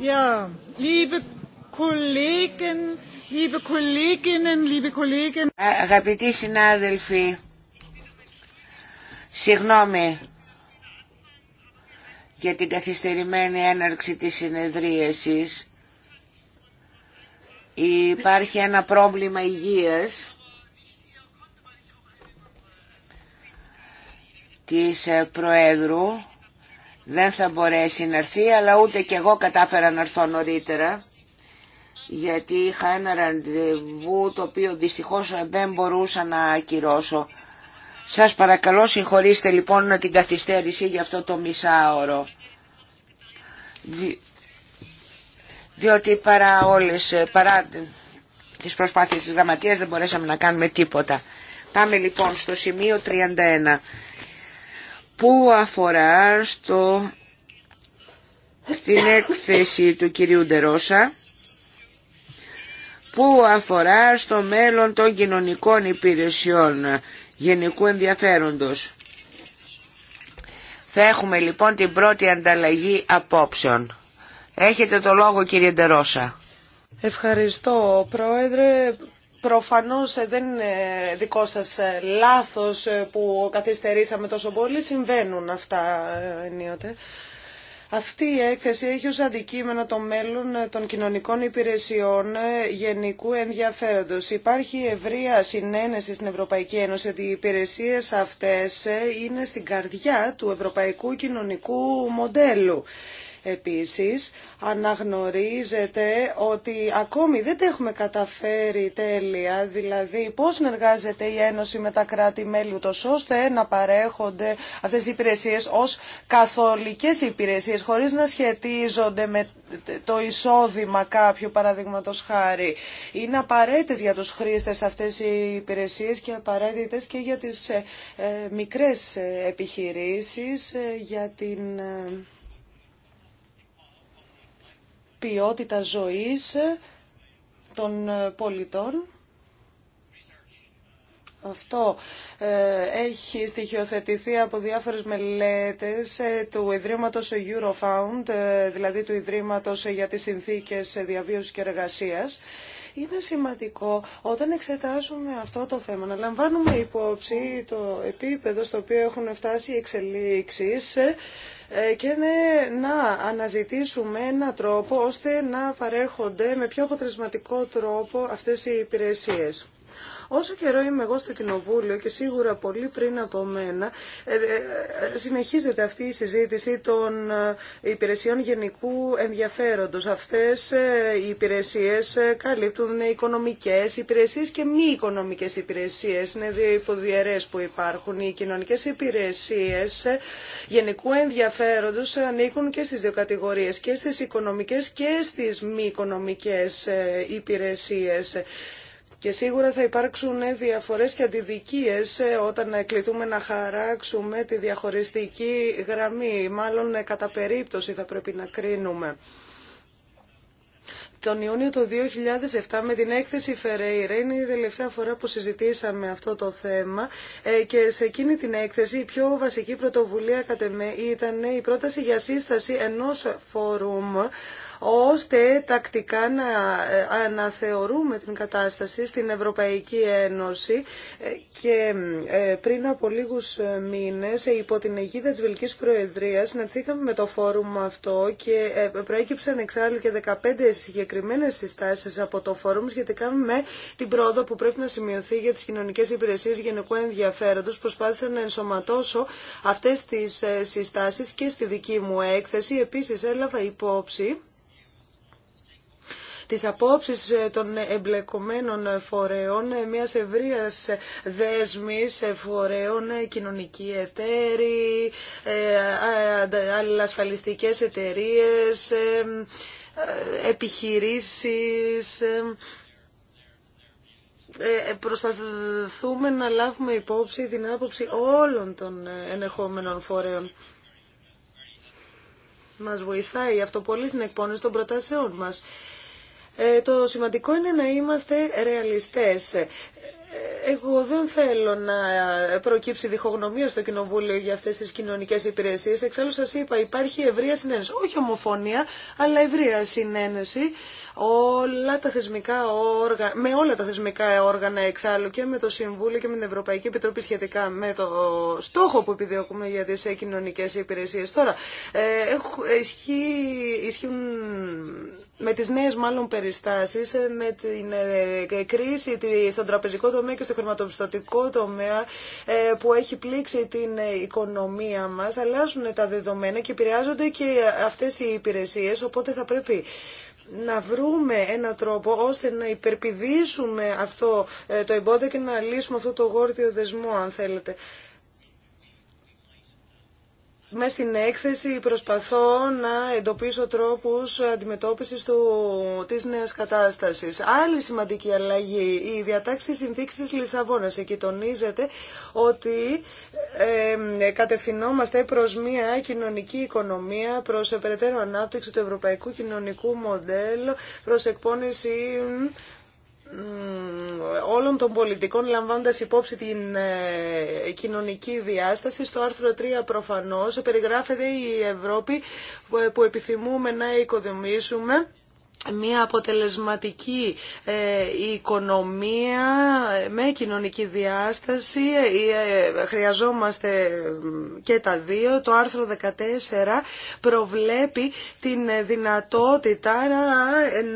Ja, liebe Kollegen, liebe Kolleginnen, liebe Kollegen. Αγαπητοί συνάδελφοι, συγγνώμη για την καθυστερημένη έναρξη της συνεδρίασης. Υπάρχει ένα πρόβλημα υγείας. της ε, Προέδρου δεν θα μπορέσει να έρθει, αλλά ούτε κι εγώ κατάφερα να έρθω νωρίτερα, γιατί είχα ένα ραντεβού το οποίο δυστυχώς δεν μπορούσα να ακυρώσω. Σας παρακαλώ συγχωρήστε λοιπόν την καθυστέρηση για αυτό το μισάωρο. Δι... Διότι παρά όλες, παρά τις προσπάθειες της γραμματείας δεν μπορέσαμε να κάνουμε τίποτα. Πάμε λοιπόν στο σημείο 31 που αφορά στο, στην έκθεση του κυρίου Ντερόσα που αφορά στο μέλλον των κοινωνικών υπηρεσιών γενικού ενδιαφέροντος. Θα έχουμε λοιπόν την πρώτη ανταλλαγή απόψεων. Έχετε το λόγο κύριε Ντερόσα. Ευχαριστώ πρόεδρε. Προφανώς ε, δεν είναι δικό σας ε, λάθος ε, που καθυστερήσαμε τόσο πολύ, συμβαίνουν αυτά ενίοτε. Αυτή η έκθεση έχει ως αντικείμενο το μέλλον των κοινωνικών υπηρεσιών γενικού ενδιαφέροντος. Υπάρχει ευρεία συνένεση στην Ευρωπαϊκή Ένωση ότι οι υπηρεσίες αυτές είναι στην καρδιά του ευρωπαϊκού κοινωνικού μοντέλου. Επίσης, αναγνωρίζετε ότι ακόμη δεν τα έχουμε καταφέρει τέλεια, δηλαδή πώς συνεργάζεται η Ένωση με τα κράτη-μέλη, ούτως ώστε να παρέχονται αυτές οι υπηρεσίες ως καθολικές υπηρεσίες, χωρίς να σχετίζονται με το εισόδημα κάποιου, παραδείγματο χάρη. Είναι απαραίτητε για τους χρήστες αυτές οι υπηρεσίες και απαραίτητε και για τις ε, ε, μικρές ε, επιχειρήσεις, για την ποιότητα ζωής των πολιτών. Αυτό ε, έχει στοιχειοθετηθεί από διάφορες μελέτες ε, του Ιδρύματος Eurofound, ε, δηλαδή του Ιδρύματος για τις Συνθήκες Διαβίωσης και Εργασίας. Είναι σημαντικό όταν εξετάζουμε αυτό το θέμα να λαμβάνουμε υπόψη το επίπεδο στο οποίο έχουν φτάσει οι εξελίξεις ε, και ναι, να αναζητήσουμε έναν τρόπο ώστε να παρέχονται με πιο αποτελεσματικό τρόπο αυτές οι υπηρεσίες. Όσο καιρό είμαι εγώ στο Κοινοβούλιο και σίγουρα πολύ πριν από μένα, ε, ε, συνεχίζεται αυτή η συζήτηση των ε, υπηρεσιών γενικού ενδιαφέροντος. Αυτές οι υπηρεσίες καλύπτουν οικονομικές υπηρεσίες και μη οικονομικές υπηρεσίες. Είναι δύο υποδιαιρές που υπάρχουν. Οι κοινωνικές υπηρεσίες γενικού ενδιαφέροντος ανήκουν και στις δύο κατηγορίες, και στις οικονομικές και στις μη οικονομικές υπηρεσίες. Και σίγουρα θα υπάρξουν διαφορές και αντιδικίες ε, όταν κληθούμε να χαράξουμε τη διαχωριστική γραμμή. Μάλλον ε, κατά περίπτωση θα πρέπει να κρίνουμε. Τον Ιούνιο του 2007 με την έκθεση Φερέιρα είναι η τελευταία φορά που συζητήσαμε αυτό το θέμα ε, και σε εκείνη την έκθεση η πιο βασική πρωτοβουλία κατ' ήταν η πρόταση για σύσταση ενός φόρουμ ώστε τακτικά να ε, αναθεωρούμε την κατάσταση στην Ευρωπαϊκή Ένωση ε, και ε, πριν από λίγους μήνες υπό την αιγίδα της Βελικής Προεδρίας συναντήκαμε με το φόρουμ αυτό και προέκυψαν εξάλλου και 15 συγκεκριμένες συστάσεις από το φόρουμ σχετικά με την πρόοδο που πρέπει να σημειωθεί για τις κοινωνικές υπηρεσίες γενικού ενδιαφέροντος. Προσπάθησα να ενσωματώσω αυτές τις συστάσεις και στη δική μου έκθεση. Επίσης έλαβα υπόψη τις απόψεις ε, των εμπλεκομένων φορέων, ε, μιας ευρείας δέσμης ε, φορέων, κοινωνικοί εταίροι, αλληλασφαλιστικές εταιρείες, επιχειρήσεις, προσπαθούμε να λάβουμε υπόψη την άποψη όλων των ενεχόμενων φορέων. Μας βοηθάει αυτό πολύ στην εκπόνηση των προτάσεών μας. Ε, το σημαντικό είναι να είμαστε ρεαλιστές. Ε, εγώ δεν θέλω να προκύψει διχογνωμία στο Κοινοβούλιο για αυτές τις κοινωνικές υπηρεσίες. Εξάλλου σας είπα, υπάρχει ευρεία συνένεση. Όχι ομοφωνία, αλλά ευρεία συνένεση όλα τα θεσμικά όργανα, με όλα τα θεσμικά όργανα εξάλλου και με το Συμβούλιο και με την Ευρωπαϊκή Επιτροπή σχετικά με το στόχο που επιδιώκουμε για τις ε, κοινωνικές υπηρεσίες. Τώρα, ε, ισχύουν με τις νέες μάλλον περιστάσεις, ε, με την κρίση στον τραπεζικό τομέα και στο χρηματοπιστωτικό τομέα που έχει πλήξει την οικονομία μας, αλλάζουν τα δεδομένα και επηρεάζονται και αυτές οι υπηρεσίες, οπότε θα πρέπει να βρούμε ένα τρόπο ώστε να υπερπηδήσουμε αυτό ε, το εμπόδιο και να λύσουμε αυτό το γόρτιο δεσμό αν θέλετε. Με στην έκθεση προσπαθώ να εντοπίσω τρόπους αντιμετώπισης του, της νέας κατάστασης. Άλλη σημαντική αλλαγή, η διατάξη της συνθήκης Λισαβόνας. Εκεί τονίζεται ότι ε, κατευθυνόμαστε προς μια κοινωνική οικονομία, προς περαιτέρω ανάπτυξη του ευρωπαϊκού κοινωνικού μοντέλου, προς εκπόνηση όλων των πολιτικών λαμβάνοντας υπόψη την ε, κοινωνική διάσταση. Στο άρθρο 3 προφανώς περιγράφεται η Ευρώπη ε, που επιθυμούμε να οικοδομήσουμε μια αποτελεσματική ε, οικονομία με κοινωνική διάσταση. Ε, ε, χρειαζόμαστε και τα δύο. Το άρθρο 14 προβλέπει την δυνατότητα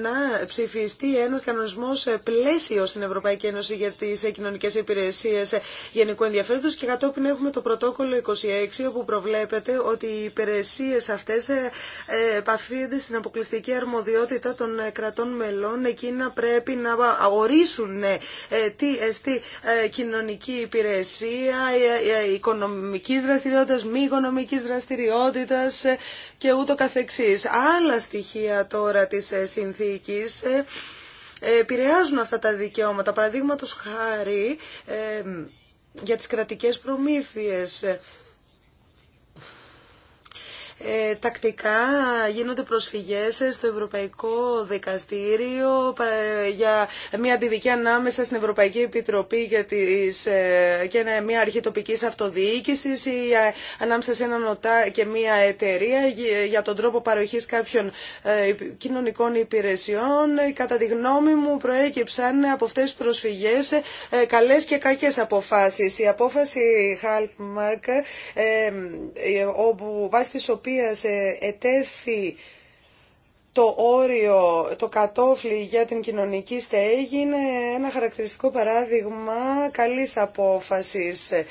να ψηφιστεί ένας κανονισμός πλαίσιο στην Ευρωπαϊκή Ένωση για τις κοινωνικές υπηρεσίες γενικού ενδιαφέροντος και κατόπιν έχουμε το πρωτόκολλο 26 όπου προβλέπεται ότι οι υπηρεσίες αυτές επαφίονται στην αποκλειστική αρμοδιότητα των ε, κρατών μελών εκείνα πρέπει να ορίσουν ναι, ε, τι εστί ε, κοινωνική υπηρεσία, οικονομικής δραστηριότητας, μη οικονομικής δραστηριότητας και ούτω καθεξής. Άλλα στοιχεία τώρα της συνθήκης επηρεάζουν αυτά τα δικαιώματα. Παραδείγματος χάρη για τις κρατικές προμήθειες ε, τακτικά γίνονται προσφυγές στο Ευρωπαϊκό Δικαστήριο για μια αντιδική ανάμεσα στην Ευρωπαϊκή Επιτροπή για τις, ε, και μια αρχή τοπικής αυτοδιοίκησης ή ε, ανάμεσα σε έναν νοτά και μια εταιρεία για τον τρόπο παροχής κάποιων κοινωνικών υπηρεσιών. Κατά τη γνώμη μου προέκυψαν από αυτές τις προσφυγές καλές και κακές αποφάσεις. Η απόφαση Χάλπμαρκ, όπου βάσει της οποίας ε, ετέθη το όριο, το κατόφλι για την κοινωνική στέγη είναι ένα χαρακτηριστικό παράδειγμα καλής απόφασης. Ε,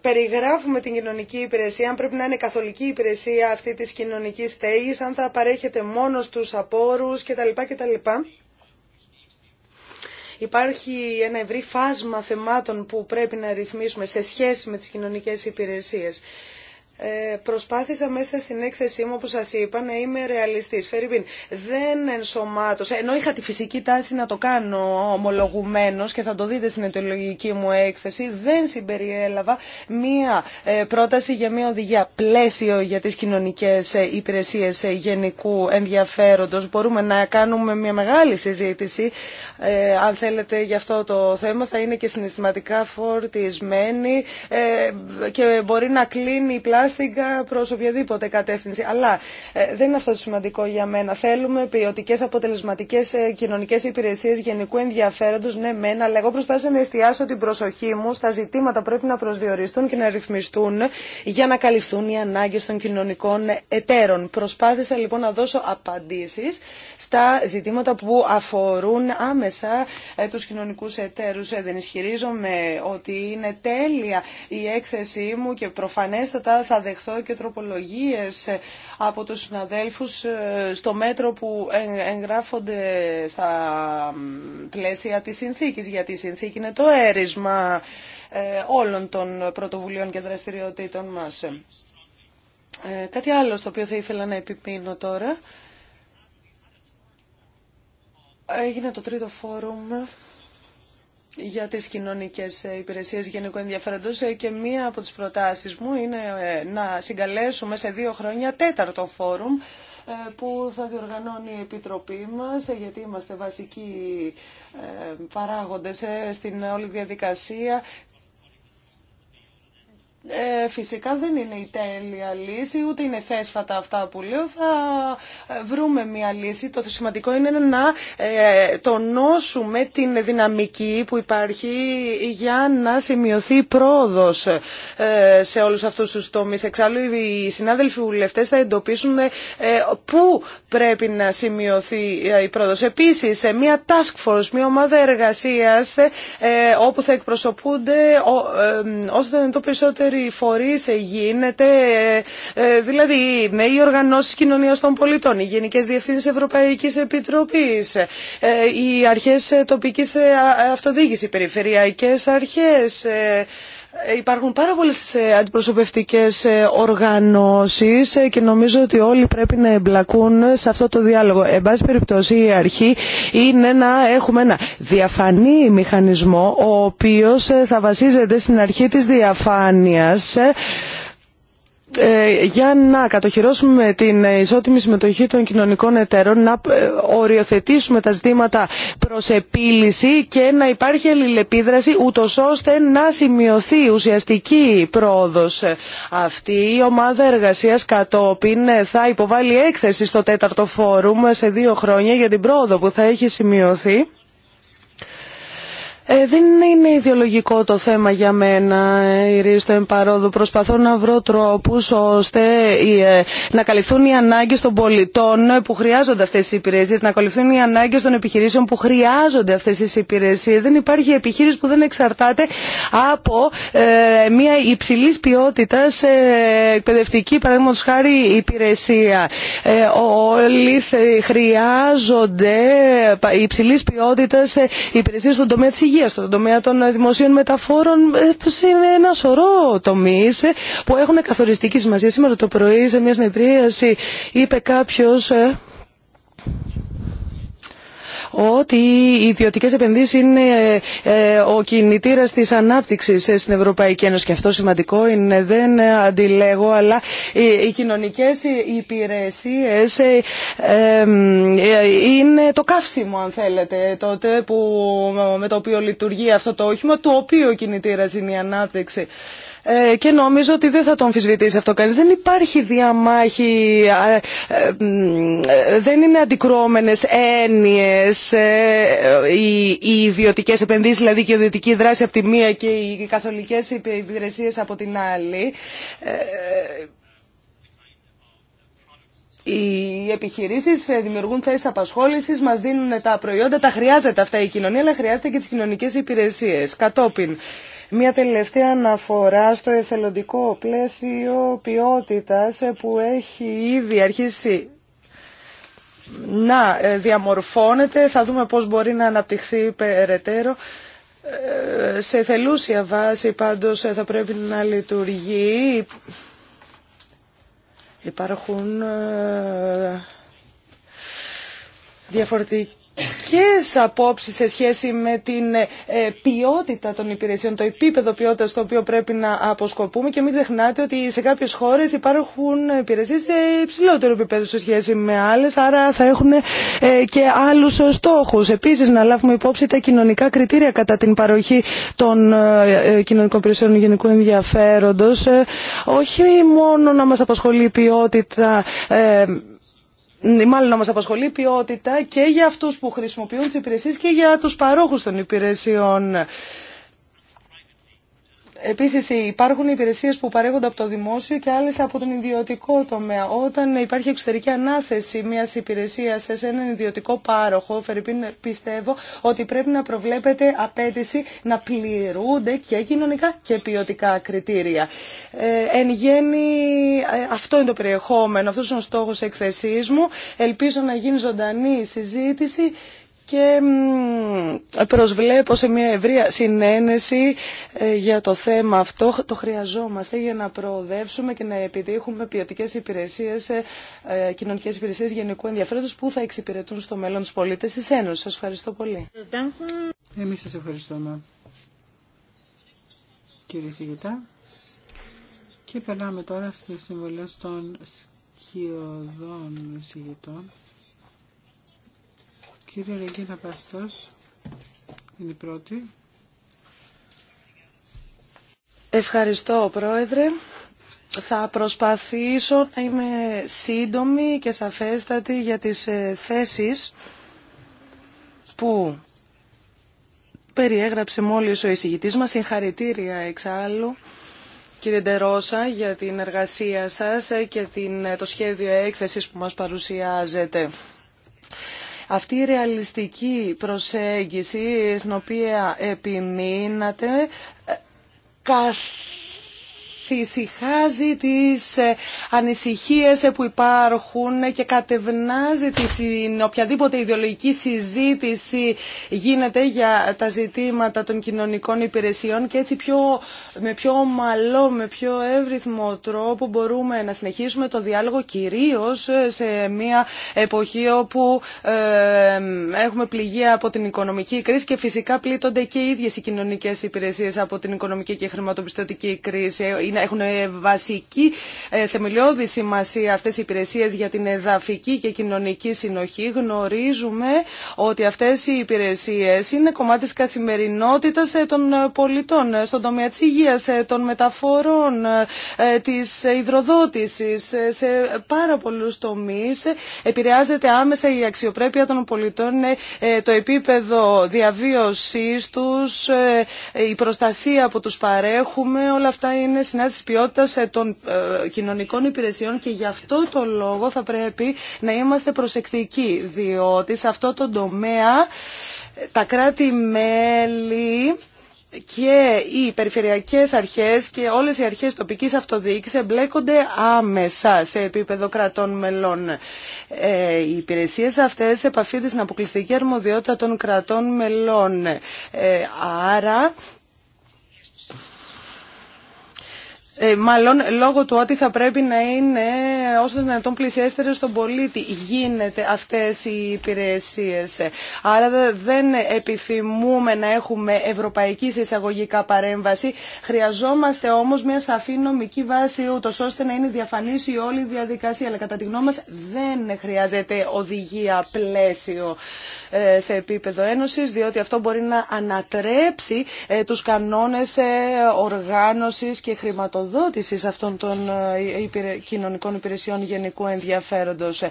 περιγράφουμε την κοινωνική υπηρεσία, αν πρέπει να είναι καθολική υπηρεσία αυτή της κοινωνικής στέγης, αν θα παρέχεται μόνο στους απόρους κτλ. κτλ. Υπάρχει ένα ευρύ φάσμα θεμάτων που πρέπει να ρυθμίσουμε σε σχέση με τις κοινωνικές υπηρεσίες. Ε, προσπάθησα μέσα στην έκθεσή μου, όπως σας είπα, να είμαι ρεαλιστής. Φερρυπίν, δεν ενσωμάτωσα, ενώ είχα τη φυσική τάση να το κάνω ομολογουμένος και θα το δείτε στην εταιρεολογική μου έκθεση, δεν συμπεριέλαβα μία ε, πρόταση για μία οδηγία πλαίσιο για τις κοινωνικές ε, υπηρεσίες γενικού ενδιαφέροντος. Μπορούμε να κάνουμε μία μεγάλη συζήτηση, αν θέλετε, για αυτό το θέμα. Θα είναι και συναισθηματικά φορτισμένη και μπορεί να κλείνει η πλάση προ οποιαδήποτε κατεύθυνση. Αλλά ε, δεν είναι αυτό το σημαντικό για μένα. Θέλουμε ποιοτικέ, αποτελεσματικέ ε, κοινωνικέ υπηρεσίε γενικού ενδιαφέροντο. Ναι, μένα, αλλά εγώ προσπάθησα να εστιάσω την προσοχή μου στα ζητήματα που πρέπει να προσδιοριστούν και να ρυθμιστούν για να καλυφθούν οι ανάγκε των κοινωνικών εταίρων. Προσπάθησα λοιπόν να δώσω απαντήσει στα ζητήματα που αφορούν άμεσα ε, του κοινωνικού εταίρου. Ε, δεν ισχυρίζομαι ότι είναι τέλεια η έκθεσή μου και προφανέστατα θα θα και τροπολογίες ε, από τους συναδέλφους ε, στο μέτρο που εγγράφονται στα πλαίσια της συνθήκης, γιατί η συνθήκη είναι το έρισμα ε, όλων των πρωτοβουλίων και δραστηριοτήτων μας. Κάτι άλλο στο οποίο θα ήθελα να επιμείνω τώρα. Έγινε το τρίτο φόρουμ για τις κοινωνικές ε, υπηρεσίες γενικού ενδιαφέροντος ε, και μία από τις προτάσεις μου είναι ε, να συγκαλέσουμε σε δύο χρόνια τέταρτο φόρουμ που θα διοργανώνει η Επιτροπή μας, γιατί είμαστε βασικοί παράγοντες στην όλη διαδικασία ε, φυσικά δεν είναι η τέλεια λύση, ούτε είναι θέσφατα αυτά που λέω. Θα ε, βρούμε μια λύση. Το σημαντικό είναι να ε, τονώσουμε την δυναμική που υπάρχει για να σημειωθεί πρόοδος σε όλους αυτούς τους τομείς. Εξάλλου οι συνάδελφοι βουλευτές θα εντοπίσουν πού πρέπει να σημειωθεί η πρόοδος. Επίσης, σε μια task force, μια ομάδα εργασίας όπου θα εκπροσωπούνται όσο το περισσότερο περισσότεροι φορεί γίνεται, ε, ε, δηλαδή οι οργανώσει κοινωνία των πολιτών, οι Γενικέ Διευθύνσεις Ευρωπαϊκή Επιτροπή, ε, οι αρχέ τοπική αυτοδιοίκηση, οι περιφερειακέ αρχές, ε, υπάρχουν πάρα πολλέ ε, αντιπροσωπευτικέ ε, οργανώσεις και νομίζω ότι όλοι πρέπει να εμπλακούν σε αυτό το διάλογο. Εν πάση περιπτώσει η αρχή είναι να έχουμε ένα διαφανή μηχανισμό ο οποίος θα βασίζεται στην αρχή της διαφάνειας ε, για να κατοχυρώσουμε την ισότιμη συμμετοχή των κοινωνικών εταίρων, να ε, οριοθετήσουμε τα ζητήματα προ επίλυση και να υπάρχει αλληλεπίδραση ούτω ώστε να σημειωθεί ουσιαστική πρόοδος. Αυτή η ομάδα εργασία κατόπιν ε, θα υποβάλει έκθεση στο τέταρτο φόρουμ σε δύο χρόνια για την πρόοδο που θα έχει σημειωθεί ε, δεν είναι ιδεολογικό το θέμα για μένα, ε, η στο εμπαρόδο. Προσπαθώ να βρω τρόπους ώστε ε, να καλυφθούν οι ανάγκες των πολιτών που χρειάζονται αυτές οι υπηρεσίες, να καλυφθούν οι ανάγκες των επιχειρήσεων που χρειάζονται αυτές τις υπηρεσίες. Δεν υπάρχει επιχείρηση που δεν εξαρτάται από μια υψηλής ποιότητας εκπαιδευτική, παραδείγματο χάρη, υπηρεσία. όλοι χρειάζονται υψηλής ποιότητας υπηρεσίες στον τομέα τη υγεία, στον τομέα των δημοσίων μεταφόρων, σε ένα σωρό τομεί ε, που έχουν καθοριστική σημασία. Σήμερα το πρωί σε μια συνεδρίαση είπε κάποιο ε, ότι οι ιδιωτικέ επενδύσει είναι ε, ο κινητήρα τη ανάπτυξη ε, στην Ευρωπαϊκή Ένωση. Και αυτό σημαντικό είναι, δεν αντιλέγω, αλλά οι κοινωνικέ υπηρεσίε ε, είναι το καύσιμο, αν θέλετε, τότε που, με το οποίο λειτουργεί αυτό το όχημα, του οποίου ο κινητήρα είναι η ανάπτυξη. Ε, και νομίζω ότι δεν θα το αμφισβητήσει αυτό κανείς. Δεν υπάρχει διαμάχη, ε, ε, δεν είναι αντικρώμενες έννοιες οι ιδιωτικέ επενδύσεις, δηλαδή και η ιδιωτική δράση από τη μία και οι καθολικές υπηρεσίες από την άλλη. Οι επιχειρήσει δημιουργούν θέσει απασχόληση, μα δίνουν τα προϊόντα, τα χρειάζεται αυτά η κοινωνία, αλλά χρειάζεται και τι κοινωνικέ υπηρεσίε. Κατόπιν, μια τελευταία αναφορά στο εθελοντικό πλαίσιο ποιότητας που έχει ήδη αρχίσει να ε, διαμορφώνεται. Θα δούμε πώς μπορεί να αναπτυχθεί περαιτέρω. Ε, σε θελούσια βάση πάντως θα πρέπει να λειτουργεί. Υπάρχουν ε, διαφορετικές ποιε απόψεις σε σχέση με την ε, ποιότητα των υπηρεσιών, το επίπεδο ποιότητα στο οποίο πρέπει να αποσκοπούμε και μην ξεχνάτε ότι σε κάποιε χώρε υπάρχουν υπηρεσίες σε υψηλότερο επίπεδο σε σχέση με άλλες, άρα θα έχουν ε, και άλλους στόχους. Επίσης να λάβουμε υπόψη τα κοινωνικά κριτήρια κατά την παροχή των ε, κοινωνικών υπηρεσιών γενικού ενδιαφέροντος, όχι μόνο να μα απασχολεί η ποιότητα μάλλον να μας απασχολεί ποιότητα και για αυτούς που χρησιμοποιούν τις υπηρεσίες και για τους παρόχους των υπηρεσιών. Επίσης υπάρχουν υπηρεσίες που παρέχονται από το δημόσιο και άλλες από τον ιδιωτικό τομέα. Όταν υπάρχει εξωτερική ανάθεση μιας υπηρεσίας σε έναν ιδιωτικό πάροχο, πιστεύω ότι πρέπει να προβλέπεται απέτηση να πληρούνται και κοινωνικά και ποιοτικά κριτήρια. Ε, εν γέννη, ε, αυτό είναι το περιεχόμενο, αυτός είναι ο στόχος εκθεσής μου. Ελπίζω να γίνει ζωντανή συζήτηση και προσβλέπω σε μια ευρία συνένεση ε, για το θέμα αυτό. Το χρειαζόμαστε για να προοδεύσουμε και να επιδείχουμε ποιοτικέ υπηρεσίε, ε, κοινωνικέ υπηρεσίε γενικού ενδιαφέροντος που θα εξυπηρετούν στο μέλλον του πολίτε τη Ένωση. Σα ευχαριστώ πολύ. Εμεί σα ευχαριστούμε. Κύριε Σιγητά. Και περνάμε τώρα στις συμβολές των σκιωδών εισηγητών. Κύριε Ρεγκίνα Παστός, είναι η πρώτη. Ευχαριστώ, Πρόεδρε. Θα προσπαθήσω να είμαι σύντομη και σαφέστατη για τις ε, θέσεις που περιέγραψε μόλις ο εισηγητής μας. Συγχαρητήρια εξάλλου. Κύριε Ντερόσα, για την εργασία σας και την, ε, το σχέδιο έκθεσης που μας παρουσιάζετε. Αυτή η ρεαλιστική προσέγγιση στην οποία επιμείνατε ε, καθ θυσιχάζει τις ε, ανησυχίες ε, που υπάρχουν και κατευνάζει την ε, οποιαδήποτε ιδεολογική συζήτηση γίνεται για τα ζητήματα των κοινωνικών υπηρεσιών και έτσι πιο, με πιο ομαλό, με πιο εύρυθμο τρόπο μπορούμε να συνεχίσουμε το διάλογο κυρίως σε μια εποχή όπου έχουμε πληγεί από την οικονομική κρίση και φυσικά πλήττονται και οι ίδιες οι κοινωνικές υπηρεσίες από την οικονομική και χρηματοπιστωτική κρίση. Είναι έχουν βασική ε, θεμελιώδη σημασία αυτές οι υπηρεσίες για την εδαφική και κοινωνική συνοχή. Γνωρίζουμε ότι αυτές οι υπηρεσίες είναι κομμάτι της καθημερινότητας ε, των ε, πολιτών στον τομέα της υγείας, των μεταφορών, της υδροδότησης, σε πάρα πολλούς τομείς. Επηρεάζεται άμεσα η αξιοπρέπεια των πολιτών, το επίπεδο διαβίωσής τους, η προστασία που τους παρέχουμε, όλα αυτά είναι συνάδελφοι Τη ποιότητα ε, των ε, κοινωνικών υπηρεσιών και γι' αυτό το λόγο θα πρέπει να είμαστε προσεκτικοί, διότι σε αυτό το τομέα ε, τα κράτη-μέλη και οι περιφερειακές αρχές και όλες οι αρχές τοπικής αυτοδιοίκησης εμπλέκονται άμεσα σε επίπεδο κρατών μελών. Ε, οι υπηρεσίες αυτές επαφείται στην αποκλειστική αρμοδιότητα των κρατών μελών. άρα Ε, μάλλον λόγω του ότι θα πρέπει να είναι όσο δυνατόν πλησιέστερο στον πολίτη γίνεται αυτές οι υπηρεσίες. Άρα δεν επιθυμούμε να έχουμε ευρωπαϊκή σε εισαγωγικά παρέμβαση. Χρειαζόμαστε όμως μια σαφή νομική βάση ούτω, ώστε να είναι διαφανής η όλη διαδικασία. Αλλά κατά τη γνώμη μας δεν χρειάζεται οδηγία πλαίσιο. Ε, σε επίπεδο ένωσης, διότι αυτό μπορεί να ανατρέψει ε, τους κανόνες ε, οργάνωσης και χρηματοδότησης αυτών των κοινωνικών υπηρεσιών γενικού ενδιαφέροντος. Α,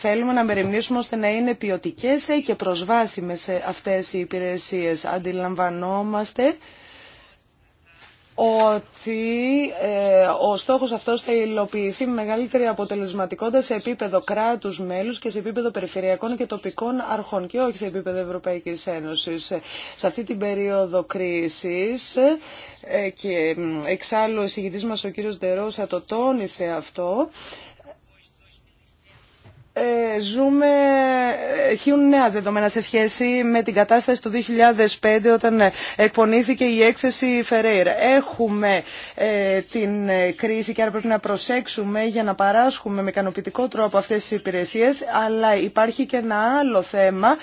θέλουμε να μεριμνήσουμε ώστε να είναι ποιοτικέ και προσβάσιμες αυτές οι υπηρεσίες. Αντιλαμβανόμαστε ότι ε, ο στόχος αυτός θα υλοποιηθεί με μεγαλύτερη αποτελεσματικότητα σε επίπεδο κράτους μέλους και σε επίπεδο περιφερειακών και τοπικών αρχών και όχι σε επίπεδο Ευρωπαϊκής Ένωσης. Σε αυτή την περίοδο κρίσης ε, και εξάλλου ο εισηγητής μας ο κύριος Ντερόσα το τόνισε αυτό, ε, ζούμε, ισχύουν ε, νέα δεδομένα σε σχέση με την κατάσταση του 2005 όταν ε, εκπονήθηκε η έκθεση Φερέιρα. Έχουμε την κρίση και άρα πρέπει να προσέξουμε για να παράσχουμε με ικανοποιητικό τρόπο αυτές τις υπηρεσίες, αλλά υπάρχει και ένα άλλο θέμα,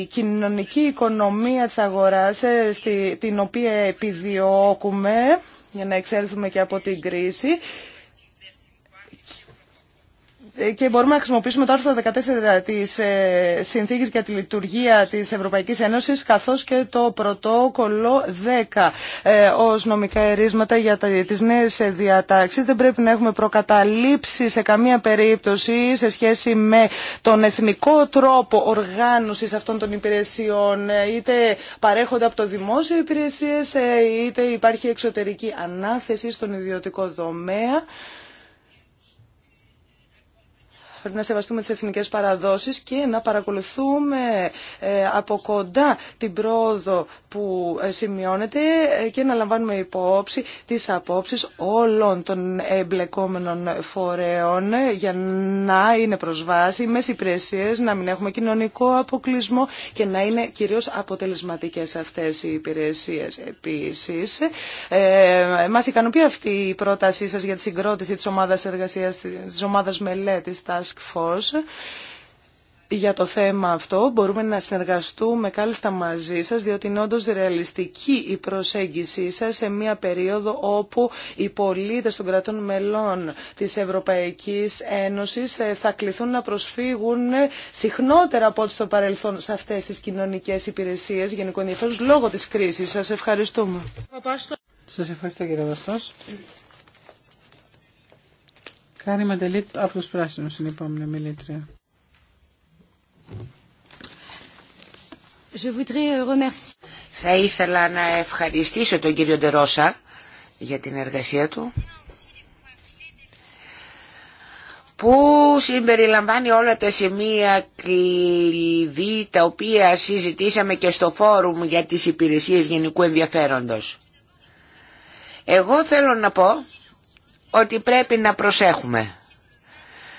η κοινωνική οικονομία της αγοράς, στη, την οποία επιδιώκουμε για να εξέλθουμε και από την κρίση και μπορούμε να χρησιμοποιήσουμε το άρθρο 14 της ε, Συνθήκης για τη Λειτουργία της Ευρωπαϊκής Ένωση καθώς και το πρωτόκολλο 10 ε, ως νομικά ερίσματα για τι νέε διατάξει. Δεν πρέπει να έχουμε προκαταλήψει σε καμία περίπτωση σε σχέση με τον εθνικό τρόπο οργάνωσης αυτών των υπηρεσιών ε, είτε παρέχονται από το δημόσιο υπηρεσίες είτε υπάρχει εξωτερική ανάθεση στον ιδιωτικό τομέα να σεβαστούμε τις εθνικές παραδόσεις και να παρακολουθούμε ε, από κοντά την πρόοδο που ε, σημειώνεται ε, και να λαμβάνουμε υπόψη τις απόψεις όλων των εμπλεκόμενων φορέων για να είναι προσβάσιμες υπηρεσίες, να μην έχουμε κοινωνικό αποκλεισμό και να είναι κυρίως αποτελεσματικές αυτές οι υπηρεσίες. Επίσης, ε, μας ικανοποιεί αυτή η πρότασή σας για τη συγκρότηση της ομάδας εργασίας, της ομάδας μελέτης, Task για το θέμα αυτό. Μπορούμε να συνεργαστούμε κάλλιστα μαζί σας, διότι είναι όντω ρεαλιστική η προσέγγιση σας σε μια περίοδο όπου οι πολίτες των κρατών μελών της Ευρωπαϊκής Ένωσης ε, θα κληθούν να προσφύγουν ε, συχνότερα από ό,τι στο παρελθόν σε αυτές τις κοινωνικές υπηρεσίες γενικού ενδιαφέρον λόγω της κρίσης. Σας ευχαριστούμε. Σας ευχαριστώ κύριε Βαστός. Θα ήθελα να ευχαριστήσω τον κύριο Ντερόσα για την εργασία του που συμπεριλαμβάνει όλα τα σημεία κλειδί τα οποία συζητήσαμε και στο φόρουμ για τις υπηρεσίες γενικού ενδιαφέροντος. Εγώ θέλω να πω ότι πρέπει να προσέχουμε.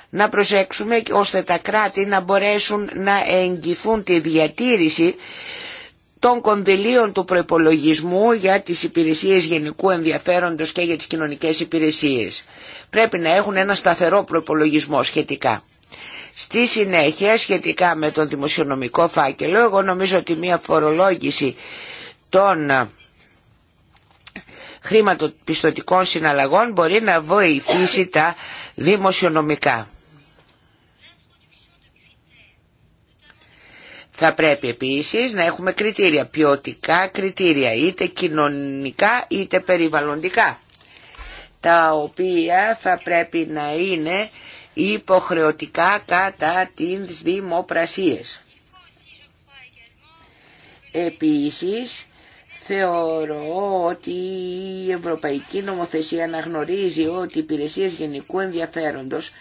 Να προσέξουμε ώστε τα κράτη να μπορέσουν να εγγυθούν τη διατήρηση των κονδυλίων του προϋπολογισμού για τις υπηρεσίες γενικού ενδιαφέροντος και για τις κοινωνικές υπηρεσίες. Πρέπει να έχουν ένα σταθερό προϋπολογισμό σχετικά. Στη συνέχεια, σχετικά με τον δημοσιονομικό φάκελο, εγώ νομίζω ότι μια φορολόγηση των χρηματοπιστωτικών συναλλαγών μπορεί να βοηθήσει τα δημοσιονομικά. Θα πρέπει επίσης να έχουμε κριτήρια, ποιοτικά κριτήρια, είτε κοινωνικά είτε περιβαλλοντικά, τα οποία θα πρέπει να είναι υποχρεωτικά κατά τις δημοπρασίες. Επίσης, Θεωρώ ότι η Ευρωπαϊκή Νομοθεσία αναγνωρίζει ότι οι υπηρεσίες γενικού ενδιαφέροντος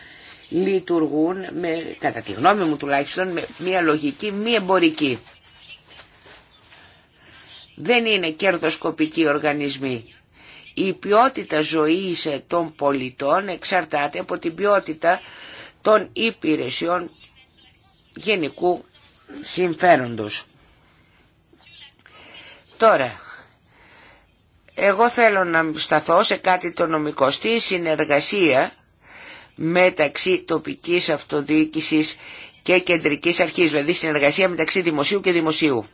λειτουργούν, με, κατά τη γνώμη μου τουλάχιστον, με μία λογική μη εμπορική. Δεν είναι κερδοσκοπικοί οργανισμοί. Η ποιότητα ζωής των πολιτών εξαρτάται από την ποιότητα των υπηρεσιών γενικού συμφέροντος. Τώρα, εγώ θέλω να σταθώ σε κάτι το νομικό. Στη συνεργασία μεταξύ τοπικής αυτοδιοίκησης και κεντρικής αρχής, δηλαδή συνεργασία μεταξύ δημοσίου και δημοσίου.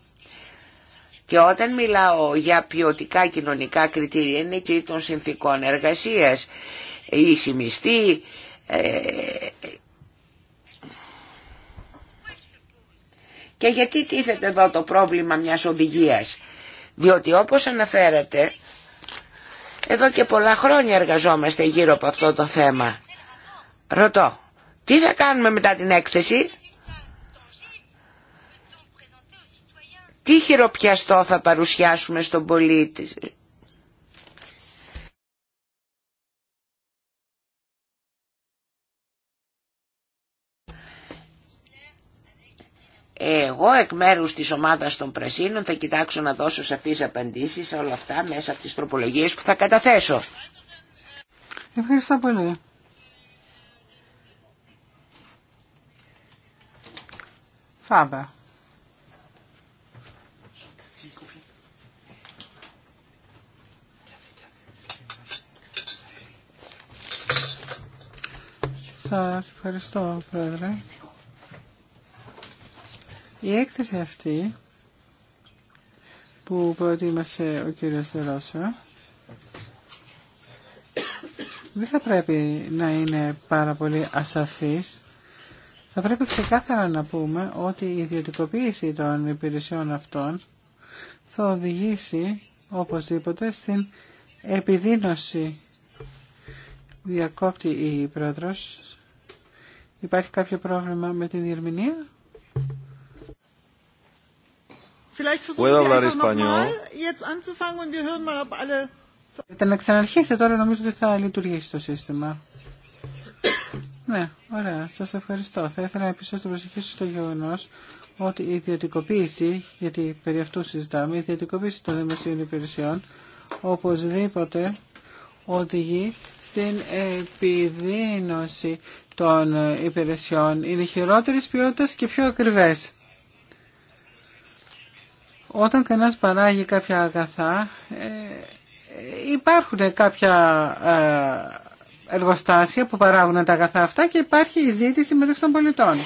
Και όταν μιλάω για ποιοτικά κοινωνικά κριτήρια, είναι και των συνθήκων εργασίας, η σημιστή, ε, και γιατί τίθεται εδώ το πρόβλημα μιας οδηγίας. Διότι όπως αναφέρατε, εδώ και πολλά χρόνια εργαζόμαστε γύρω από αυτό το θέμα. Ρωτώ, τι θα κάνουμε μετά την έκθεση, τι χειροπιαστό θα παρουσιάσουμε στον πολίτη, Εγώ εκ μέρους της ομάδας των Πρασίνων θα κοιτάξω να δώσω σαφείς απαντήσεις σε όλα αυτά μέσα από τις τροπολογίες που θα καταθέσω. Ευχαριστώ πολύ. Φάμπα. Σας ευχαριστώ, Πρόεδρε. Η έκθεση αυτή που προετοίμασε ο κύριος Δελώσα δεν θα πρέπει να είναι πάρα πολύ ασαφής. Θα πρέπει ξεκάθαρα να πούμε ότι η ιδιωτικοποίηση των υπηρεσιών αυτών θα οδηγήσει οπωσδήποτε στην επιδίνωση. διακόπτη η πρόεδρος. Υπάρχει κάποιο πρόβλημα με την διερμηνία. Vielleicht versuchen Sie einfach να ξαναρχίσετε τώρα, νομίζω ότι θα λειτουργήσει το σύστημα. Ναι, ωραία. σα ευχαριστώ. Θα ήθελα να επιστρέψω στην προσοχή σα στο γεγονό ότι η ιδιωτικοποίηση, γιατί περί αυτού συζητάμε, η ιδιωτικοποίηση των δημοσίων υπηρεσιών οπωσδήποτε οδηγεί στην επιδείνωση των υπηρεσιών. Είναι χειρότερη ποιότητα και πιο ακριβές. Όταν κανένας παράγει κάποια αγαθά, ε, υπάρχουν κάποια ε, εργοστάσια που παράγουν τα αγαθά αυτά και υπάρχει η ζήτηση μεταξύ των πολιτών.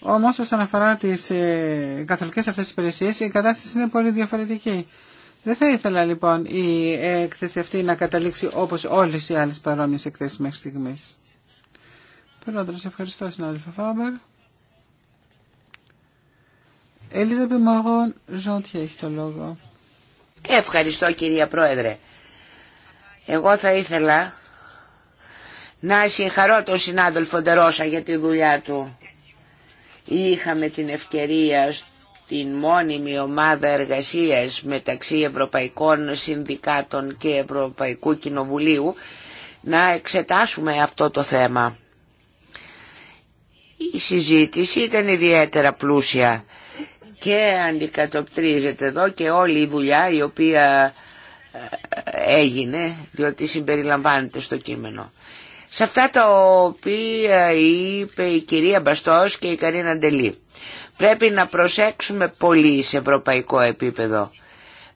Όμως όσον αφορά τις ε, καθολικές αυτές υπηρεσίες η κατάσταση είναι πολύ διαφορετική. Δεν θα ήθελα λοιπόν η έκθεση αυτή να καταλήξει όπως όλες οι άλλες παρόμοιες εκθέσεις μέχρι στιγμής. Πρόεδρος, ευχαριστώ συνάδελφε Φάμπερ. Ελίζα Μαγόν Ζόντια έχει το λόγο. Ευχαριστώ κυρία Πρόεδρε. Εγώ θα ήθελα να συγχαρώ τον συνάδελφο Ντερόσα για τη δουλειά του. Είχαμε την ευκαιρία στην μόνιμη ομάδα εργασίας μεταξύ Ευρωπαϊκών Συνδικάτων και Ευρωπαϊκού Κοινοβουλίου να εξετάσουμε αυτό το θέμα. Η συζήτηση ήταν ιδιαίτερα πλούσια και αντικατοπτρίζεται εδώ και όλη η δουλειά η οποία ε, έγινε διότι συμπεριλαμβάνεται στο κείμενο. Σε αυτά τα οποία είπε η κυρία Μπαστός και η Καρίνα Ντελή. Πρέπει να προσέξουμε πολύ σε ευρωπαϊκό επίπεδο.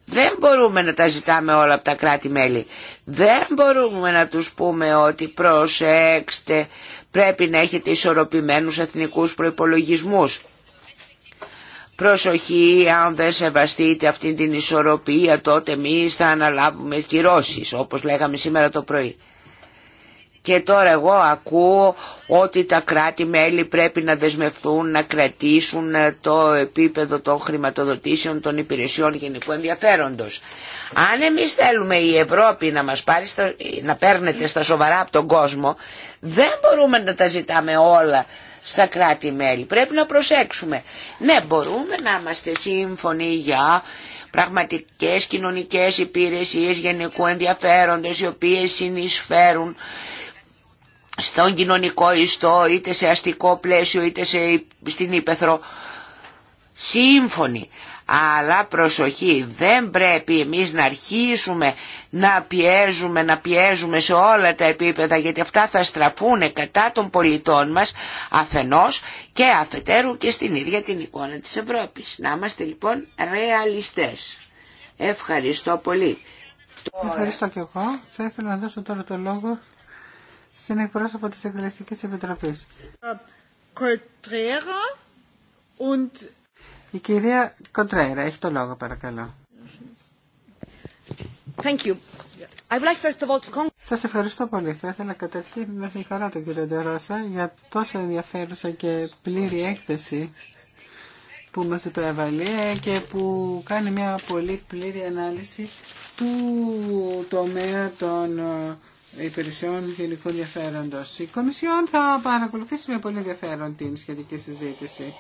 Δεν μπορούμε να τα ζητάμε όλα από τα κράτη-μέλη. Δεν μπορούμε να τους πούμε ότι προσέξτε πρέπει να έχετε ισορροπημένους εθνικούς προϋπολογισμούς προσοχή αν δεν σεβαστείτε αυτή την ισορροπία τότε εμεί θα αναλάβουμε κυρώσεις όπως λέγαμε σήμερα το πρωί. Και τώρα εγώ ακούω ότι τα κράτη-μέλη πρέπει να δεσμευτούν να κρατήσουν ε, το επίπεδο των χρηματοδοτήσεων των υπηρεσιών γενικού ενδιαφέροντος. Αν εμείς θέλουμε η Ευρώπη να μας πάρει να παίρνεται στα σοβαρά από τον κόσμο, δεν μπορούμε να τα ζητάμε όλα στα κράτη-μέλη. Πρέπει να προσέξουμε. Ναι, μπορούμε να είμαστε σύμφωνοι για πραγματικές κοινωνικές υπηρεσίες γενικού ενδιαφέροντος οι οποίες συνεισφέρουν στον κοινωνικό ιστό είτε σε αστικό πλαίσιο είτε σε, στην ύπεθρο σύμφωνοι. Αλλά προσοχή, δεν πρέπει εμείς να αρχίσουμε να πιέζουμε, να πιέζουμε σε όλα τα επίπεδα γιατί αυτά θα στραφούν κατά των πολιτών μας αφενός και αφετέρου και στην ίδια την εικόνα της Ευρώπης. Να είμαστε λοιπόν ρεαλιστές. Ευχαριστώ πολύ. Ευχαριστώ και εγώ. Θα ήθελα να δώσω τώρα το λόγο στην εκπρόσωπο της Εκτελεστικής Επιτροπής. und η κυρία Κοντρέρα έχει το λόγο παρακαλώ. Thank you. I like first of all to... Σας ευχαριστώ πολύ. Θα ήθελα καταρχήν να συγχαρώ τον κύριο Ντερόσα για τόσο ενδιαφέρουσα και πλήρη έκθεση που μας επέβαλε και που κάνει μια πολύ πλήρη ανάλυση του τομέα των ε, υπηρεσιών γενικού ενδιαφέροντος. Η Κομισιόν θα παρακολουθήσει με πολύ ενδιαφέρον την σχετική συζήτηση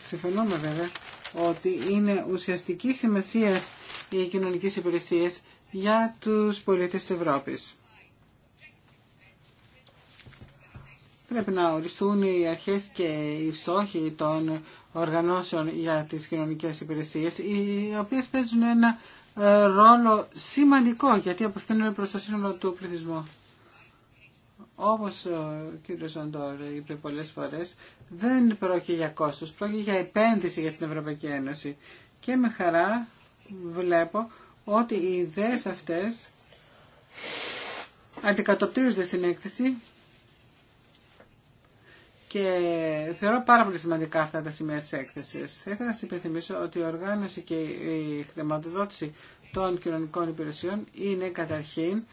συμφωνούμε βέβαια ότι είναι ουσιαστική σημασία οι κοινωνικές υπηρεσίες για τους πολίτες της Ευρώπης. Πρέπει να οριστούν οι αρχές και οι στόχοι των οργανώσεων για τις κοινωνικές υπηρεσίες, οι οποίες παίζουν ένα ε, ρόλο σημαντικό, γιατί απευθύνουν προς το σύνολο του πληθυσμού. Όπως ε, ο κύριος Αντόρ είπε πολλές φορές, δεν πρόκειται για κόστος, πρόκειται για επένδυση για την Ευρωπαϊκή Ένωση. Και με χαρά βλέπω ότι οι ιδέες αυτές αντικατοπτρίζονται στην έκθεση και θεωρώ πάρα πολύ σημαντικά αυτά τα σημεία της έκθεσης. Θα ήθελα να σας υπενθυμίσω ότι η οργάνωση και η χρηματοδότηση των κοινωνικών υπηρεσιών είναι καταρχήν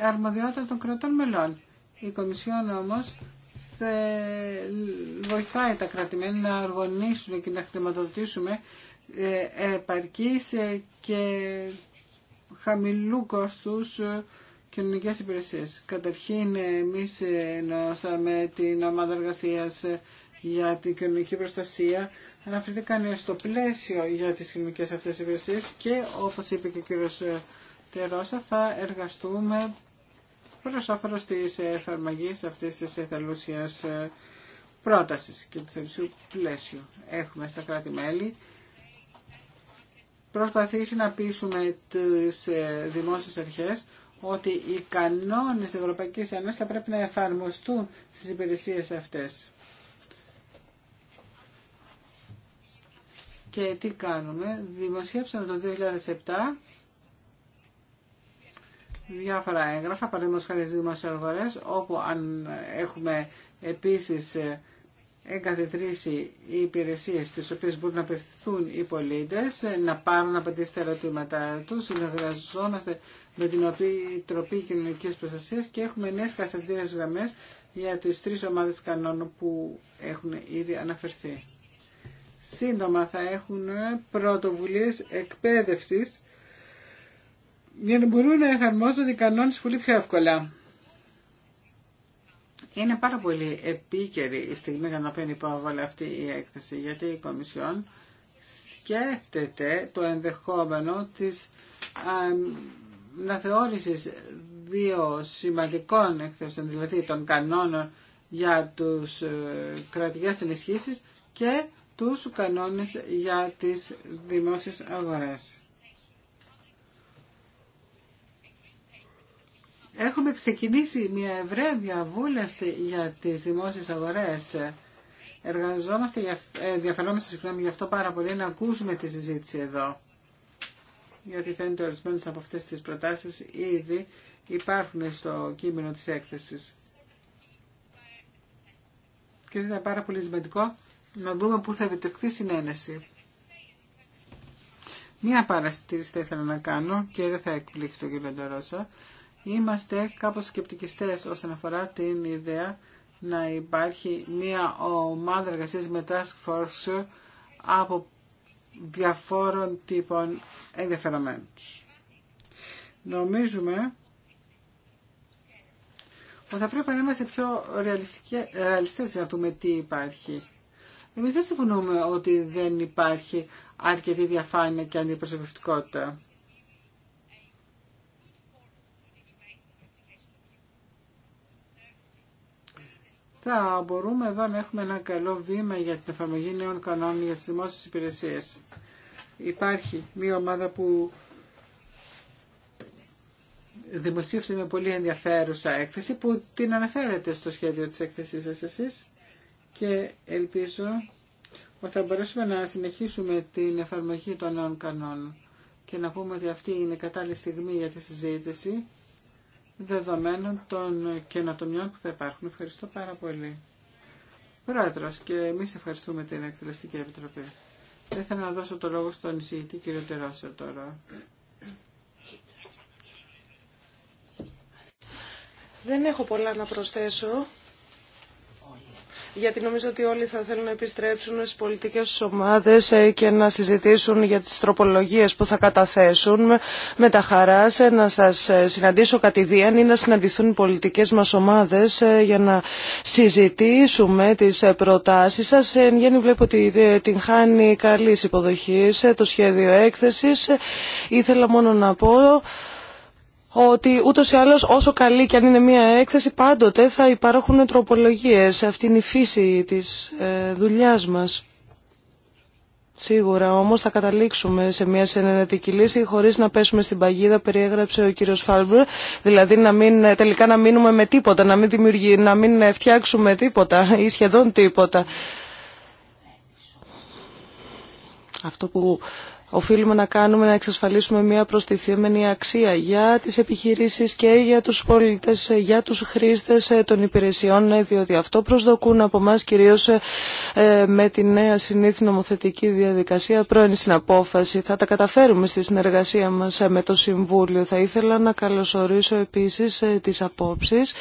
αρμοδιότητα των κρατών μελών. Η Κομισιόν όμως βοηθάει τα κρατημένα να αργωνήσουν και να χρηματοδοτήσουμε ε, επαρκή ε, και χαμηλού κόστους ε, κοινωνικές υπηρεσίες. Καταρχήν εμείς ενώσαμε την ομάδα εργασίας για την κοινωνική προστασία αναφερθήκαν στο πλαίσιο για τις κοινωνικές αυτές υπηρεσίες και όπως είπε και ο κύριος Τερόσα θα εργαστούμε προς της εφαρμογής αυτής της εθελούσιας ε, πρόταση και του θελουσίου πλαίσιου. Έχουμε στα κράτη-μέλη προσπαθήσει να πείσουμε τις ε, δημόσιες αρχές ότι οι κανόνες της Ευρωπαϊκής Ένωσης θα πρέπει να εφαρμοστούν στις υπηρεσίες αυτές. Και τι κάνουμε, δημοσίευσαμε το 2007 διάφορα έγγραφα, παραδείγματος χάρη στις αγορές, όπου αν έχουμε επίσης εγκαθιδρύσει οι υπηρεσίες στις οποίες μπορούν να απευθυνθούν οι πολίτες, να πάρουν απαντήσεις τα ερωτήματά τους, συνεργαζόμαστε με την τροπή Κοινωνικής Προστασίας και έχουμε νέες καθεδρίες γραμμές για τις τρεις ομάδες κανόνων που έχουν ήδη αναφερθεί. Σύντομα θα έχουν πρωτοβουλίες εκπαίδευσης για να μπορούν να εφαρμόζονται οι κανόνες πολύ πιο εύκολα. Είναι πάρα πολύ επίκαιρη η στιγμή για να παίρνει υπόβολη αυτή η έκθεση, γιατί η Κομισιόν σκέφτεται το ενδεχόμενο της αναθεώρησης δύο σημαντικών εκθέσεων, δηλαδή των κανόνων για τους ε, κρατικές ενισχύσεις και τους κανόνες για τις δημόσιες αγορές. Έχουμε ξεκινήσει μια ευρέα διαβούλευση για τις δημόσιες αγορές. Εργαζόμαστε, ε, διαφερόμαστε συγγνώμη γι' αυτό πάρα πολύ να ακούσουμε τη συζήτηση εδώ. Γιατί φαίνεται ορισμένε από αυτές τις προτάσεις ήδη υπάρχουν στο κείμενο της έκθεσης. Και είναι πάρα πολύ σημαντικό να δούμε πού θα επιτευχθεί συνένεση. Μία παραστήριση θα ήθελα να κάνω και δεν θα εκπλήξει τον κύριο Ντερόσα. Είμαστε κάπως σκεπτικιστές όσον αφορά την ιδέα να υπάρχει μια ομάδα εργασίας με task force από διαφόρων τύπων ενδιαφερομένους. Νομίζουμε ότι θα πρέπει να είμαστε πιο ρεαλιστές για να δούμε τι υπάρχει. Εμείς δεν συμφωνούμε ότι δεν υπάρχει αρκετή διαφάνεια και αντιπροσωπευτικότητα. θα μπορούμε εδώ να έχουμε ένα καλό βήμα για την εφαρμογή νέων κανόνων για τις δημόσιες υπηρεσίες. Υπάρχει μια ομάδα που δημοσίευσε μια πολύ ενδιαφέρουσα έκθεση που την αναφέρετε στο σχέδιο της έκθεσής σας εσείς και ελπίζω ότι θα μπορέσουμε να συνεχίσουμε την εφαρμογή των νέων κανόνων και να πούμε ότι αυτή είναι κατάλληλη στιγμή για τη συζήτηση δεδομένων των καινοτομιών που θα υπάρχουν. Ευχαριστώ πάρα πολύ. Πρόεδρο, και εμεί ευχαριστούμε την Εκτελεστική Επιτροπή. Θα ήθελα να δώσω το λόγο στον εισηγητή κύριο Τεράσιο τώρα. Δεν έχω πολλά να προσθέσω γιατί νομίζω ότι όλοι θα θέλουν να επιστρέψουν στις πολιτικές ομάδες ε, και να συζητήσουν για τις τροπολογίες που θα καταθέσουν με τα χαράς ε, να σας ε, συναντήσω κατηδίαν ή να συναντηθούν οι πολιτικές μας ομάδες για να συζητήσουμε τις προτάσεις σας. Εν γέννη βλέπω ότι την χάνει καλής υποδοχή το σχέδιο έκθεσης. Ήθελα μόνο να πω ότι ούτως ή άλλως όσο καλή και αν είναι μια έκθεση πάντοτε θα υπάρχουν τροπολογίες. Αυτή είναι η φύση της ε, δουλειάς μας. Σίγουρα όμως θα καταλήξουμε σε μια συνενετική λύση χωρίς να πέσουμε στην παγίδα, περιέγραψε ο κύριος Φάλμπρ, δηλαδή να μην, ε, τελικά να μείνουμε με τίποτα, να μην, δημιουργεί, να μην ε, φτιάξουμε τίποτα ή σχεδόν τίποτα. Αυτό που οφείλουμε να κάνουμε να εξασφαλίσουμε μια προστιθέμενη αξία για τις επιχειρήσεις και για τους πολίτες, ε, για τους χρήστες ε, των υπηρεσιών, ε, διότι αυτό προσδοκούν από εμά κυρίως με τη νέα συνήθη νομοθετική διαδικασία πρώην συναπόφαση. Θα τα καταφέρουμε στη συνεργασία μας με το Συμβούλιο. Θα ήθελα να καλωσορίσω επίσης τις απόψεις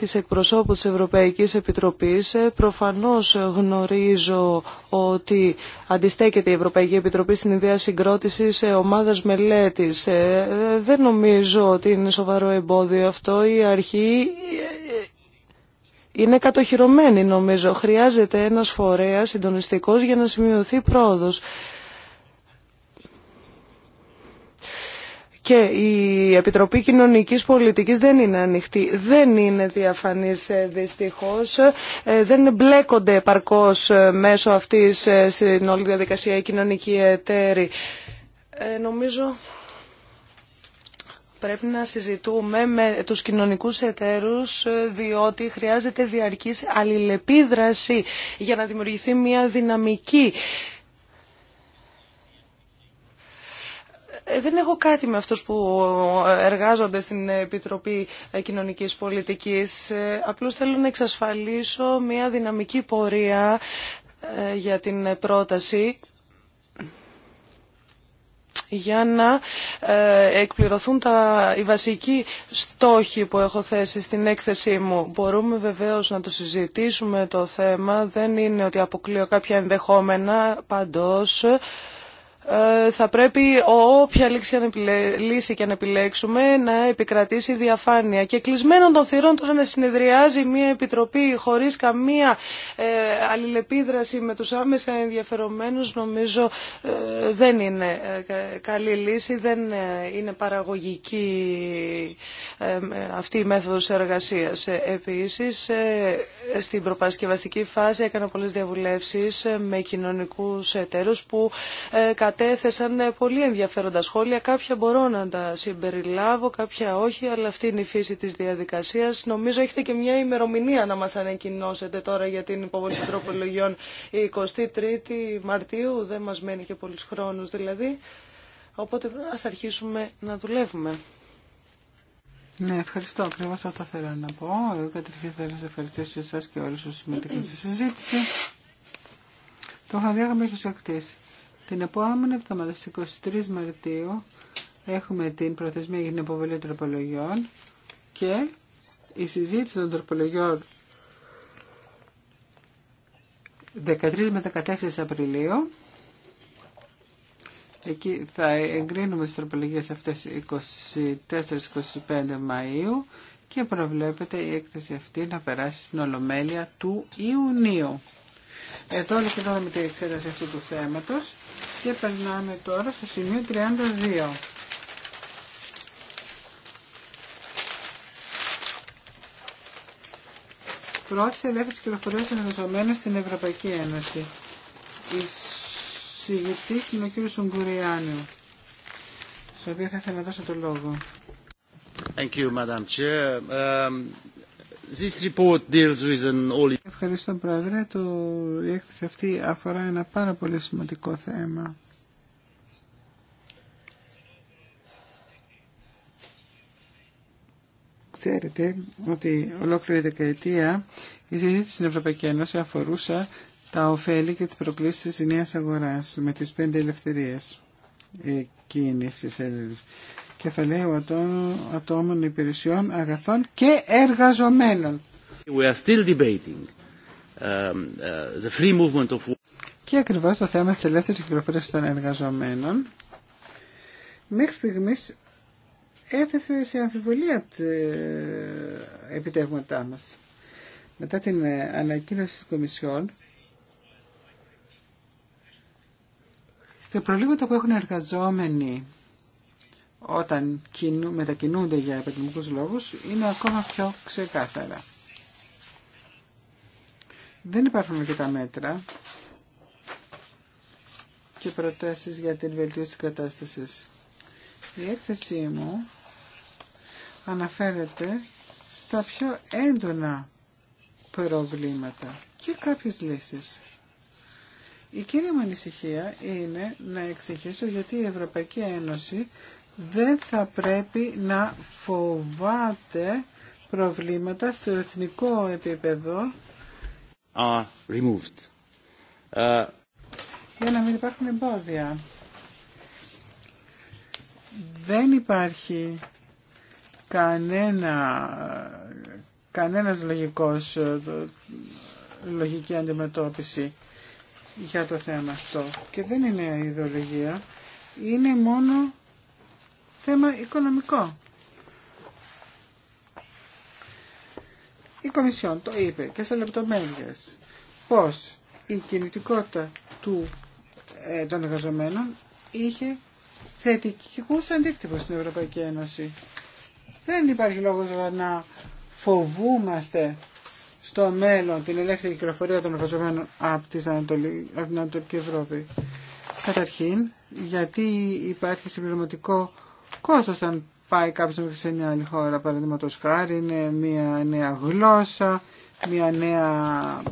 της εκπροσώπου της Ευρωπαϊκής Επιτροπής. Ε, προφανώς γνωρίζω ότι αντιστέκεται η Ευρωπαϊκή Επιτροπή στην ιδέα συγκρότησης ε, ομάδας μελέτης. Ε, δεν νομίζω ότι είναι σοβαρό εμπόδιο αυτό. Η αρχή είναι κατοχυρωμένη νομίζω. Χρειάζεται ένας φορέας συντονιστικός για να σημειωθεί πρόοδος. και η Επιτροπή Κοινωνικής Πολιτικής δεν είναι ανοιχτή, δεν είναι διαφανής ε, δυστυχώς, ε, δεν μπλέκονται επαρκώς ε, μέσω αυτής στην όλη διαδικασία οι κοινωνικοί εταίροι. Νομίζω πρέπει να συζητούμε με τους κοινωνικούς εταίρους διότι χρειάζεται διαρκής αλληλεπίδραση για να δημιουργηθεί μια δυναμική Ε, δεν έχω κάτι με αυτούς που ε, εργάζονται στην Επιτροπή ε, Κοινωνικής Πολιτικής. Απλώς θέλω να εξασφαλίσω μια δυναμική πορεία για την πρόταση για να εκπληρωθούν τα, οι βασικοί στόχοι που έχω θέσει στην έκθεσή μου. Μπορούμε βεβαίως να το συζητήσουμε το θέμα, δεν είναι ότι αποκλείω κάποια ενδεχόμενα, παντός ε, θα πρέπει όποια λύση και αν επιλέξουμε να επικρατήσει διαφάνεια. Και κλεισμένον των θυρών τώρα να συνεδριάζει μια επιτροπή χωρίς καμία ε, αλληλεπίδραση με τους άμεσα ενδιαφερομένους νομίζω ε, δεν είναι καλή λύση, δεν είναι παραγωγική αυτή η μέθοδος εργασίας. Επίσης, στην προπασκευαστική φάση έκανα πολλές διαβουλεύσεις με κοινωνικούς εταίρους που κατέθεσαν ε, πολύ ενδιαφέροντα σχόλια. Κάποια μπορώ να τα συμπεριλάβω, κάποια όχι, αλλά αυτή είναι η φύση της διαδικασίας. Νομίζω έχετε και μια ημερομηνία να μας ανακοινώσετε τώρα για την υποβολή τροπολογιών. Η 23η Μαρτίου δεν μας μένει και πολλούς χρόνους δηλαδή. Οπότε ας αρχίσουμε να δουλεύουμε. Ναι, ευχαριστώ. Ακριβώ αυτό ήθελα να πω. Εγώ καταρχήν θέλω να σα ευχαριστήσω εσά και όλου όσου συμμετείχαν στη συζήτηση. Το χαδιάγαμε έχει σου την επόμενη εβδομάδα στις 23 Μαρτίου έχουμε την προθεσμία για την υποβολή τροπολογιών και η συζήτηση των τροπολογιών 13 με 14 Απριλίου Εκεί θα εγκρίνουμε τις τροπολογίες αυτές 24-25 Μαΐου και προβλέπεται η έκθεση αυτή να περάσει στην Ολομέλεια του Ιουνίου. Εδώ λοιπόν με την εξέταση αυτού του θέματος και περνάμε τώρα στο σημείο 32. Πρώτης ελεύθερη κυκλοφορία των εργαζομένων στην Ευρωπαϊκή Ένωση. Η συγγητή είναι ο κ. Σουγκουριάνου, στον οποίο θα ήθελα να δώσω το λόγο. Thank you, Madam um, this report deals with an all Ευχαριστώ Πρόεδρε. Το, η έκθεση αυτή αφορά ένα πάρα πολύ σημαντικό θέμα. Ξέρετε ότι ολόκληρη δεκαετία η συζήτηση στην Ευρωπαϊκή Ένωση αφορούσε τα ωφέλη και τις προκλήσεις της νέας αγοράς με τις πέντε ελευθερίες κίνησης ε, κεφαλαίου ατόμων, υπηρεσιών, αγαθών και εργαζομένων. We are still debating. Um, uh, Και ακριβώς το θέμα της ελεύθερης κυκλοφορίας των εργαζομένων μέχρι στιγμής έθεσε σε αμφιβολία τα επιτεύγματά μας. Μετά την ε, ανακοίνωση της Κομισιόν, τα προβλήματα που έχουν εργαζόμενοι όταν μετακινούνται για επαγγελματικούς λόγους είναι ακόμα πιο ξεκάθαρα. Δεν υπάρχουν τα μέτρα και προτάσεις για την βελτίωση της κατάστασης. Η έκθεσή μου αναφέρεται στα πιο έντονα προβλήματα και κάποιες λύσεις. Η κύρια μου ανησυχία είναι να εξηγήσω γιατί η Ευρωπαϊκή Ένωση δεν θα πρέπει να φοβάται προβλήματα στο εθνικό επίπεδο are ε, Για να μην υπάρχουν εμπόδια. Δεν υπάρχει κανένα, κανένας λογικός, ε, λογική αντιμετώπιση για το θέμα αυτό. Και δεν είναι ιδεολογία, είναι μόνο θέμα οικονομικό. Η Κομισιόν το είπε και σε λεπτομέρειε πώ η κινητικότητα του, ε, των εργαζομένων είχε θετικού αντίκτυπου στην Ευρωπαϊκή Ένωση. Δεν υπάρχει λόγο να φοβούμαστε στο μέλλον την ελεύθερη κυκλοφορία των εργαζομένων από, από την Ανατολική Ευρώπη. Καταρχήν, γιατί υπάρχει συμπληρωματικό κόστος αν πάει κάποιος σε μια άλλη χώρα, παραδείγματο χάρη, είναι μια νέα γλώσσα, μια νέα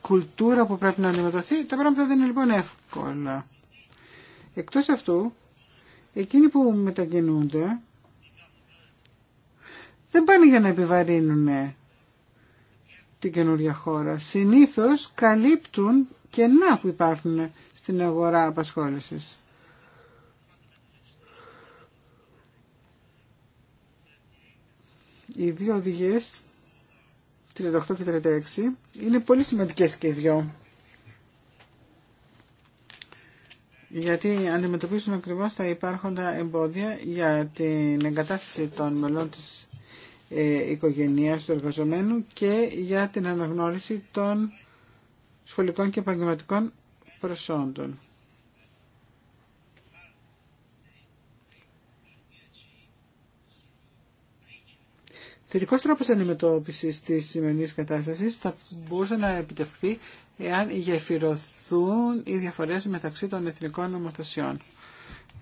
κουλτούρα που πρέπει να αντιμετωθεί. Τα πράγματα δεν είναι λοιπόν εύκολα. Εκτός αυτού, εκείνοι που μετακινούνται δεν πάνε για να επιβαρύνουν την καινούργια χώρα. Συνήθως καλύπτουν κενά που υπάρχουν στην αγορά απασχόλησης. Οι δύο οδηγίε, 38 και 36, είναι πολύ σημαντικές και οι δύο. γιατί αντιμετωπίζουν ακριβώς τα υπάρχοντα εμπόδια για την εγκατάσταση των μελών της ε, οικογένειας του εργαζομένου και για την αναγνώριση των σχολικών και επαγγελματικών προσόντων. θετικό τρόπος αντιμετώπιση της σημερινής κατάστασης θα μπορούσε να επιτευχθεί εάν γεφυρωθούν οι διαφορές μεταξύ των εθνικών νομοθεσιών.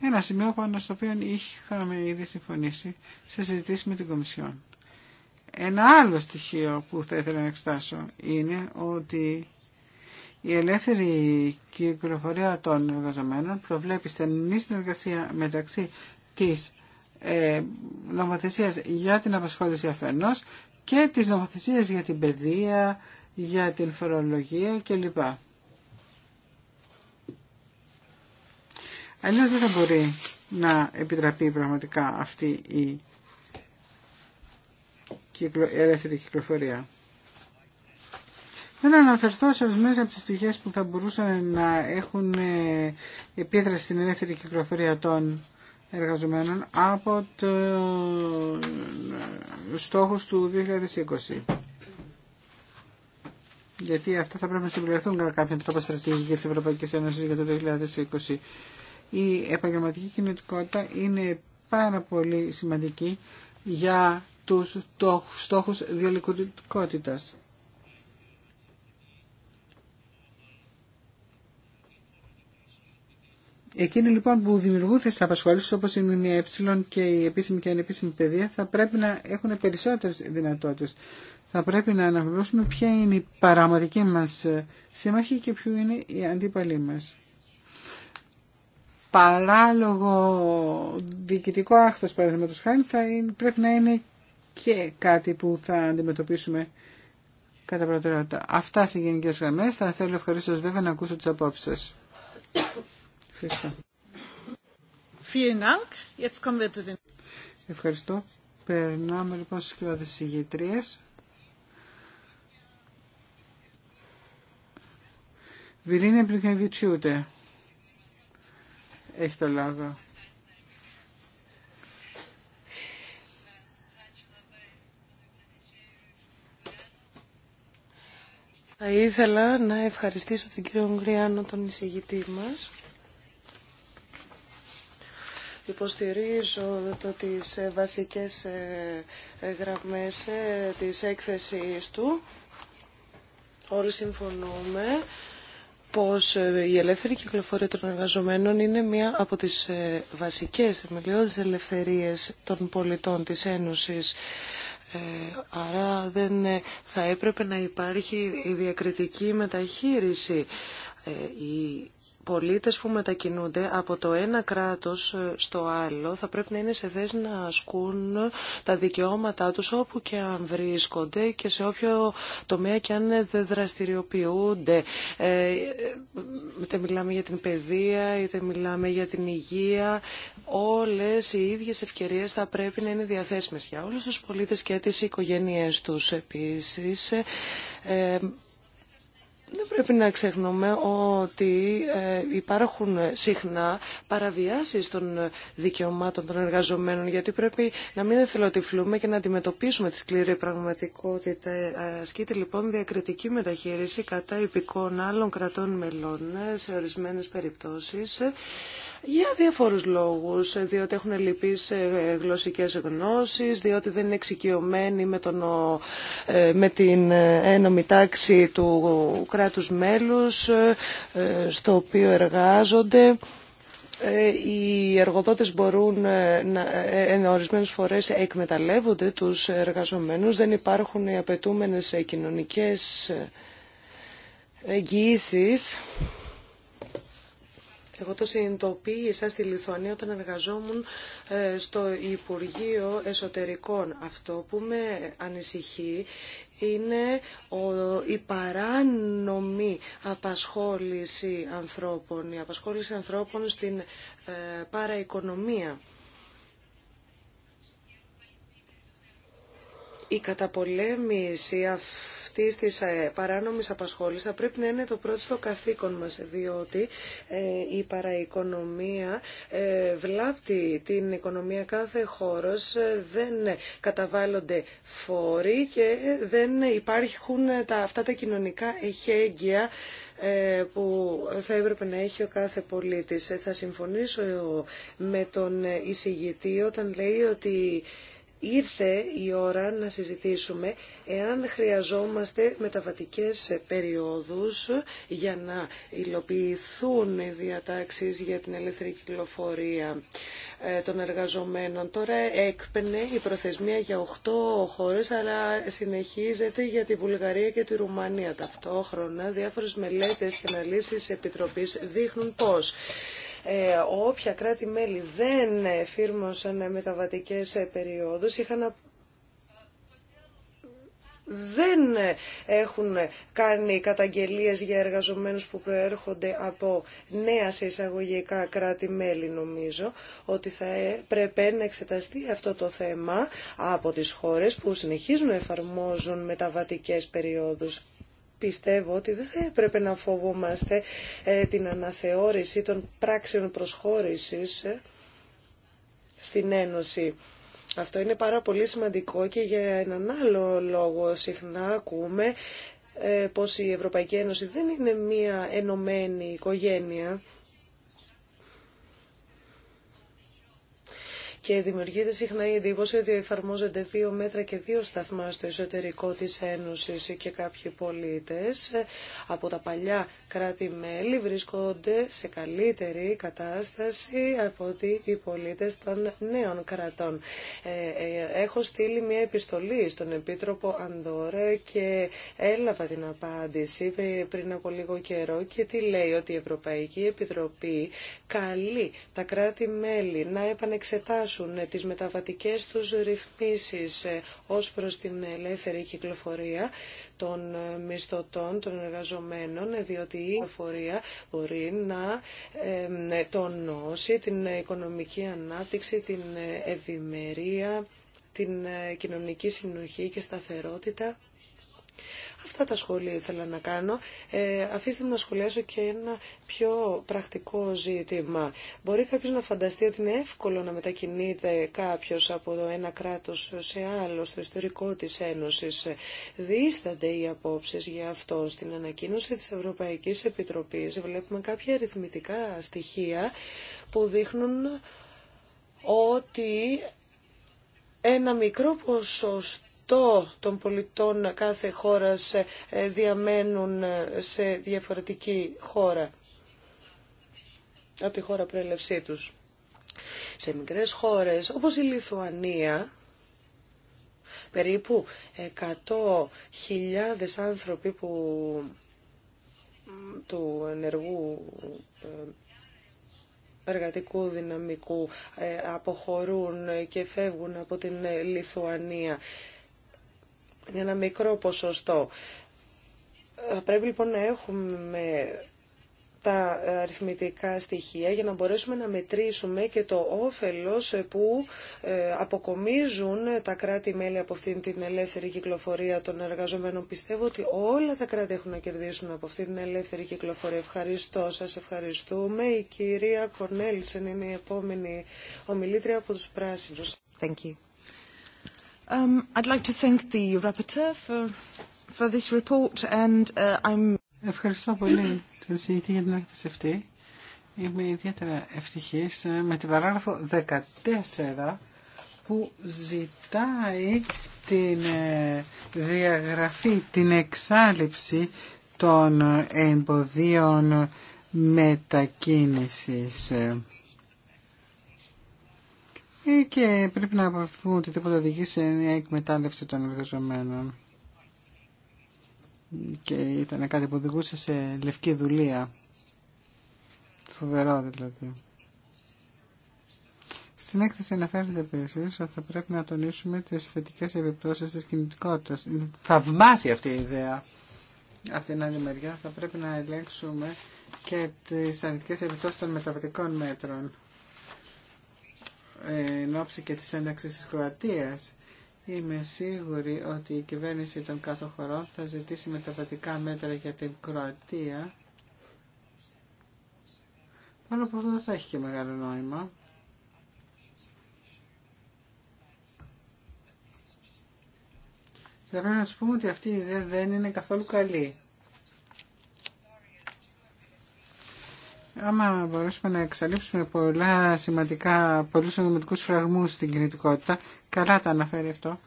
Ένα σημείο πάνω στο οποίο είχαμε ήδη συμφωνήσει σε συζητήσει με την Κομισιόν. Ένα άλλο στοιχείο που θα ήθελα να εξετάσω είναι ότι η ελεύθερη κυκλοφορία των εργαζομένων προβλέπει στενή συνεργασία μεταξύ της ε, νομοθεσίας για την απασχόληση αφενός και τις νομοθεσίες για την παιδεία, για την φορολογία κλπ. Αλλιώς δεν θα μπορεί να επιτραπεί πραγματικά αυτή η ελεύθερη κυκλοφορία. Δεν αναφερθώ σε ορισμένε από τι πηγέ που θα μπορούσαν να έχουν ε, επίδραση στην ελεύθερη κυκλοφορία των εργαζομένων από το ε, στόχους του 2020. Γιατί αυτά θα πρέπει να συμπληρωθούν κατά κάποιον τρόπο στρατηγική της Ευρωπαϊκής Ένωσης για το 2020. Η επαγγελματική κινητικότητα είναι πάρα πολύ σημαντική για τους στόχους διαλυκωτικότητας. Εκείνοι λοιπόν που δημιουργούν θέσει απασχόληση όπω η Ε και η επίσημη και η ανεπίσημη παιδεία θα πρέπει να έχουν περισσότερε δυνατότητε. Θα πρέπει να αναγνωρίσουμε ποια είναι η παραγωγική μα σύμμαχη και ποιο είναι η αντίπαλή μα. Παράλογο διοικητικό άκθο παραδείγματο χάρη θα πρέπει να είναι και κάτι που θα αντιμετωπίσουμε κατά προτεραιότητα. Αυτά σε γενικέ γραμμέ. Θα θέλω ευχαρίστω βέβαια να ακούσω τι απόψει σα. Ευχαριστώ. Ευχαριστώ. Περνάμε λοιπόν στις κοιόδες ηγετρίες. Βιλίνε Πλικανβιτσιούτε. Έχει το λόγο. Θα ήθελα να ευχαριστήσω τον κύριο Γκριάνο, τον εισηγητή μας. Υποστηρίζω το τις ε, βασικές ε, ε, γραμμές της έκθεσης του. Όλοι συμφωνούμε πως η ελεύθερη κυκλοφορία των εργαζομένων είναι μία από τις βασικές θεμελιώδεις ελευθερίες των πολιτών της Ένωσης. Άρα δεν θα έπρεπε να υπάρχει η διακριτική μεταχείριση. Η πολίτες που μετακινούνται από το ένα κράτος ε, στο άλλο θα πρέπει να είναι σε θέση να ασκούν τα δικαιώματά τους όπου και αν βρίσκονται και σε όποιο τομέα και αν δεν δραστηριοποιούνται. Ε, είτε μιλάμε για την παιδεία, είτε μιλάμε για την υγεία. Όλες οι ίδιες ευκαιρίες θα πρέπει να είναι διαθέσιμες για όλους τους πολίτες και τις οικογένειές τους επίσης ε, δεν πρέπει να ξεχνούμε ότι ε, υπάρχουν συχνά παραβιάσεις των δικαιωμάτων των εργαζομένων γιατί πρέπει να μην εθελοτυφλούμε και να αντιμετωπίσουμε τη σκληρή πραγματικότητα. Ε, ασκείται λοιπόν διακριτική μεταχείριση κατά υπηκόν άλλων κρατών μελών ε, σε ορισμένες περιπτώσεις για διαφόρους λόγους, διότι έχουν σε γλωσσικές γνώσεις, διότι δεν είναι εξοικειωμένοι με, τον, ε, με την ε, ένωμη τάξη του κράτους μέλους ε, στο οποίο εργάζονται. Οι εργοδότες μπορούν να ορισμένες φορές εκμεταλλεύονται τους εργαζομένους, δεν υπάρχουν οι απαιτούμενες κοινωνικές εγγυήσεις. Εγώ το συνειδητοποίησα στη Λιθουανία όταν εργαζόμουν ε, στο Υπουργείο Εσωτερικών. Αυτό που με ανησυχεί είναι η παράνομη απασχόληση ανθρώπων, η απασχόληση ανθρώπων στην ε, παραοικονομία. Η καταπολέμηση αυτή αυτή τη ε, παράνομη απασχόληση θα πρέπει να είναι το πρώτο στο καθήκον μα, διότι ε, η παραοικονομία ε, βλάπτει την οικονομία κάθε χώρο, δεν καταβάλλονται φόροι και δεν υπάρχουν τα, αυτά τα κοινωνικά εχέγγυα που θα έπρεπε να έχει ο κάθε πολίτης. Θα συμφωνήσω με τον εισηγητή όταν λέει ότι ήρθε η ώρα να συζητήσουμε εάν χρειαζόμαστε μεταβατικές περιόδους για να υλοποιηθούν οι διατάξεις για την ελεύθερη κυκλοφορία ε, των εργαζομένων. Τώρα έκπαινε η προθεσμία για 8 χώρες, αλλά συνεχίζεται για τη Βουλγαρία και τη Ρουμανία. Ταυτόχρονα διάφορες μελέτες και αναλύσεις επιτροπής δείχνουν πώς ε, όποια κράτη-μέλη δεν εφήρμοσαν μεταβατικές ε, περιόδους δεν έχουν κάνει καταγγελίες για εργαζομένους που προέρχονται από νέα σε εισαγωγικά κράτη-μέλη νομίζω ότι θα ε, πρέπει να εξεταστεί αυτό το θέμα από τις χώρες που συνεχίζουν να εφαρμόζουν μεταβατικές περιόδους πιστεύω ότι δεν θα έπρεπε να φοβόμαστε ε, την αναθεώρηση των πράξεων προσχώρησης ε, στην Ένωση. Αυτό είναι πάρα πολύ σημαντικό και για έναν άλλο λόγο συχνά ακούμε ε, πως η Ευρωπαϊκή Ένωση δεν είναι μία ενωμένη οικογένεια και δημιουργείται συχνά η εντύπωση ότι εφαρμόζονται δύο μέτρα και δύο σταθμά στο εσωτερικό της Ένωσης και κάποιοι πολίτες από τα παλιά κράτη-μέλη βρίσκονται σε καλύτερη κατάσταση από ότι οι πολίτες των νέων κρατών. Ε, ε, έχω στείλει μια επιστολή στον Επίτροπο Ανδόρα και έλαβα την απάντηση πριν από λίγο καιρό και τι λέει ότι η Ευρωπαϊκή Επιτροπή καλεί τα κράτη-μέλη να επανεξετάσουν εφαρμόσουν ε, τις μεταβατικές τους ρυθμίσεις ε, ως προς την ελεύθερη κυκλοφορία των ε, μισθωτών, των εργαζομένων, διότι η κυκλοφορία μπορεί να τονώσει την οικονομική ανάπτυξη, την ευημερία, την κοινωνική συνοχή και σταθερότητα Αυτά τα σχόλια ήθελα να κάνω. Ε, αφήστε μου να σχολιάσω και ένα πιο πρακτικό ζήτημα. Μπορεί κάποιος να φανταστεί ότι είναι εύκολο να μετακινείται κάποιος από ένα κράτος σε άλλο, στο ιστορικό της Ένωσης. Δίστανται οι απόψεις για αυτό. Στην ανακοίνωση της Ευρωπαϊκής Επιτροπής. βλέπουμε κάποια αριθμητικά στοιχεία που δείχνουν ότι ένα μικρό ποσοστό των πολιτών κάθε χώρας ε, ε, διαμένουν ε, σε διαφορετική χώρα από τη χώρα προέλευσή τους. Σε μικρές χώρες όπως η Λιθουανία περίπου 100.000 άνθρωποι που του ενεργού εργατικού δυναμικού αποχωρούν και φεύγουν από την Λιθουανία για ένα μικρό ποσοστό. Θα πρέπει λοιπόν να έχουμε τα αριθμητικά στοιχεία για να μπορέσουμε να μετρήσουμε και το όφελος που ε, αποκομίζουν τα κράτη-μέλη από αυτήν την ελεύθερη κυκλοφορία των εργαζομένων. Πιστεύω ότι όλα τα κράτη έχουν να κερδίσουν από αυτήν την ελεύθερη κυκλοφορία. Ευχαριστώ σας, ευχαριστούμε. Η κυρία Κορνέλσεν είναι η επόμενη ομιλήτρια από τους Πράσινους. Thank you. Um, I'd like to thank the rapporteur for, for this report and uh, I'm... Ευχαριστώ πολύ τον συνήθι για την έκθεση αυτή. Είμαι ιδιαίτερα ευτυχής ε, με την παράγραφο 14 που ζητάει την ε, διαγραφή, την εξάλληψη των εμποδίων μετακίνησης και πρέπει να αποφύγουν ότι τίποτα οδηγεί σε μια εκμετάλλευση των εργαζομένων. Και ήταν κάτι που οδηγούσε σε λευκή δουλεία. Φοβερό δηλαδή. Στην έκθεση αναφέρεται επίση ότι θα πρέπει να τονίσουμε τι θετικέ επιπτώσει τη κινητικότητα. Θαυμάσια αυτή η ιδέα. Από την άλλη μεριά θα πρέπει να ελέγξουμε και τι αρνητικέ επιπτώσει των μεταβατικών μέτρων εν ώψη και της ένταξης της Κροατίας. Είμαι σίγουρη ότι η κυβέρνηση των κάτω χωρών θα ζητήσει μεταβατικά μέτρα για την Κροατία. παρόλο που αυτό δεν θα έχει και μεγάλο νόημα. Θα να σου πούμε ότι αυτή η ιδέα δεν είναι καθόλου καλή. άμα μπορέσουμε να εξαλείψουμε πολλά σημαντικά, πολλού ονοματικού φραγμούς στην κινητικότητα, καλά τα αναφέρει αυτό,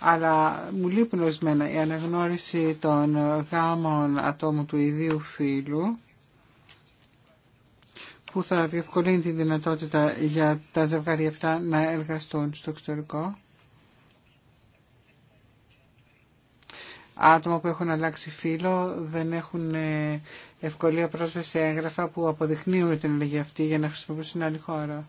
αλλά μου λείπουν ορισμένα η αναγνώριση των γάμων ατόμων του ιδίου φύλου, που θα διευκολύνει τη δυνατότητα για τα ζευγάρια αυτά να εργαστούν στο εξωτερικό. Άτομα που έχουν αλλάξει φύλο δεν έχουν ε, ευκολία πρόσβαση σε έγγραφα που αποδεικνύουν την αλλαγή αυτή για να χρησιμοποιήσουν άλλη χώρα.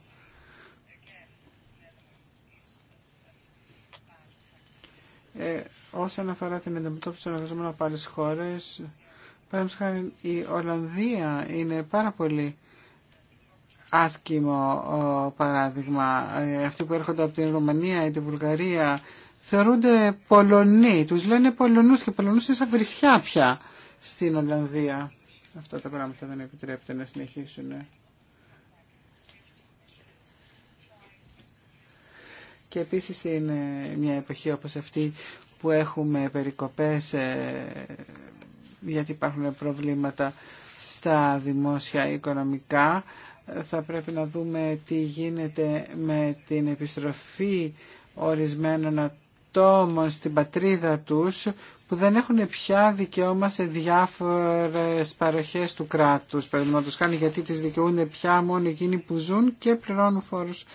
Ε, όσον αφορά την αντιμετώπιση των εργαζομένων από άλλε χώρε, η Ολλανδία είναι πάρα πολύ άσκημο παράδειγμα. Ε, αυτοί που έρχονται από την Ρωμανία ή την Βουλγαρία θεωρούνται Πολωνοί. Τους λένε Πολωνούς και Πολωνούς είναι σαν βρισιά πια στην Ολλανδία αυτά τα πράγματα δεν επιτρέπεται να συνεχίσουν. Και επίσης είναι μια εποχή όπως αυτή που έχουμε περικοπές ε, γιατί υπάρχουν προβλήματα στα δημόσια οικονομικά. Θα πρέπει να δούμε τι γίνεται με την επιστροφή ορισμένων ατόμων στην πατρίδα τους που δεν έχουν πια δικαίωμα σε διάφορες παροχές του κράτους, παραδείγματος χάνει γιατί τις δικαιούνται πια μόνο εκείνοι που ζουν και πληρώνουν φόρους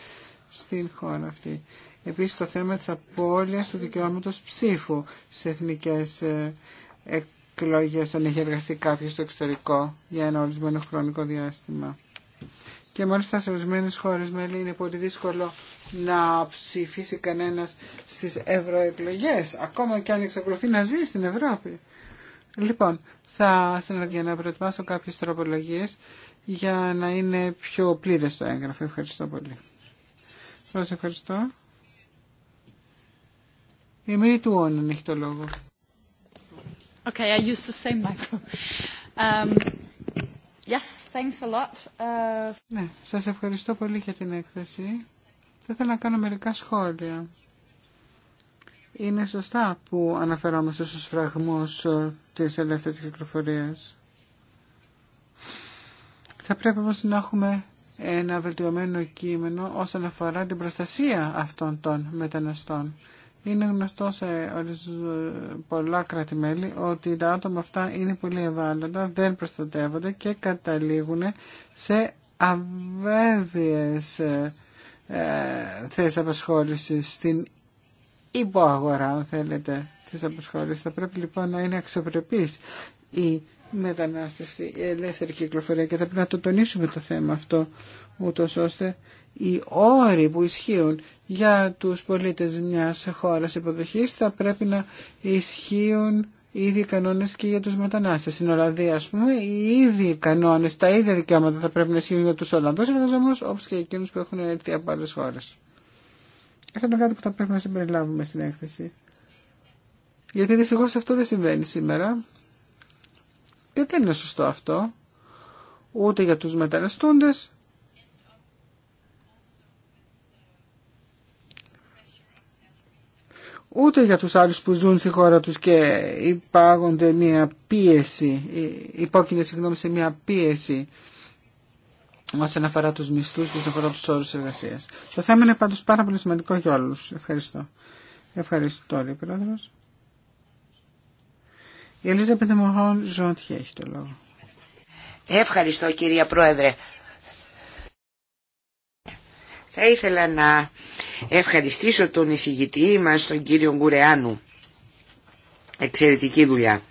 στην χώρα αυτή. Επίσης το θέμα της απώλειας του δικαιώματος ψήφου σε εθνικές ε, εκλογές, όταν έχει εργαστεί κάποιος στο εξωτερικό για ένα ορισμένο χρονικό διάστημα και μάλιστα σε ορισμένε χώρε μέλη είναι πολύ δύσκολο να ψηφίσει κανένα στι ευρωεκλογέ, ακόμα και αν εξακολουθεί να ζει στην Ευρώπη. Λοιπόν, θα για να προετοιμάσω κάποιε τροπολογίε για να είναι πιο πλήρε το έγγραφο. Ευχαριστώ πολύ. Σα ευχαριστώ. Η Μύρη του Όνων έχει το λόγο. Okay, I use the same Um, Yes, uh, Ναι, σας ευχαριστώ πολύ για την έκθεση. Θα ήθελα να κάνω μερικά σχόλια. Είναι σωστά που αναφερόμαστε στους φραγμούς ε, της ελεύθερης κυκλοφορίας. Θα πρέπει όμως να έχουμε ένα βελτιωμένο κείμενο όσον αφορά την προστασία αυτών των μεταναστών. Είναι γνωστό σε πολλά κράτη-μέλη ότι τα άτομα αυτά είναι πολύ ευάλωτα, δεν προστατεύονται και καταλήγουν σε αβέβαιες ε, θέσεις απασχόλησης στην υποαγορά, αν θέλετε, της απασχόλησης. Θα πρέπει λοιπόν να είναι αξιοπρεπής η μετανάστευση, η ελεύθερη κυκλοφορία και θα πρέπει να το τονίσουμε το θέμα αυτό, ούτως ώστε οι όροι που ισχύουν για τους πολίτες μιας χώρας υποδοχής θα πρέπει να ισχύουν ήδη ίδιοι κανόνες και για τους μετανάστες. Στην Ολλανδία, ας πούμε, οι ίδιοι κανόνες, τα ίδια δικαιώματα θα πρέπει να ισχύουν για τους Ολλανδούς εργαζόμενους, όπως και εκείνους που έχουν έρθει από άλλες χώρες. Αυτό είναι κάτι που θα πρέπει να συμπεριλάβουμε στην έκθεση. Γιατί δυστυχώ αυτό δεν συμβαίνει σήμερα. Και δεν είναι σωστό αυτό. Ούτε για τους μεταναστούντες, ούτε για τους άλλους που ζουν στη χώρα τους και υπάγονται μια πίεση, ε, υπόκεινται συγγνώμη σε μια πίεση όσον αφορά τους μισθούς και όσον αφορά τους όρους εργασίας. Το θέμα είναι πάντως πάρα πολύ σημαντικό για όλους. Ευχαριστώ. Ευχαριστώ, λέει Πρόεδρος. Η Ελίζα Πεντεμοχών Ζώντια έχει το λόγο. Ευχαριστώ κυρία Πρόεδρε. Θα ήθελα να ευχαριστήσω τον εισηγητή μας, τον κύριο Γκουρεάνου. Εξαιρετική δουλειά.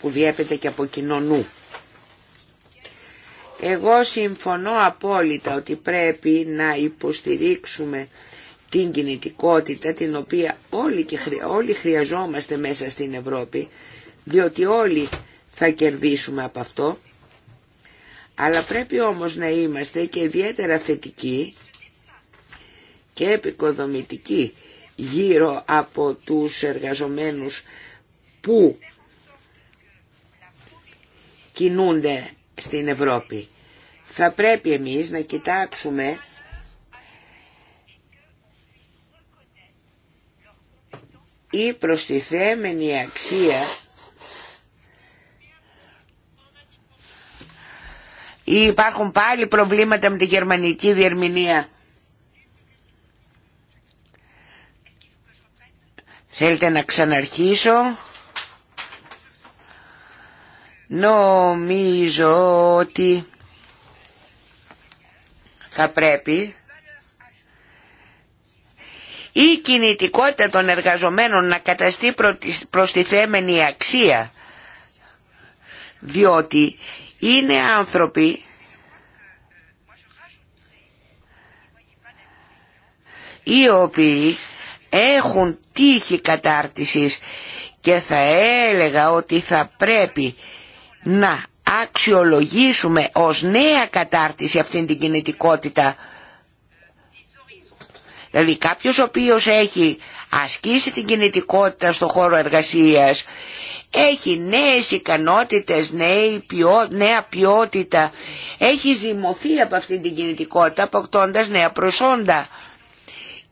Που διέπεται και από κοινό Εγώ συμφωνώ απόλυτα ότι πρέπει να υποστηρίξουμε την κινητικότητα την οποία όλοι, και όλοι χρειαζόμαστε μέσα στην Ευρώπη διότι όλοι θα κερδίσουμε από αυτό αλλά πρέπει όμως να είμαστε και ιδιαίτερα θετικοί και επικοδομητικοί γύρω από τους εργαζομένους που κινούνται στην Ευρώπη. Θα πρέπει εμείς να κοιτάξουμε η προστιθέμενη αξία Ή υπάρχουν πάλι προβλήματα με τη γερμανική διερμηνία. Θέλετε να ξαναρχίσω. Νομίζω ότι θα πρέπει η κινητικότητα των εργαζομένων να καταστεί θέμενη αξία διότι είναι άνθρωποι οι οποίοι έχουν τύχη κατάρτισης και θα έλεγα ότι θα πρέπει να αξιολογήσουμε ως νέα κατάρτιση αυτήν την κινητικότητα. Δηλαδή κάποιος ο οποίος έχει ασκήσει την κινητικότητα στον χώρο εργασίας έχει νέες ικανότητες, νέα ποιότητα, έχει ζυμωθεί από αυτή την κινητικότητα αποκτώντας νέα προσόντα.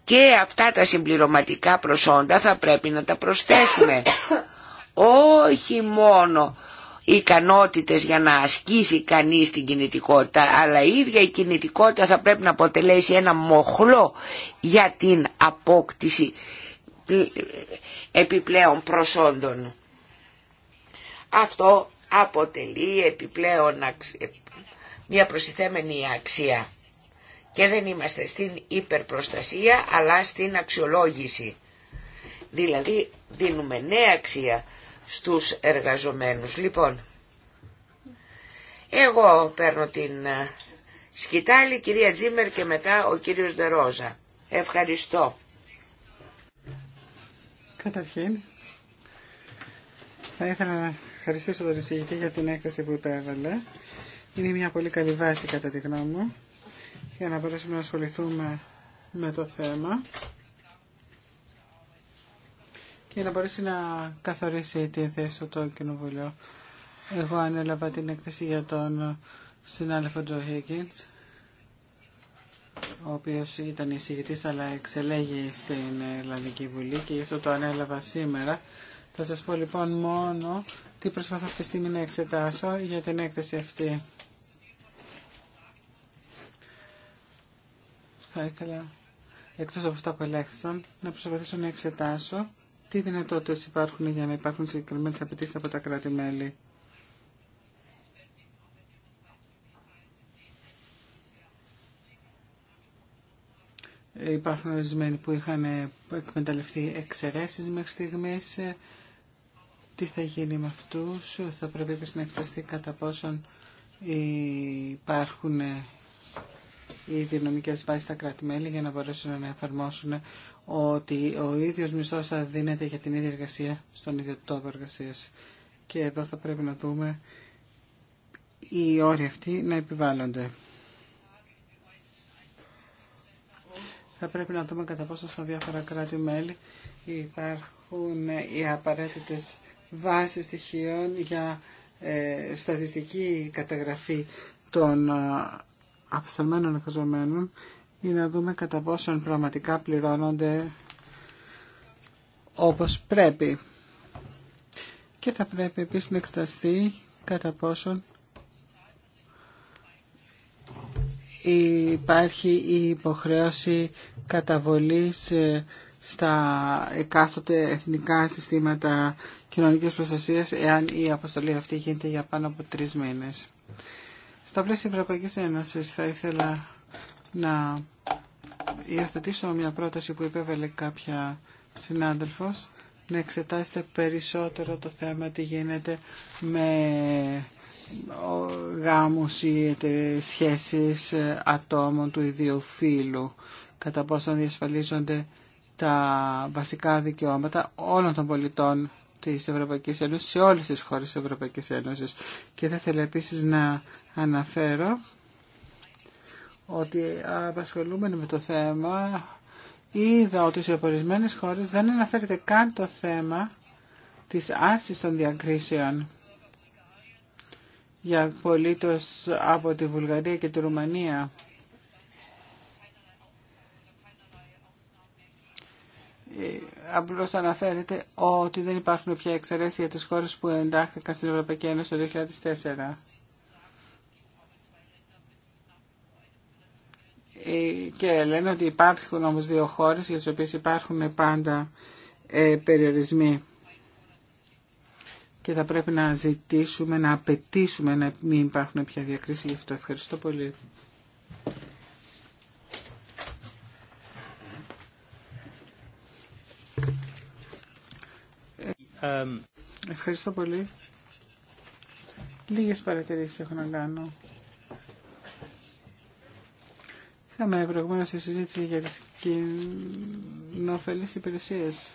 Και αυτά τα συμπληρωματικά προσόντα θα πρέπει να τα προσθέσουμε. Όχι μόνο ικανότητες για να ασκήσει κανείς την κινητικότητα, αλλά η ίδια η κινητικότητα θα πρέπει να αποτελέσει ένα μοχλό για την απόκτηση ε, επιπλέον προσόντων. Αυτό αποτελεί επιπλέον ε, μια προσιθέμενη αξία. Και δεν είμαστε στην υπερπροστασία αλλά στην αξιολόγηση. Δηλαδή δίνουμε νέα αξία στους εργαζομένους. Λοιπόν, εγώ παίρνω την ε, σκητάλη, κυρία Τζίμερ και μετά ο κύριος Ντερόζα. Ευχαριστώ. Καταρχήν, θα ήθελα ευχαριστήσω τον εισηγητή για την έκθεση που υπέβαλε. Είναι μια πολύ καλή βάση κατά τη γνώμη μου για να μπορέσουμε να ασχοληθούμε με το θέμα και να μπορέσει να καθορίσει την θέση του το Κοινοβουλίο. Εγώ ανέλαβα την έκθεση για τον συνάδελφο Τζο Higgins, ο οποίος ήταν εισηγητής αλλά εξελέγει στην Ελλανδική Βουλή και γι' αυτό το ανέλαβα σήμερα. Θα σας πω λοιπόν μόνο τι προσπαθώ αυτή τη στιγμή να εξετάσω για την έκθεση αυτή. Θα ήθελα, εκτός από αυτά που ελέγχθησαν, να προσπαθήσω να εξετάσω τι δυνατότητες υπάρχουν για να υπάρχουν συγκεκριμένε απαιτήσει από τα κράτη-μέλη. Υπάρχουν ορισμένοι που είχαν εκμεταλλευτεί εξαιρέσεις μέχρι στιγμής τι θα γίνει με αυτούς. Θα πρέπει επίσης να εξεταστεί κατά πόσον υπάρχουν οι δυναμικές βάσεις στα κράτη-μέλη για να μπορέσουν να εφαρμόσουν ότι ο ίδιος μισθός θα δίνεται για την ίδια εργασία στον ίδιο τόπο εργασία. Και εδώ θα πρέπει να δούμε οι όροι αυτοί να επιβάλλονται. Θα πρέπει να δούμε κατά πόσο στα διάφορα κράτη-μέλη υπάρχουν οι απαραίτητες βάση στοιχείων για ε, στατιστική καταγραφή των ε, απεσταλμένων εργαζομένων ή να δούμε κατά πόσον πραγματικά πληρώνονται όπως πρέπει. Και θα πρέπει επίσης να εξεταστεί κατά πόσον υπάρχει η υποχρέωση καταβολής ε, στα εκάστοτε εθνικά συστήματα κοινωνική προστασία, εάν η αποστολή αυτή γίνεται για πάνω από τρεις μήνες. Στα πλαίσια Ευρωπαϊκής Ένωσης θα ήθελα να υιοθετήσω μια πρόταση που υπέβαλε κάποια συνάδελφος να εξετάσετε περισσότερο το θέμα τι γίνεται με γάμους ή σχέσεις ατόμων του ιδίου φύλου κατά πόσο διασφαλίζονται τα βασικά δικαιώματα όλων των πολιτών της Ευρωπαϊκής Ένωσης σε όλες τις χώρες της Ευρωπαϊκής Ένωσης. Και θα ήθελα επίσης να αναφέρω ότι απασχολούμενοι με το θέμα είδα ότι σε ορισμένε χώρες δεν αναφέρεται καν το θέμα της άρσης των διακρίσεων για πολίτες από τη Βουλγαρία και τη Ρουμανία. απλώς αναφέρεται ότι δεν υπάρχουν πια εξαιρέσει για τι χώρε που εντάχθηκαν στην Ευρωπαϊκή Ένωση το 2004. Ε, και λένε ότι υπάρχουν όμως δύο χώρες για τις οποίες υπάρχουν πάντα ε, περιορισμοί. Και θα πρέπει να ζητήσουμε, να απαιτήσουμε να μην υπάρχουν πια διακρίσεις. Γι' αυτό ευχαριστώ πολύ. Ευχαριστώ πολύ. Λίγες παρατηρήσεις έχω να κάνω. Είχαμε προηγουμένω τη συζήτηση για τις κοινοφελείς υπηρεσίες.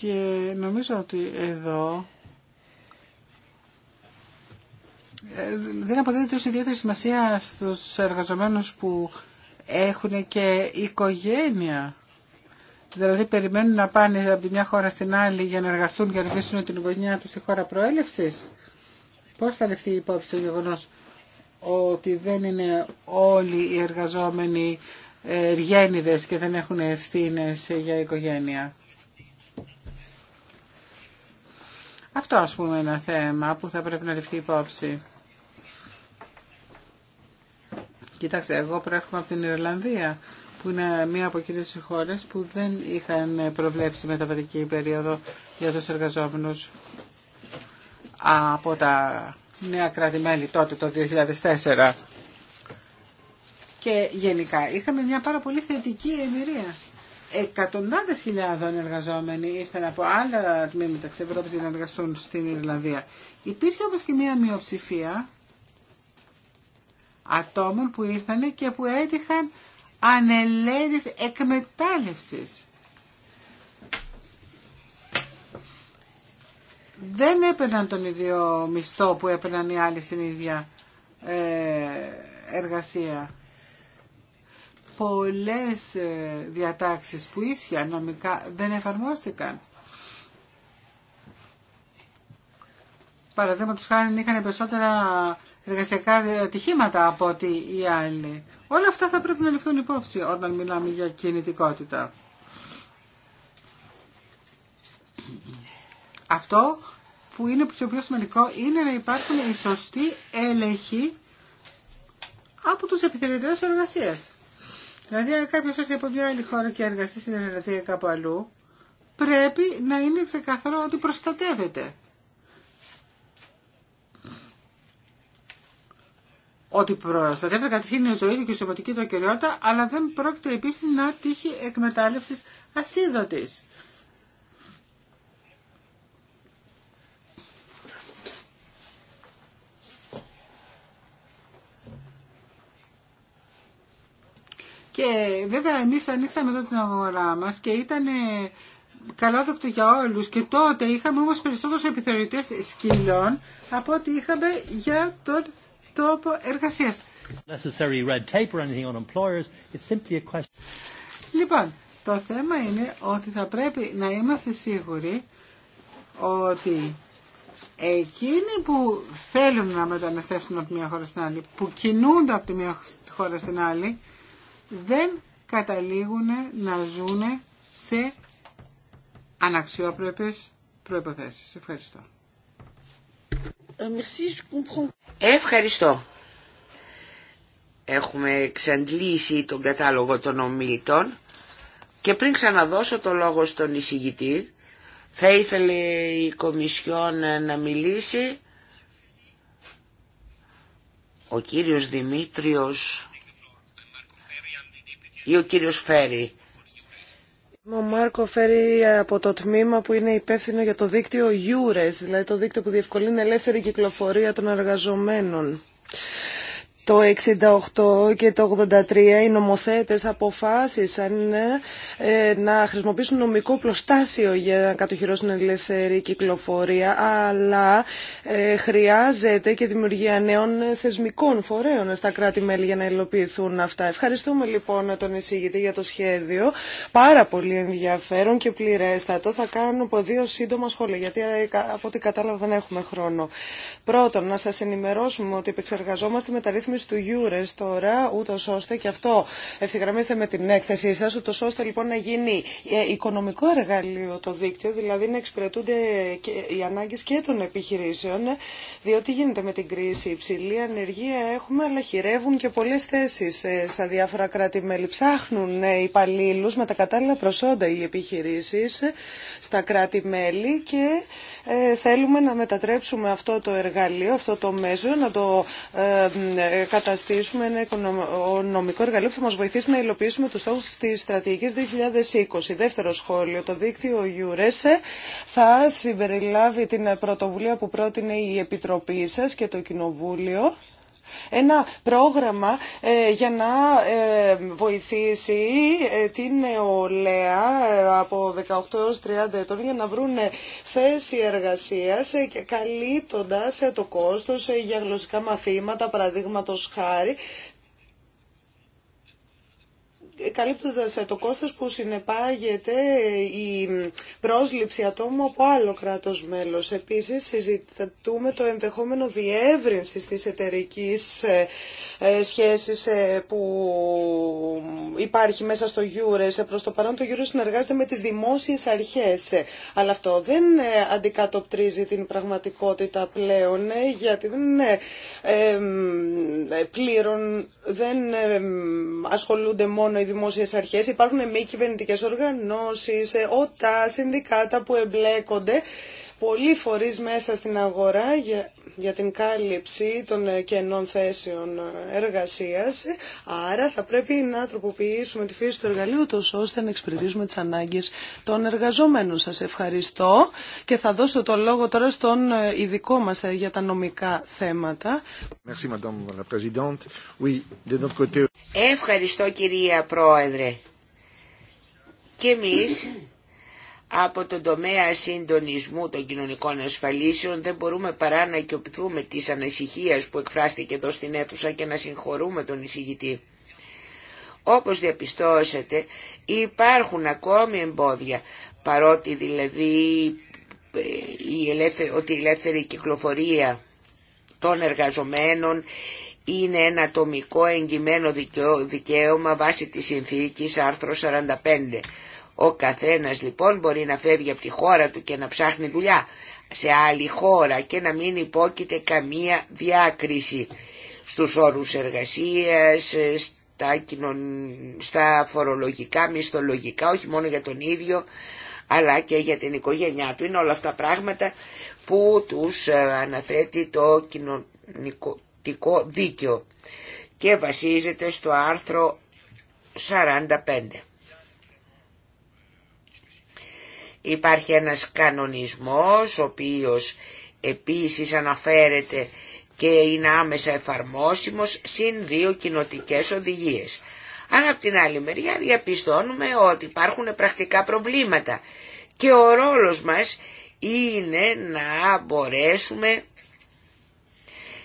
Και νομίζω ότι εδώ Ε, δεν αποδίδεται τόσο ιδιαίτερη σημασία στους εργαζομένους που έχουν και οικογένεια. Δηλαδή περιμένουν να πάνε από τη μια χώρα στην άλλη για να εργαστούν και να αφήσουν την οικογένειά τους στη χώρα προέλευσης. Πώς θα λεφτεί η υπόψη το γεγονός ότι δεν είναι όλοι οι εργαζόμενοι ε, εργένιδες και δεν έχουν ευθύνε για οικογένεια. Αυτό ας πούμε ένα θέμα που θα πρέπει να ληφθεί υπόψη. Κοιτάξτε, εγώ προέρχομαι από την Ιρλανδία, που είναι μία από εκείνες τις χώρες που δεν είχαν προβλέψει μεταβατική περίοδο για τους εργαζόμενους από τα νέα τότε το 2004. Και γενικά είχαμε μια πάρα πολύ θετική εμπειρία. Εκατοντάδες χιλιάδων εργαζόμενοι ήρθαν από άλλα τμήματα της Ευρώπης για να εργαστούν στην Ιρλανδία. Υπήρχε όμως και μια μειοψηφία ατόμων που ήρθαν και που έτυχαν ανελέτης εκμετάλλευσης. Δεν έπαιρναν τον ίδιο μισθό που έπαιρναν οι άλλοι στην ίδια ε, εργασία. Πολλές ε, διατάξεις που ίσια νομικά δεν εφαρμόστηκαν. Παραδείγματος χάρη είχαν περισσότερα εργασιακά ατυχήματα από ότι οι άλλοι. Όλα αυτά θα πρέπει να ληφθούν υπόψη όταν μιλάμε για κινητικότητα. Αυτό που είναι το πιο σημαντικό είναι να υπάρχουν οι σωστοί έλεγχοι από τους επιθελητές εργασίας. Δηλαδή αν κάποιος έρθει από μια άλλη χώρα και εργαστεί στην εργασία κάπου αλλού, πρέπει να είναι ξεκαθαρό ότι προστατεύεται. ότι προστατεύεται κατευθύνει η ζωή του και η σωματική του αλλά δεν πρόκειται επίση να τύχει εκμετάλλευση ασίδωτη. Και βέβαια εμείς ανοίξαμε τότε την αγορά μας και ήταν καλόδοκτο για όλους και τότε είχαμε όμως περισσότερους επιθεωρητές σκύλων από ό,τι είχαμε για τον τόπο εργασίας. Λοιπόν, το θέμα είναι ότι θα πρέπει να είμαστε σίγουροι ότι εκείνοι που θέλουν να μεταναστεύσουν από μία χώρα στην άλλη, που κινούνται από τη μία χώρα στην άλλη, δεν καταλήγουν να ζουν σε αναξιόπρεπες προϋποθέσεις. Ευχαριστώ. Ε, Ευχαριστώ. Έχουμε εξαντλήσει τον κατάλογο των ομιλητών και πριν ξαναδώσω το λόγο στον εισηγητή θα ήθελε η Κομισιόν να μιλήσει ο κύριος Δημήτριος ή ο κύριος Φέρη ο Μάρκο φέρει από το τμήμα που είναι υπεύθυνο για το δίκτυο EURES, δηλαδή το δίκτυο που διευκολύνει ελεύθερη κυκλοφορία των εργαζομένων. Το 68 και το 83 οι νομοθέτες αποφάσισαν ναι, ε, να χρησιμοποιήσουν νομικό πλωστάσιο για να κατοχυρώσουν ελεύθερη κυκλοφορία, αλλά ε, χρειάζεται και δημιουργία νέων θεσμικών φορέων στα κράτη-μέλη για να υλοποιηθούν αυτά. Ευχαριστούμε λοιπόν τον εισηγητή για το σχέδιο. Πάρα πολύ ενδιαφέρον και πληρέστατο. Θα κάνω από δύο σύντομα σχόλια, γιατί ε, από ό,τι κατάλαβα δεν έχουμε χρόνο. Πρώτον, να σας ενημερώσουμε ότι επεξεργαζόμαστε μεταρρύθμιση του Eures τώρα, ούτω ώστε, και αυτό ευθυγραμμίστε με την έκθεσή σα, ούτω ώστε λοιπόν να γίνει ε, οικονομικό εργαλείο το δίκτυο, δηλαδή να εξυπηρετούνται και οι ανάγκε και των επιχειρήσεων, διότι γίνεται με την κρίση. Υψηλή ανεργία έχουμε, αλλά χειρεύουν και πολλέ θέσει ε, στα διάφορα κράτη-μέλη. Ψάχνουν ε, υπαλλήλου με τα κατάλληλα προσόντα οι επιχειρήσει στα κράτη-μέλη και ε, θέλουμε να μετατρέψουμε αυτό το εργαλείο, αυτό το μέσο, να το ε, ε, καταστήσουμε ένα οικονομικό εργαλείο που θα μας βοηθήσει να υλοποιήσουμε τους στόχους της στρατηγικής 2020. Δεύτερο σχόλιο, το δίκτυο EURES θα συμπεριλάβει την πρωτοβουλία που πρότεινε η Επιτροπή σας και το Κοινοβούλιο ένα πρόγραμμα ε, για να ε, βοηθήσει ε, την νεολαία από 18 έως 30 ετών για να βρουν θέση εργασίας και καλύπτοντας το κόστος για γλωσσικά μαθήματα, παραδείγματος χάρη, καλύπτοντας ε, το κόστος που συνεπάγεται η πρόσληψη ατόμου από άλλο κράτος μέλος. Επίσης, συζητούμε το ενδεχόμενο διεύρυνση της εταιρική ε, ε, σχέσης που υπάρχει μέσα στο Γιούρε. Προς το παρόν το Γιούρε συνεργάζεται με τις δημόσιες αρχές. Αλλά αυτό δεν αντικατοπτρίζει την πραγματικότητα πλέον, γιατί δεν πλήρων δεν ασχολούνται μόνο υπάρχουν μη κυβερνητικέ οργανώσεις, ότα, ε, συνδικάτα που εμπλέκονται, πολλοί φορεί μέσα στην αγορά για την κάλυψη των ε, κενών θέσεων ε, εργασίας. Άρα θα πρέπει να τροποποιήσουμε τη φύση του εργαλείου τόσο ώστε να εξυπηρετήσουμε τις ανάγκες των εργαζομένων. Σας ευχαριστώ και θα δώσω το λόγο τώρα στον ε, ειδικό μας για τα νομικά θέματα. Ευχαριστώ κυρία Πρόεδρε. Και εμείς από τον τομέα συντονισμού των κοινωνικών ασφαλίσεων δεν μπορούμε παρά να οικειοποιηθούμε της ανησυχίας που εκφράστηκε εδώ στην αίθουσα και να συγχωρούμε τον εισηγητή. Όπως διαπιστώσατε υπάρχουν ακόμη εμπόδια παρότι δηλαδή ε, η ελεύθερη, ότι η ελεύθερη κυκλοφορία των εργαζομένων είναι ένα ατομικό εγγυμένο δικαίωμα βάσει της συνθήκης άρθρο 45 ο καθένας λοιπόν μπορεί να φεύγει από τη χώρα του και να ψάχνει δουλειά σε άλλη χώρα και να μην υπόκειται καμία διάκριση στους όρους εργασίας, στα, κοινων... στα φορολογικά, μισθολογικά, όχι μόνο για τον ίδιο αλλά και για την οικογένειά του. Είναι όλα αυτά πράγματα που τους ε, αναθέτει το κοινωνικό δίκαιο και βασίζεται στο άρθρο 45. Υπάρχει ένας κανονισμός ο οποίος επίσης αναφέρεται και είναι άμεσα εφαρμόσιμος συν δύο κοινοτικές οδηγίες. Αλλά από την άλλη μεριά διαπιστώνουμε ότι υπάρχουν πρακτικά προβλήματα και ο ρόλος μας είναι να μπορέσουμε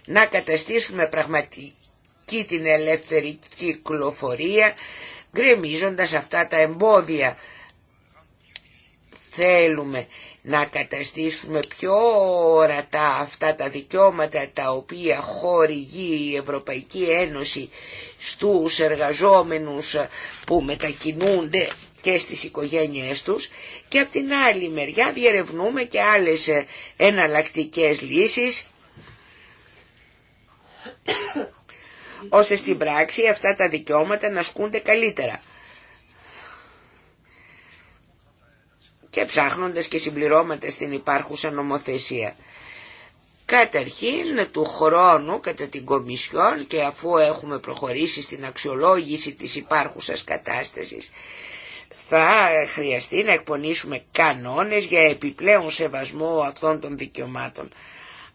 να καταστήσουμε πραγματική την ελεύθερη κυκλοφορία γκρεμίζοντας αυτά τα εμπόδια Θέλουμε να καταστήσουμε πιο ορατά αυτά τα δικαιώματα τα οποία χορηγεί η Ευρωπαϊκή Ένωση στους εργαζόμενους που μετακινούνται και στις οικογένειές τους και από την άλλη μεριά διερευνούμε και άλλες εναλλακτικές λύσεις ώστε στην πράξη αυτά τα δικαιώματα να ασκούνται καλύτερα. και ψάχνοντας και συμπληρώματα στην υπάρχουσα νομοθεσία. Καταρχήν του χρόνου κατά την Κομισιόν και αφού έχουμε προχωρήσει στην αξιολόγηση της υπάρχουσας κατάστασης θα χρειαστεί να εκπονήσουμε κανόνες για επιπλέον σεβασμό αυτών των δικαιωμάτων.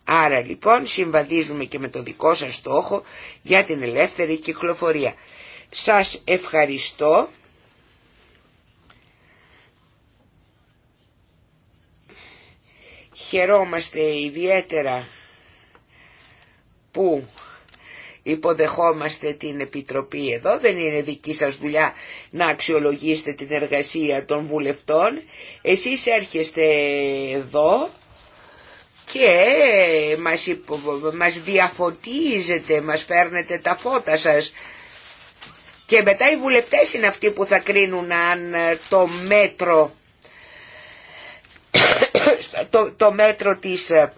Άρα λοιπόν συμβαδίζουμε και με το δικό σας στόχο για την ελεύθερη κυκλοφορία. Σας ευχαριστώ. Χαιρόμαστε ιδιαίτερα που υποδεχόμαστε την Επιτροπή εδώ. Δεν είναι δική σας δουλειά να αξιολογήσετε την εργασία των βουλευτών. Εσείς έρχεστε εδώ και μας, μας διαφωτίζετε, μας φέρνετε τα φώτα σας. Και μετά οι βουλευτές είναι αυτοί που θα κρίνουν αν το μέτρο το, μέτρο της ε,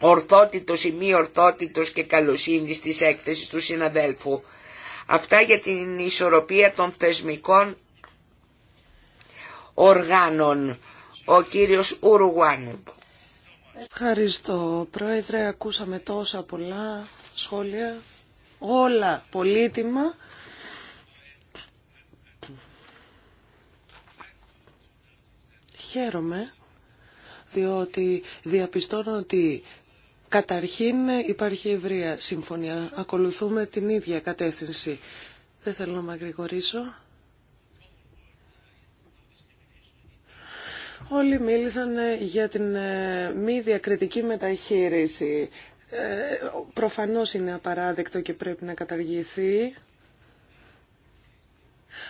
ορθότητος ή μη ορθότητος και καλοσύνης της έκθεσης του συναδέλφου. Αυτά για την ισορροπία των θεσμικών οργάνων. Ο κύριος Ουρουάν. Ευχαριστώ πρόεδρε, ακούσαμε τόσα πολλά σχόλια, όλα πολύτιμα. Χαίρομαι διότι διαπιστώνω ότι καταρχήν υπάρχει ευρεία συμφωνία. Ακολουθούμε την ίδια κατεύθυνση. Δεν θέλω να μακρηγορήσω. Όλοι μίλησαν ε, για την ε, μη διακριτική μεταχείριση. Ε, προφανώς είναι απαράδεκτο και πρέπει να καταργηθεί.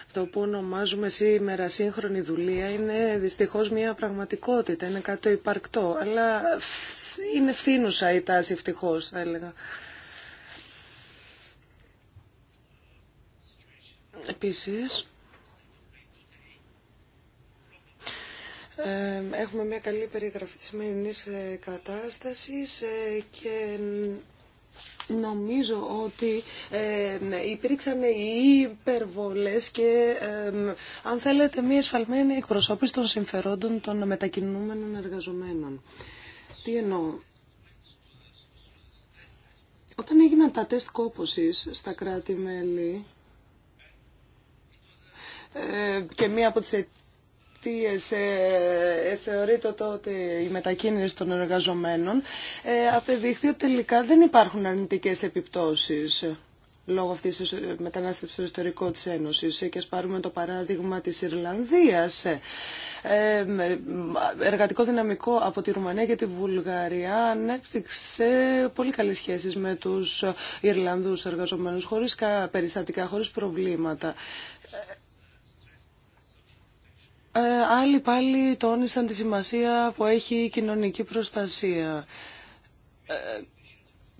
Αυτό που ονομάζουμε σήμερα σύγχρονη δουλεία είναι δυστυχώς μια πραγματικότητα, είναι κάτι το υπαρκτό, αλλά είναι φθήνουσα η τάση ευτυχώς θα έλεγα. Επίσης, ε, έχουμε μια καλή περιγραφή της σημερινής ε, κατάστασης ε, και Νομίζω ότι ε, υπήρξαν οι υπερβολές και ε, αν θέλετε μία εσφαλμένη εκπροσώπηση των συμφερόντων των μετακινούμενων εργαζομένων. Τι εννοώ. Όταν έγιναν τα τεστ κόπωσης στα κράτη-μέλη, ε, και μία από τις ε, ε θεωρείται τότε η μετακίνηση των εργαζομένων, ε, απεδείχθη ότι τελικά δεν υπάρχουν αρνητικές επιπτώσεις λόγω αυτής της ε, μετανάστευσης στο ιστορικό της Ένωσης και ας πάρουμε το παράδειγμα της Ιρλανδίας εργατικό δυναμικό από τη Ρουμανία και τη Βουλγαρία ανέπτυξε πολύ καλές σχέσεις με τους Ιρλανδούς εργαζομένους χωρίς περιστατικά, χωρίς προβλήματα ε, άλλοι πάλι τόνισαν τη σημασία που έχει η κοινωνική προστασία. Ε,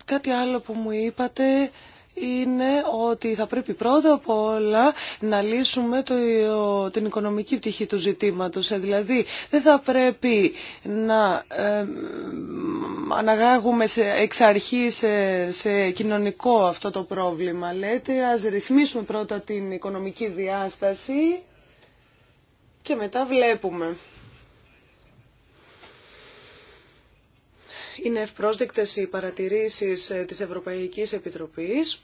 κάτι άλλο που μου είπατε είναι ότι θα πρέπει πρώτα απ' όλα να λύσουμε το, την οικονομική πτυχή του ζητήματος. Ε, δηλαδή, δεν θα πρέπει να αναγάγουμε σε, εξ αρχή σε, σε κοινωνικό αυτό το πρόβλημα. Λέτε, ας ρυθμίσουμε πρώτα την οικονομική διάσταση και μετά βλέπουμε. Είναι ευπρόσδεκτες οι παρατηρήσεις ε, της Ευρωπαϊκής Επιτροπής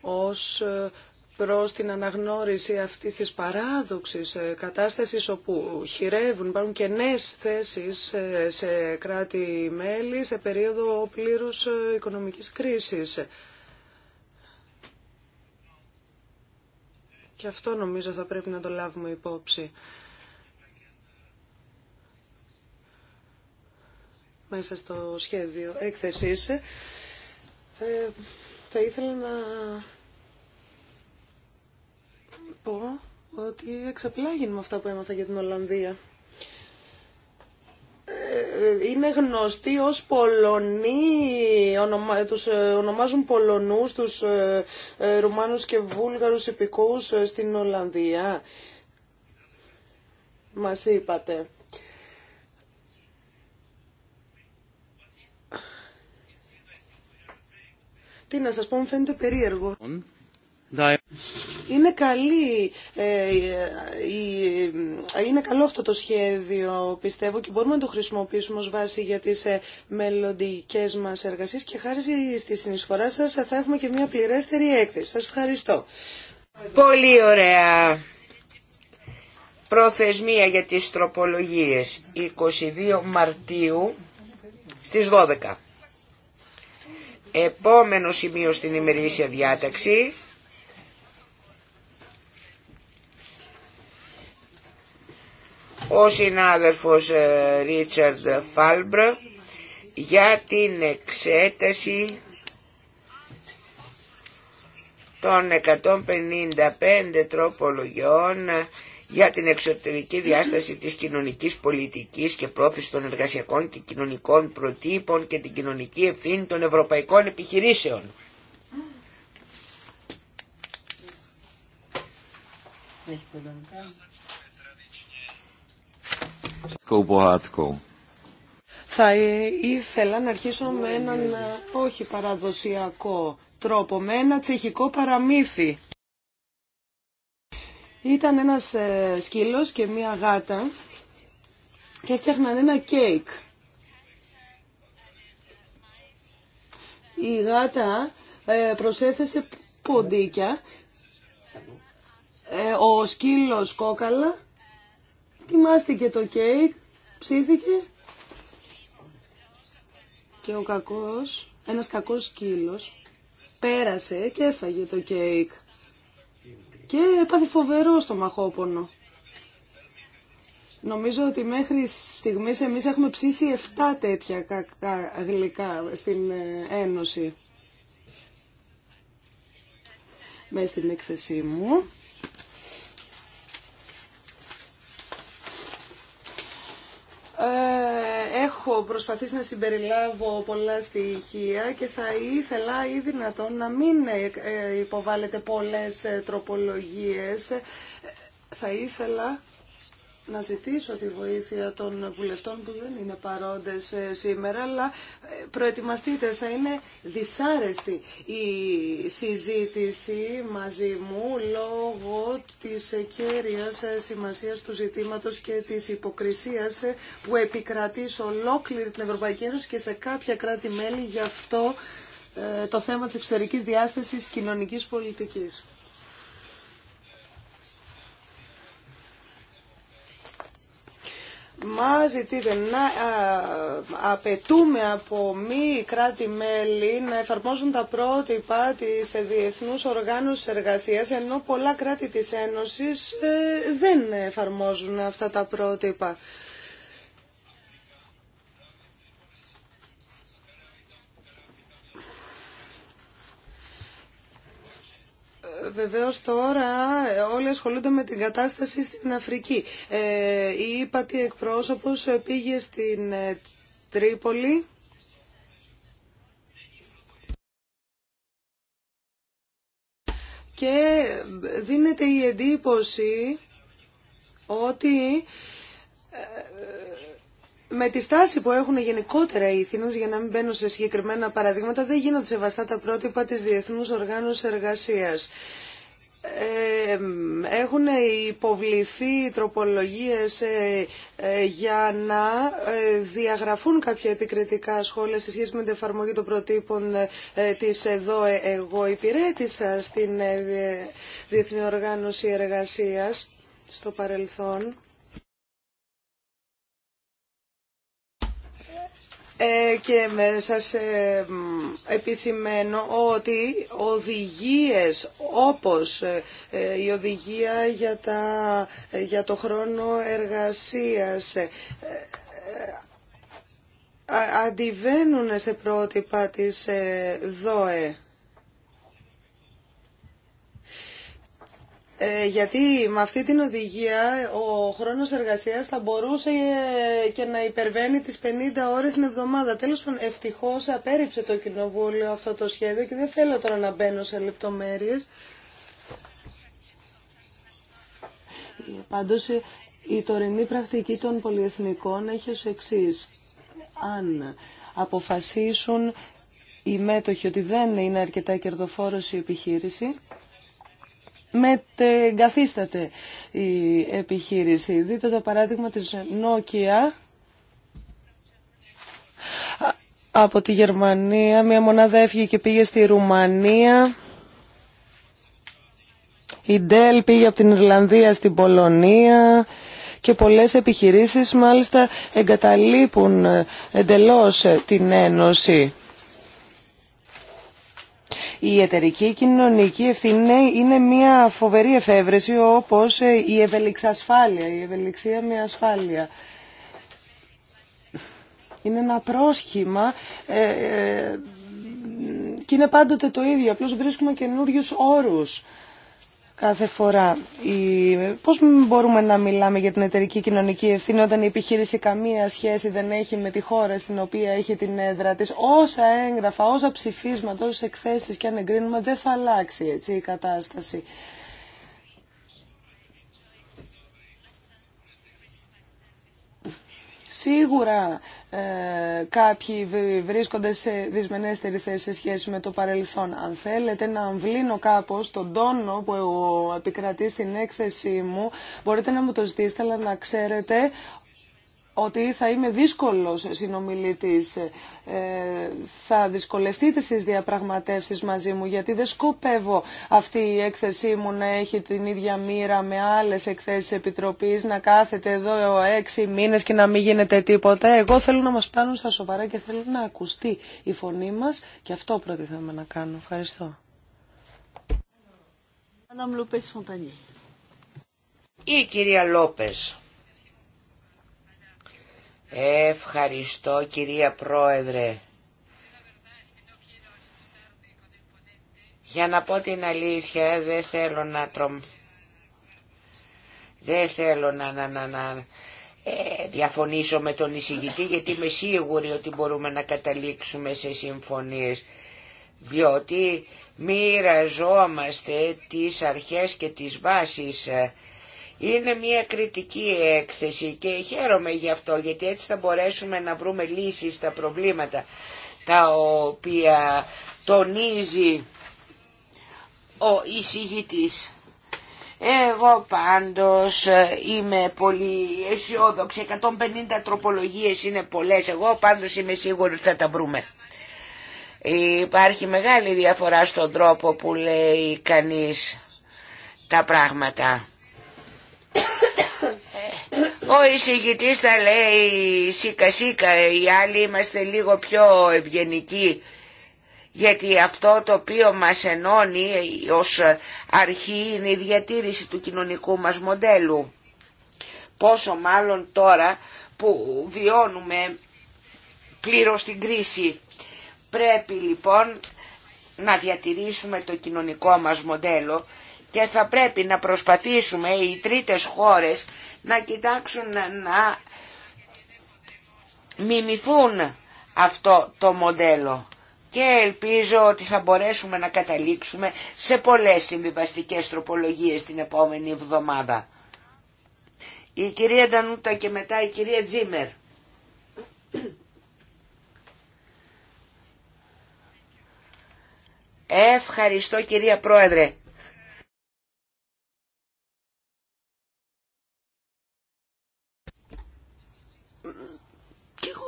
ως ε, προς την αναγνώριση αυτής της παράδοξης ε, κατάστασης όπου χειρεύουν, υπάρχουν και νέες θέσεις σε κράτη-μέλη σε περίοδο πλήρους οικονομικής κρίσης. Και αυτό νομίζω θα πρέπει να το λάβουμε υπόψη. Μέσα στο σχέδιο έκθεσης ε, θα ήθελα να πω ότι εξαπλάγει με αυτά που έμαθα για την Ολλανδία. Ε, είναι γνωστοί ως Πολωνοί, τους ε, ονομάζουν Πολωνούς, τους ε, Ρουμάνους και Βούλγαρους επικούς στην Ολλανδία. Μας είπατε. Τι να σας πω, μου φαίνεται περίεργο. Είναι, καλή, ε, ε, είναι καλό αυτό το σχέδιο πιστεύω και μπορούμε να το χρησιμοποιήσουμε ως βάση για τις ε, μελλοντικέ μας εργασίες και χάρη στη συνεισφορά σας θα έχουμε και μια πληρέστερη έκθεση. Σας ευχαριστώ. Πολύ ωραία. Προθεσμία για τις τροπολογίες 22 Μαρτίου στις 12. Επόμενο σημείο στην ημερήσια διάταξη ο συνάδελφος ε, Ρίτσαρντ Φάλμπρ για την εξέταση των 155 τροπολογιών για την εξωτερική διάσταση της κοινωνικής πολιτικής και πρόθεση των εργασιακών και κοινωνικών προτύπων και την κοινωνική ευθύνη των ευρωπαϊκών επιχειρήσεων. Θα ήθελα να αρχίσω με έναν ε, όχι παραδοσιακό τρόπο, με ένα τσεχικό παραμύθι. Ήταν ένας ε, σκύλος και μία γάτα και έφτιαχναν ένα κέικ. Η γάτα ε, προσέθεσε ποντίκια, ο σκύλος κόκαλα Ετοιμάστηκε το κέικ, ψήθηκε και ο κακός, ένας κακός σκύλος, πέρασε και έφαγε το κέικ και έπαθε φοβερό στο μαχόπονο. Νομίζω ότι μέχρι στιγμής εμείς έχουμε ψήσει 7 τέτοια κακά γλυκά στην ε, Ένωση. Μέσα στην έκθεσή μου Ε, έχω προσπαθήσει να συμπεριλάβω πολλά στοιχεία και θα ήθελα ή δυνατόν να μην ε, ε, υποβάλλετε πολλές τροπολογίες. Θα ήθελα να ζητήσω τη βοήθεια των βουλευτών που δεν είναι παρόντες ε, σήμερα, αλλά ε, προετοιμαστείτε, θα είναι δυσάρεστη η συζήτηση μαζί μου λόγω της κέρυας ε, σημασίας του ζητήματος και της υποκρισίας που επικρατεί σε ολόκληρη την Ευρωπαϊκή Ένωση και σε κάποια κράτη-μέλη γι' αυτό το θέμα της εξωτερικής διάστασης κοινωνικής πολιτικής. Μα ζητείτε να απαιτούμε από μη κράτη-μέλη να εφαρμόζουν τα πρότυπα της Διεθνούς Οργάνωσης Εργασίας, ενώ πολλά κράτη της Ένωσης ε, δεν εφαρμόζουν αυτά τα πρότυπα. Βεβαίω τώρα όλοι ασχολούνται με την κατάσταση στην Αφρική. Ε, η ύπατη εκπρόσωπος πήγε στην ε, Τρίπολη. Και δίνεται η εντύπωση ότι ε, με τη στάση που έχουν γενικότερα οι Ιθινούς, για να μην μπαίνουν σε συγκεκριμένα παραδείγματα, δεν γίνονται σεβαστά τα πρότυπα της Διεθνούς Οργάνωσης Εργασίας. Ε, έχουν υποβληθεί τροπολογίες ε, ε, για να ε, διαγραφούν κάποια επικριτικά σχόλια σε σχέση με την εφαρμογή των προτύπων της εδώ εγώ υπηρέτησα στην Διεθνή Οργάνωση Εργασίας στο παρελθόν. Ε, και σας ε, επισημαίνω ότι οδηγίες όπως ε, η οδηγία για, τα, για το χρόνο εργασίας αντιβαίνουν σε πρότυπα της ΔΟΕ. Ε, γιατί με αυτή την οδηγία ο χρόνος εργασίας θα μπορούσε ε, και να υπερβαίνει τις 50 ώρες την εβδομάδα. Τέλος πάντων, ευτυχώς απέριψε το Κοινοβούλιο αυτό το σχέδιο και δεν θέλω τώρα να μπαίνω σε λεπτομέρειες. Πάντως, η τωρινή πρακτική των πολυεθνικών έχει ως εξή Αν αποφασίσουν οι μέτοχοι ότι δεν είναι αρκετά κερδοφόρος η επιχείρηση, μετεγκαθίσταται η επιχείρηση. Δείτε το παράδειγμα της Νόκια από τη Γερμανία. Μια μονάδα έφυγε και πήγε στη Ρουμανία. Η Dell πήγε από την Ιρλανδία στην Πολωνία και πολλές επιχειρήσεις μάλιστα εγκαταλείπουν ε, εντελώς ε, την Ένωση. Η εταιρική κοινωνική ευθύνη είναι μια φοβερή εφεύρεση όπως ε, η ευελιξασφάλεια, η ευελιξία με ασφάλεια. Είναι ένα πρόσχημα ε, ε, και είναι πάντοτε το ίδιο, απλώς βρίσκουμε καινούριου όρους κάθε φορά. Η... Πώς μπορούμε να μιλάμε για την εταιρική κοινωνική ευθύνη όταν η επιχείρηση καμία σχέση δεν έχει με τη χώρα στην οποία έχει την έδρα της. Όσα έγγραφα, όσα ψηφίσματα, όσες εκθέσεις και αν εγκρίνουμε δεν θα αλλάξει έτσι, η κατάσταση. Σίγουρα ε, κάποιοι βρίσκονται σε δυσμενέστερη θέση σε σχέση με το παρελθόν. Αν θέλετε να αμβλύνω κάπως τον τόνο που επικρατεί στην έκθεσή μου, μπορείτε να μου το ζητήσετε, αλλά να ξέρετε ότι θα είμαι δύσκολος συνομιλητής, ε, θα δυσκολευτείτε στις διαπραγματεύσεις μαζί μου, γιατί δεν σκοπεύω αυτή η έκθεσή μου να έχει την ίδια μοίρα με άλλες εκθέσεις επιτροπής, να κάθεται εδώ έξι μήνες και να μην γίνεται τίποτα. Εγώ θέλω να μας πάνουν στα σοβαρά και θέλω να ακουστεί η φωνή μας και αυτό θέλουμε να κάνω. Ευχαριστώ. Η κυρία Ευχαριστώ κυρία Πρόεδρε. Για να πω την αλήθεια, δεν θέλω να τρομ... Δεν θέλω να, να, να, να ε, διαφωνήσω με τον εισηγητή, γιατί είμαι σίγουρη ότι μπορούμε να καταλήξουμε σε συμφωνίες. Διότι μοιραζόμαστε τις αρχές και τις βάσεις ε, είναι μια κριτική έκθεση και χαίρομαι γι' αυτό γιατί έτσι θα μπορέσουμε να βρούμε λύσεις στα προβλήματα τα οποία τονίζει ο εισηγητής. Εγώ πάντως είμαι πολύ αισιόδοξη, 150 τροπολογίες είναι πολλές, εγώ πάντως είμαι σίγουρη ότι θα τα βρούμε. Υπάρχει μεγάλη διαφορά στον τρόπο που λέει κανείς τα πράγματα. Ο εισηγητής θα λέει σίκα σίκα, οι άλλοι είμαστε λίγο πιο ευγενικοί γιατί αυτό το οποίο μας ενώνει ως αρχή είναι η διατήρηση του κοινωνικού μας μοντέλου. Πόσο μάλλον τώρα που βιώνουμε πλήρως την κρίση. Πρέπει λοιπόν να διατηρήσουμε το κοινωνικό μας μοντέλο και θα πρέπει να προσπαθήσουμε οι τρίτες χώρες να κοιτάξουν να μιμηθούν αυτό το μοντέλο και ελπίζω ότι θα μπορέσουμε να καταλήξουμε σε πολλές συμβιβαστικές τροπολογίες την επόμενη εβδομάδα. Η κυρία Ντανούτα και μετά η κυρία Τζίμερ. Ευχαριστώ κυρία Πρόεδρε.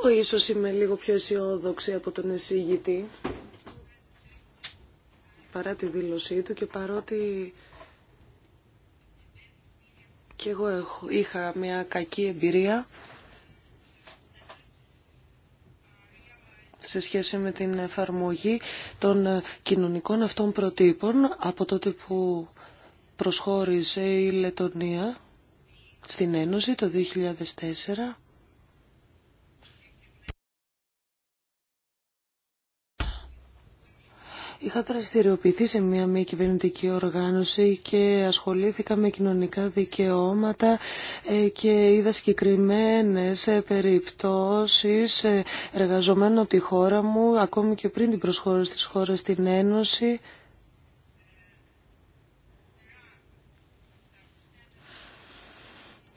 εγώ ίσως είμαι λίγο πιο αισιόδοξη από τον εισήγητη, παρά τη δήλωσή του και παρότι και εγώ έχω, είχα μια κακή εμπειρία σε σχέση με την εφαρμογή των κοινωνικών αυτών προτύπων από τότε που προσχώρησε η Λετωνία στην Ένωση το 2004 Είχα δραστηριοποιηθεί σε μια μη κυβερνητική οργάνωση και ασχολήθηκα με κοινωνικά δικαιώματα ε, και είδα συγκεκριμένε ε, περιπτώσεις ε, εργαζομένων από τη χώρα μου, ακόμη και πριν την προσχώρηση της χώρα στην Ένωση.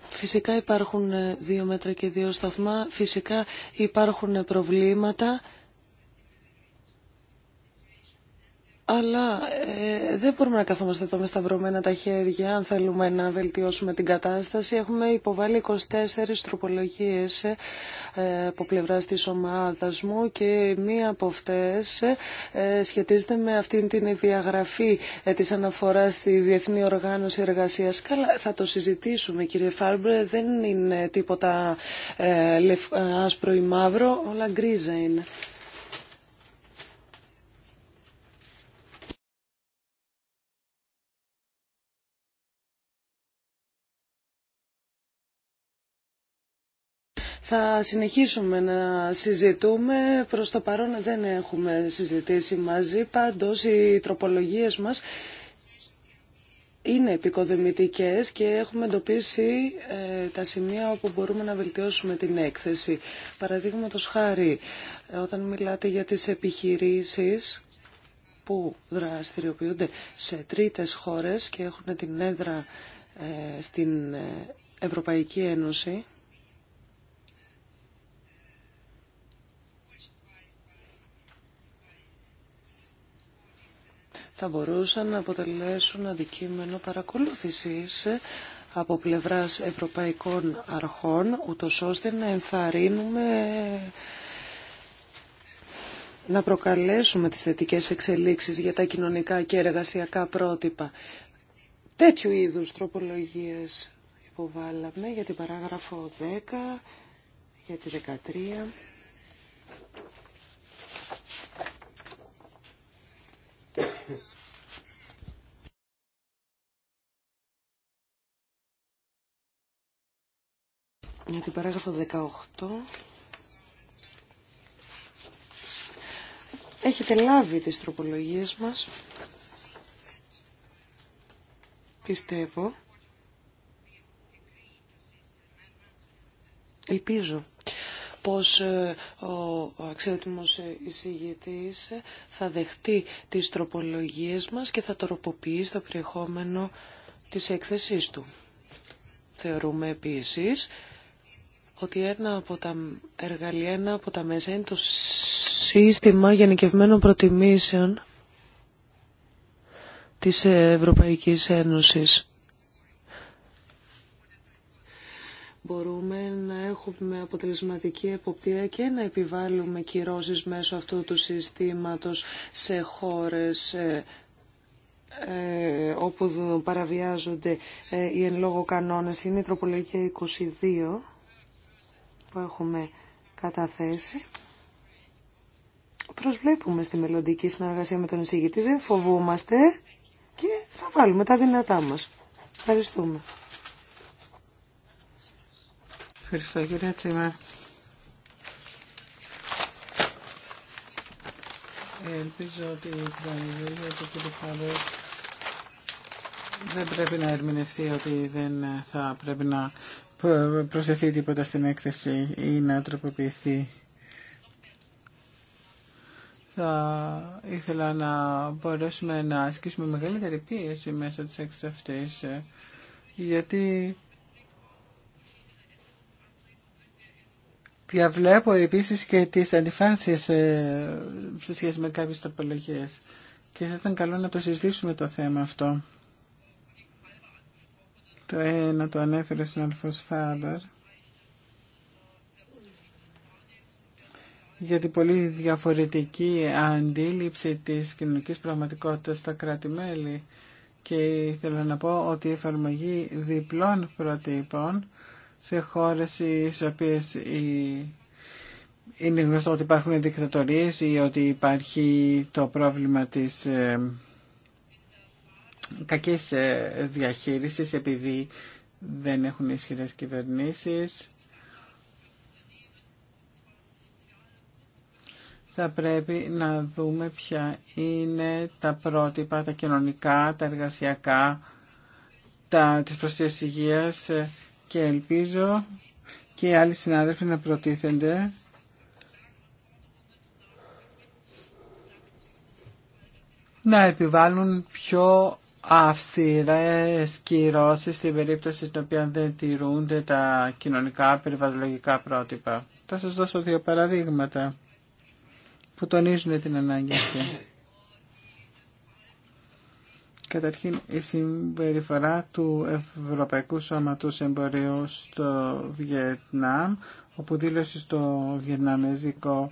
Φυσικά υπάρχουν δύο μέτρα και δύο σταθμά, φυσικά υπάρχουν προβλήματα. Αλλά ε, δεν μπορούμε να καθόμαστε εδώ με σταυρωμένα τα χέρια αν θέλουμε να βελτιώσουμε την κατάσταση. Έχουμε υποβάλει 24 τροπολογίες ε, από πλευράς της ομάδας μου και μία από αυτές ε, σχετίζεται με αυτήν την διαγραφή ε, της αναφοράς στη Διεθνή Οργάνωση Εργασίας. Καλά, θα το συζητήσουμε κύριε Φάρμπρε, δεν είναι τίποτα ε, άσπρο ή μαύρο, όλα γκρίζα είναι. Θα συνεχίσουμε να συζητούμε. Προς το παρόν δεν έχουμε συζητήσει μαζί. Πάντως οι τροπολογίες μας είναι επικοδημητικές και έχουμε εντοπίσει ε, τα σημεία όπου μπορούμε να βελτιώσουμε την έκθεση. Παραδείγματος χάρη, ε, όταν μιλάτε για τις επιχειρήσεις που δραστηριοποιούνται σε τρίτες χώρες και έχουν την έδρα ε, στην Ευρωπαϊκή Ένωση, θα μπορούσαν να αποτελέσουν αντικείμενο παρακολούθησης από πλευράς ευρωπαϊκών αρχών, ούτως ώστε να ενθαρρύνουμε να προκαλέσουμε τις θετικές εξελίξεις για τα κοινωνικά και εργασιακά πρότυπα. Τέτοιου είδους τροπολογίες υποβάλαμε για την παράγραφο 10, για τη 13. για την παράγραφο 18 έχετε λάβει τις τροπολογίες μας πιστεύω ελπίζω πως ε, ο αξιότιμος εισηγητής θα δεχτεί τις τροπολογίες μας και θα τροποποιεί στο περιεχόμενο της έκθεσής του. Θεωρούμε επίσης ότι ένα από τα εργαλεία, ένα από τα μέσα είναι το σύστημα γενικευμένων προτιμήσεων της Ευρωπαϊκής Ένωσης. Μπορούμε να έχουμε αποτελεσματική εποπτεία και να επιβάλλουμε κυρώσεις μέσω αυτού του συστήματος σε χώρες ε, ε, όπου παραβιάζονται ε, οι εν λόγω κανόνες. Είναι η τροπολογία 22 που έχουμε καταθέσει. Προσβλέπουμε στη μελλοντική συνεργασία με τον εισηγητή, δεν φοβούμαστε και θα βάλουμε τα δυνατά μας. Ευχαριστούμε. Ευχαριστώ κυρία Τσίμα. Ελπίζω ότι η πανηγυρία του κύριου Χαβέ δεν πρέπει να ερμηνευτεί ότι δεν θα πρέπει να προσθεθεί τίποτα στην έκθεση ή να τροποποιηθεί. Θα ήθελα να μπορέσουμε να ασκήσουμε μεγαλύτερη πίεση μέσα της έκθεσης αυτής, γιατί διαβλέπω επίσης και τις αντιφάνσεις ε, σε σχέση με κάποιες τροπολογίες και θα ήταν καλό να το συζητήσουμε το θέμα αυτό. Το ένα το ανέφερε ο συνάδελφος Φάμπερ. για την πολύ διαφορετική αντίληψη της κοινωνικής πραγματικότητας στα κράτη-μέλη και ήθελα να πω ότι η εφαρμογή διπλών προτύπων σε χώρες στις οποίες είναι γνωστό ότι υπάρχουν δικτατορίες ή ότι υπάρχει το πρόβλημα της ε, κακές ε, διαχείρισης επειδή δεν έχουν ισχυρές κυβερνήσεις. Θα πρέπει να δούμε ποια είναι τα πρότυπα, τα κοινωνικά, τα εργασιακά, τα, της προσθέσεις ε, και ελπίζω και οι άλλοι συνάδελφοι να προτίθενται να επιβάλλουν πιο αυστηρές κυρώσεις στην περίπτωση στην οποία δεν τηρούνται τα κοινωνικά περιβαλλοντικά πρότυπα. Θα σας δώσω δύο παραδείγματα που τονίζουν την ανάγκη αυτή. Καταρχήν η συμπεριφορά του Ευρωπαϊκού Σώματος Εμπορίου στο Βιετνάμ, όπου δήλωσε στο Βιετναμεζικό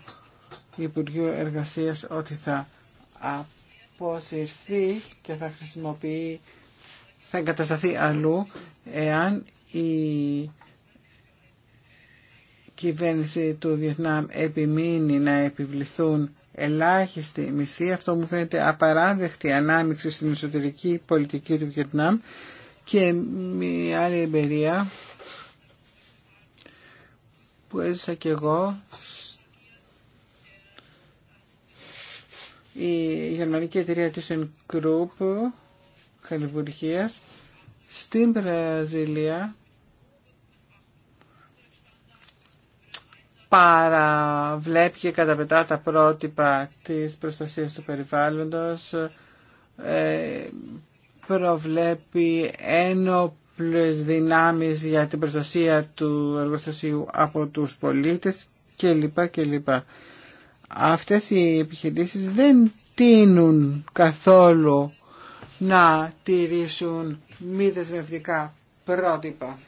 Υπουργείο Εργασίας ότι θα ηρθεί και θα χρησιμοποιεί, θα εγκατασταθεί αλλού εάν η κυβέρνηση του Βιετνάμ επιμείνει να επιβληθούν ελάχιστη μισθή. Αυτό μου φαίνεται απαράδεκτη ανάμειξη στην εσωτερική πολιτική του Βιετνάμ και μια άλλη εμπειρία που έζησα και εγώ η γερμανική εταιρεία εν Group Χαλιβουργίας στην Βραζιλία παραβλέπει και καταπετά τα πρότυπα της προστασίας του περιβάλλοντος, ε, προβλέπει ένοπλες δυνάμεις για την προστασία του εργοστασίου από τους πολίτες κλπ αυτές οι επιχειρήσεις δεν τίνουν καθόλου να τηρήσουν μη δεσμευτικά πρότυπα.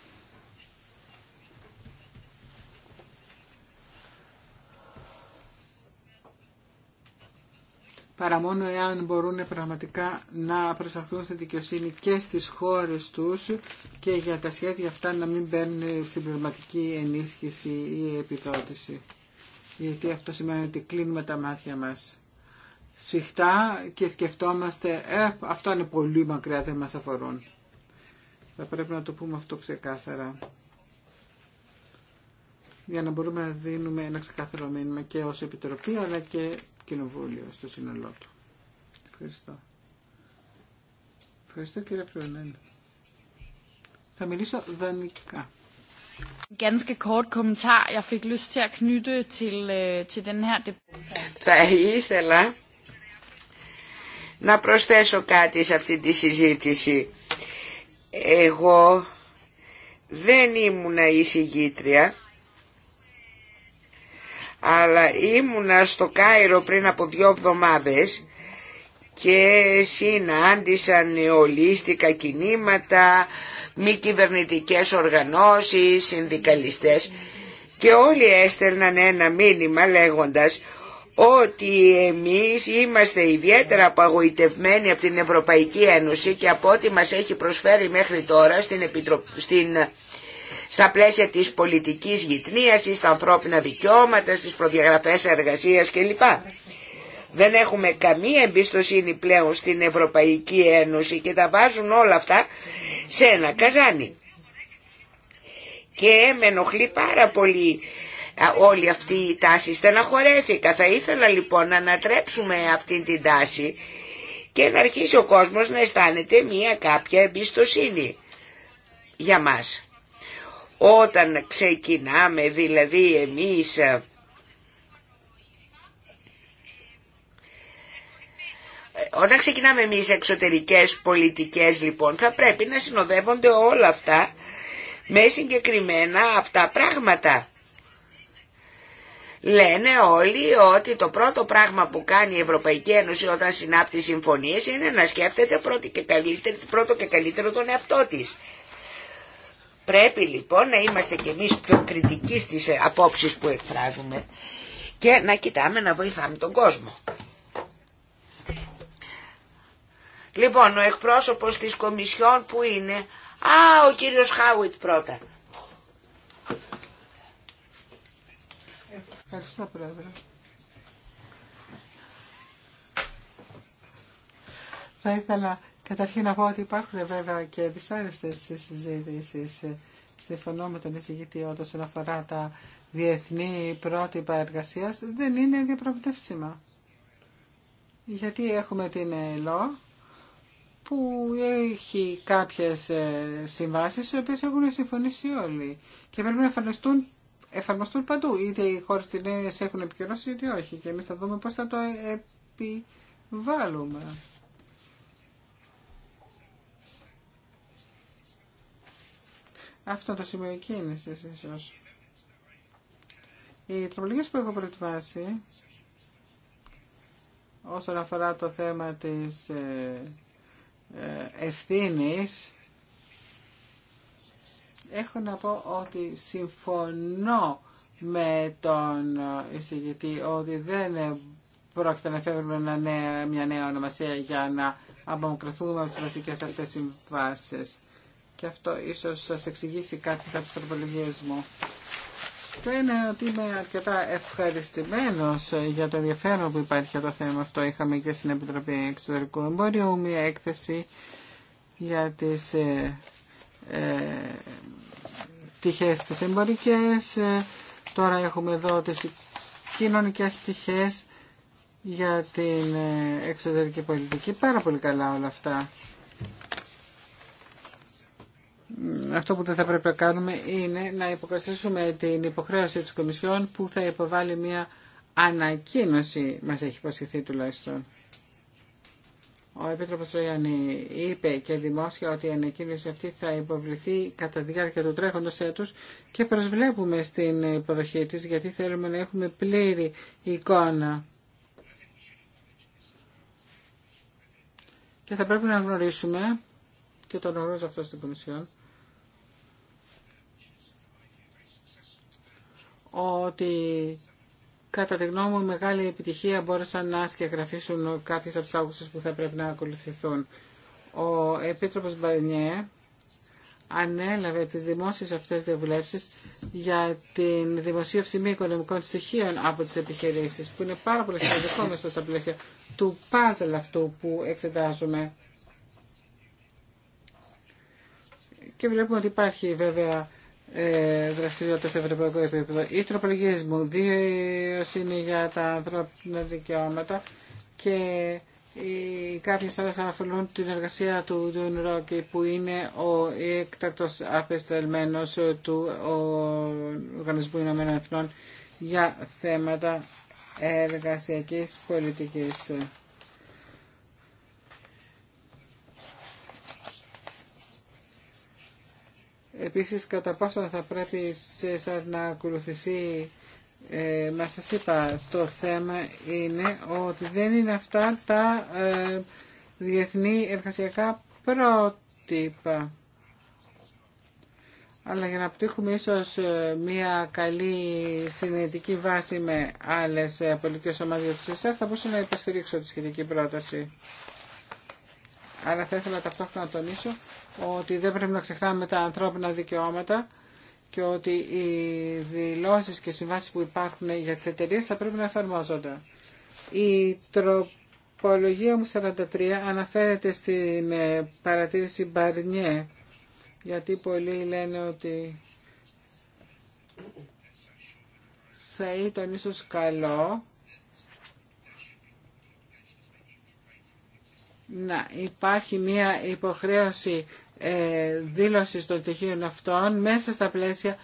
παρά μόνο εάν μπορούν πραγματικά να προσταθούν στη δικαιοσύνη και στις χώρες τους και για τα σχέδια αυτά να μην παίρνουν πραγματική ενίσχυση ή επιδότηση γιατί αυτό σημαίνει ότι κλείνουμε τα μάτια μας σφιχτά και σκεφτόμαστε «Ε, αυτό είναι πολύ μακριά, δεν μας αφορούν». Θα πρέπει να το πούμε αυτό ξεκάθαρα για να μπορούμε να δίνουμε ένα ξεκάθαρο μήνυμα και ως Επιτροπή αλλά και Κοινοβούλιο στο σύνολό του. Ευχαριστώ. Ευχαριστώ κύριε Φρονέλη. Θα μιλήσω δανεικά. Θα ήθελα να προσθέσω κάτι σε αυτή τη συζήτηση. Εγώ δεν ήμουνα εισηγήτρια, αλλά ήμουνα στο Κάιρο πριν από δύο εβδομάδες και συνάντησα νεολίστικα κινήματα, μη κυβερνητικέ οργανώσεις, συνδικαλιστές και όλοι έστελναν ένα μήνυμα λέγοντας ότι εμείς είμαστε ιδιαίτερα απαγοητευμένοι από την Ευρωπαϊκή Ένωση και από ό,τι μας έχει προσφέρει μέχρι τώρα στην στην... στα πλαίσια της πολιτικής ή στα ανθρώπινα δικαιώματα, στις προδιαγραφές εργασίας κλπ. Δεν έχουμε καμία εμπιστοσύνη πλέον στην Ευρωπαϊκή Ένωση και τα βάζουν όλα αυτά σε ένα καζάνι. Και με ενοχλεί πάρα πολύ όλη αυτή η τάση. Στεναχωρέθηκα. Θα ήθελα λοιπόν να ανατρέψουμε αυτή την τάση και να αρχίσει ο κόσμος να αισθάνεται μία κάποια εμπιστοσύνη για μας. Όταν ξεκινάμε δηλαδή εμείς Όταν ξεκινάμε εμείς εξωτερικές πολιτικές λοιπόν θα πρέπει να συνοδεύονται όλα αυτά με συγκεκριμένα αυτά πράγματα. Λένε όλοι ότι το πρώτο πράγμα που κάνει η Ευρωπαϊκή Ένωση όταν συνάπτει συμφωνίες είναι να σκέφτεται πρώτο και καλύτερο, πρώτο και καλύτερο τον εαυτό της. Πρέπει λοιπόν να είμαστε κι εμείς πιο κριτικοί στις απόψεις που εκφράζουμε και να κοιτάμε να βοηθάμε τον κόσμο. Λοιπόν, ο εκπρόσωπος της Κομισιόν που είναι... Α, ο κύριος Χάουιτ πρώτα. Ευχαριστώ, Πρόεδρε. Θα ήθελα καταρχήν να πω ότι υπάρχουν βέβαια και δυσάρεστες συζήτησεις. Συμφωνώ με τον εισηγητή όταν αφορά τα διεθνή πρότυπα εργασίας δεν είναι διαπραγματεύσιμα. Γιατί έχουμε την ΕΛΟ που έχει κάποιες ε, συμβάσεις οι οποίες έχουν συμφωνήσει όλοι και πρέπει να εφαρμοστούν, εφαρμοστούν παντού. Είτε οι χώρε Νέα έχουν επικαιρώσει είτε όχι και εμείς θα δούμε πώς θα το επιβάλλουμε. Αυτό το σημείο κίνηση ίσω. Οι τροπολογίε που έχω προετοιμάσει όσον αφορά το θέμα της ε, ε, ευθύνης έχω να πω ότι συμφωνώ με τον ε, εισηγητή ότι δεν πρόκειται να φεύγουμε μια νέα ονομασία για να απομακρυνθούμε από τις βασικές αυτές συμβάσεις. Και αυτό ίσως σας εξηγήσει κάτι από τις μου είναι ότι είμαι αρκετά ευχαριστημένο για το ενδιαφέρον που υπάρχει για το θέμα αυτό. Είχαμε και στην Επιτροπή Εξωτερικού Εμπόριου μια έκθεση για τι ε, ε, πτυχές Τώρα έχουμε εδώ τι κοινωνικέ πτυχέ για την ε, εξωτερική πολιτική. Πάρα πολύ καλά όλα αυτά αυτό που δεν θα πρέπει να κάνουμε είναι να υποκαστήσουμε την υποχρέωση της Κομισιόν που θα υποβάλει μια ανακοίνωση, μας έχει υποσχεθεί τουλάχιστον. Ο Επίτροπος Ρογιάννη είπε και δημόσια ότι η ανακοίνωση αυτή θα υποβληθεί κατά διάρκεια του τρέχοντος έτους και προσβλέπουμε στην υποδοχή της γιατί θέλουμε να έχουμε πλήρη εικόνα. Και θα πρέπει να γνωρίσουμε και τον γνωρίζω αυτό στην Κομισιόν ότι κατά τη γνώμη μου μεγάλη επιτυχία μπόρεσαν να σκεγγραφίσουν κάποιες από τις άγουσες που θα πρέπει να ακολουθηθούν. Ο Επίτροπος Μπαρινιέ ανέλαβε τις δημόσιες αυτές διαβουλεύσεις για την δημοσίευση μη οικονομικών στοιχείων από τις επιχειρήσεις, που είναι πάρα πολύ σημαντικό μέσα στα πλαίσια του πάζελ αυτού που εξετάζουμε. Και βλέπουμε ότι υπάρχει βέβαια ε, δραστηριότητα σε ευρωπαϊκό επίπεδο. Οι τροπολογίε μου, δύο είναι για τα ανθρώπινα δικαιώματα και οι κάποιες άλλες αφορούν την εργασία του Ντούν Ρόκη που είναι ο έκτακτος απεσταλμένος του Οργανισμού Ηνωμένων Εθνών για θέματα εργασιακής πολιτικής. Επίσης, κατά πόσο θα πρέπει Σέσαρ να ακολουθηθεί ε, να σας είπα, το θέμα είναι ότι δεν είναι αυτά τα ε, διεθνή εργασιακά πρότυπα. Αλλά για να πτύχουμε ίσως ε, μια καλή συνετική βάση με άλλες ε, πολιτικές ομάδες του ΣΕΣΑΡ θα μπορούσα να υποστηρίξω τη σχετική πρόταση. Αλλά θα ήθελα ταυτόχρονα να τονίσω ότι δεν πρέπει να ξεχνάμε τα ανθρώπινα δικαιώματα και ότι οι δηλώσεις και συμβάσεις που υπάρχουν για τις εταιρείε θα πρέπει να εφαρμόζονται. Η τροπολογία μου 43 αναφέρεται στην ε, παρατήρηση Μπαρνιέ, γιατί πολλοί λένε ότι θα ήταν ίσως καλό να υπάρχει μια υποχρέωση ε, δήλωση των στοιχείων αυτών μέσα στα πλαίσια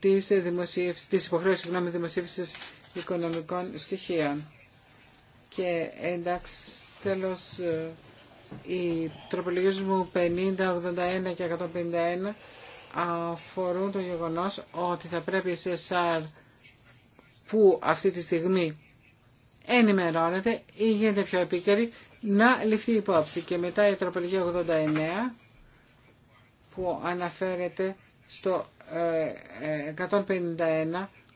της, δημοσίευσης, της υποχρέωσης συγγνώμη, δημοσίευσης οικονομικών στοιχείων. Και εντάξει, τέλος, ε, οι τροπολογίες μου 50, 81 και 151 αφορούν το γεγονός ότι θα πρέπει η ΣΣΑΡ που αυτή τη στιγμή ενημερώνεται ή γίνεται πιο επίκαιρη να ληφθεί υπόψη. Και μετά η τροπολογία 89 που αναφέρεται στο 151 ε, ε,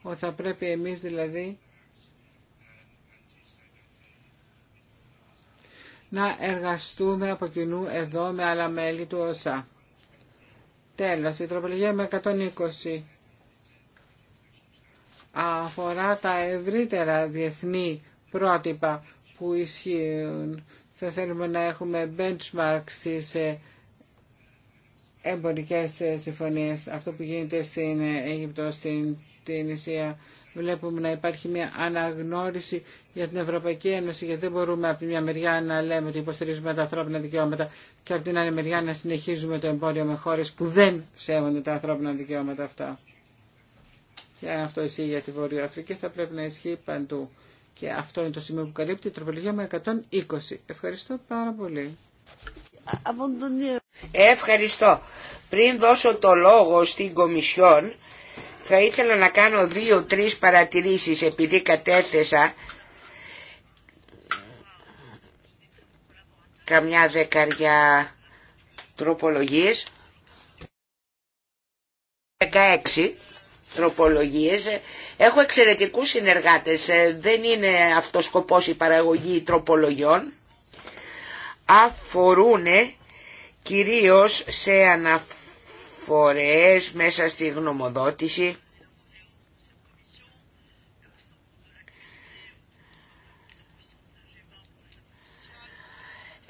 ότι θα πρέπει εμείς δηλαδή να εργαστούμε από κοινού εδώ με άλλα μέλη του ΩΣΑ. Τέλος, η τροπολογία με 120 αφορά τα ευρύτερα διεθνή πρότυπα που ισχύουν. Θα θέλουμε να έχουμε benchmark στις ε, εμπορικές ε, συμφωνίες. Αυτό που γίνεται στην ε, Αίγυπτο, στην Ισία, βλέπουμε να υπάρχει μια αναγνώριση για την Ευρωπαϊκή Ένωση, γιατί δεν μπορούμε από τη μια μεριά να λέμε ότι υποστηρίζουμε τα ανθρώπινα δικαιώματα και από την άλλη μεριά να συνεχίζουμε το εμπόριο με χώρες που δεν σέβονται τα ανθρώπινα δικαιώματα αυτά. Και αν αυτό ισχύει για τη Βόρεια Αφρική θα πρέπει να ισχύει παντού. Και αυτό είναι το σημείο που καλύπτει η τροπολογία με 120. Ευχαριστώ πάρα πολύ. Ευχαριστώ. Πριν δώσω το λόγο στην Κομισιόν, θα ήθελα να κάνω δύο-τρεις παρατηρήσεις επειδή κατέθεσα καμιά δεκαριά τροπολογίες 16 τροπολογίες έχω εξαιρετικούς συνεργάτες ε, δεν είναι αυτός σκοπός η παραγωγή τροπολογιών αφορούν κυρίως σε αναφορές μέσα στη γνωμοδότηση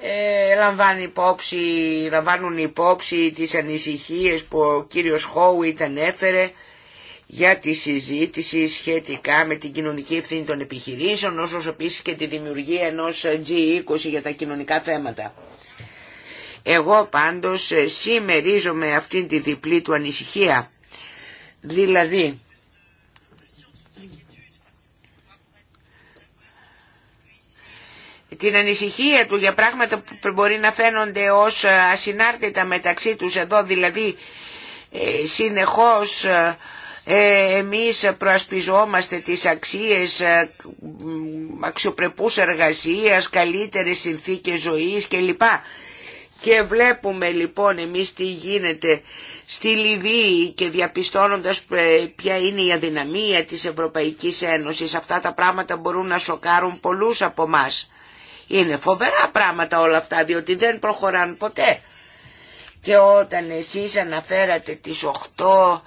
Ε, λαμβάνει υπόψη, λαμβάνουν υπόψη τις ανησυχίες που ο κύριος Χόουιτ ανέφερε για τη συζήτηση σχετικά με την κοινωνική ευθύνη των επιχειρήσεων, όσο επίσης και τη δημιουργία ενός G20 για τα κοινωνικά θέματα. Εγώ πάντως ε, σημερίζομαι αυτήν τη διπλή του ανησυχία. Δηλαδή, την ανησυχία του για πράγματα που μπορεί να φαίνονται ως ε, ασυνάρτητα μεταξύ τους εδώ, δηλαδή ε, συνεχώς ε, εμείς προασπιζόμαστε τις αξίες ε, αξιοπρεπούς εργασίας, καλύτερες συνθήκες ζωής κλπ. Και βλέπουμε λοιπόν εμείς τι γίνεται στη Λιβύη και διαπιστώνοντας ε, ποια είναι η αδυναμία της Ευρωπαϊκής Ένωσης. Αυτά τα πράγματα μπορούν να σοκάρουν πολλούς από εμά. Είναι φοβερά πράγματα όλα αυτά διότι δεν προχωράν ποτέ. Και όταν εσείς αναφέρατε τις 8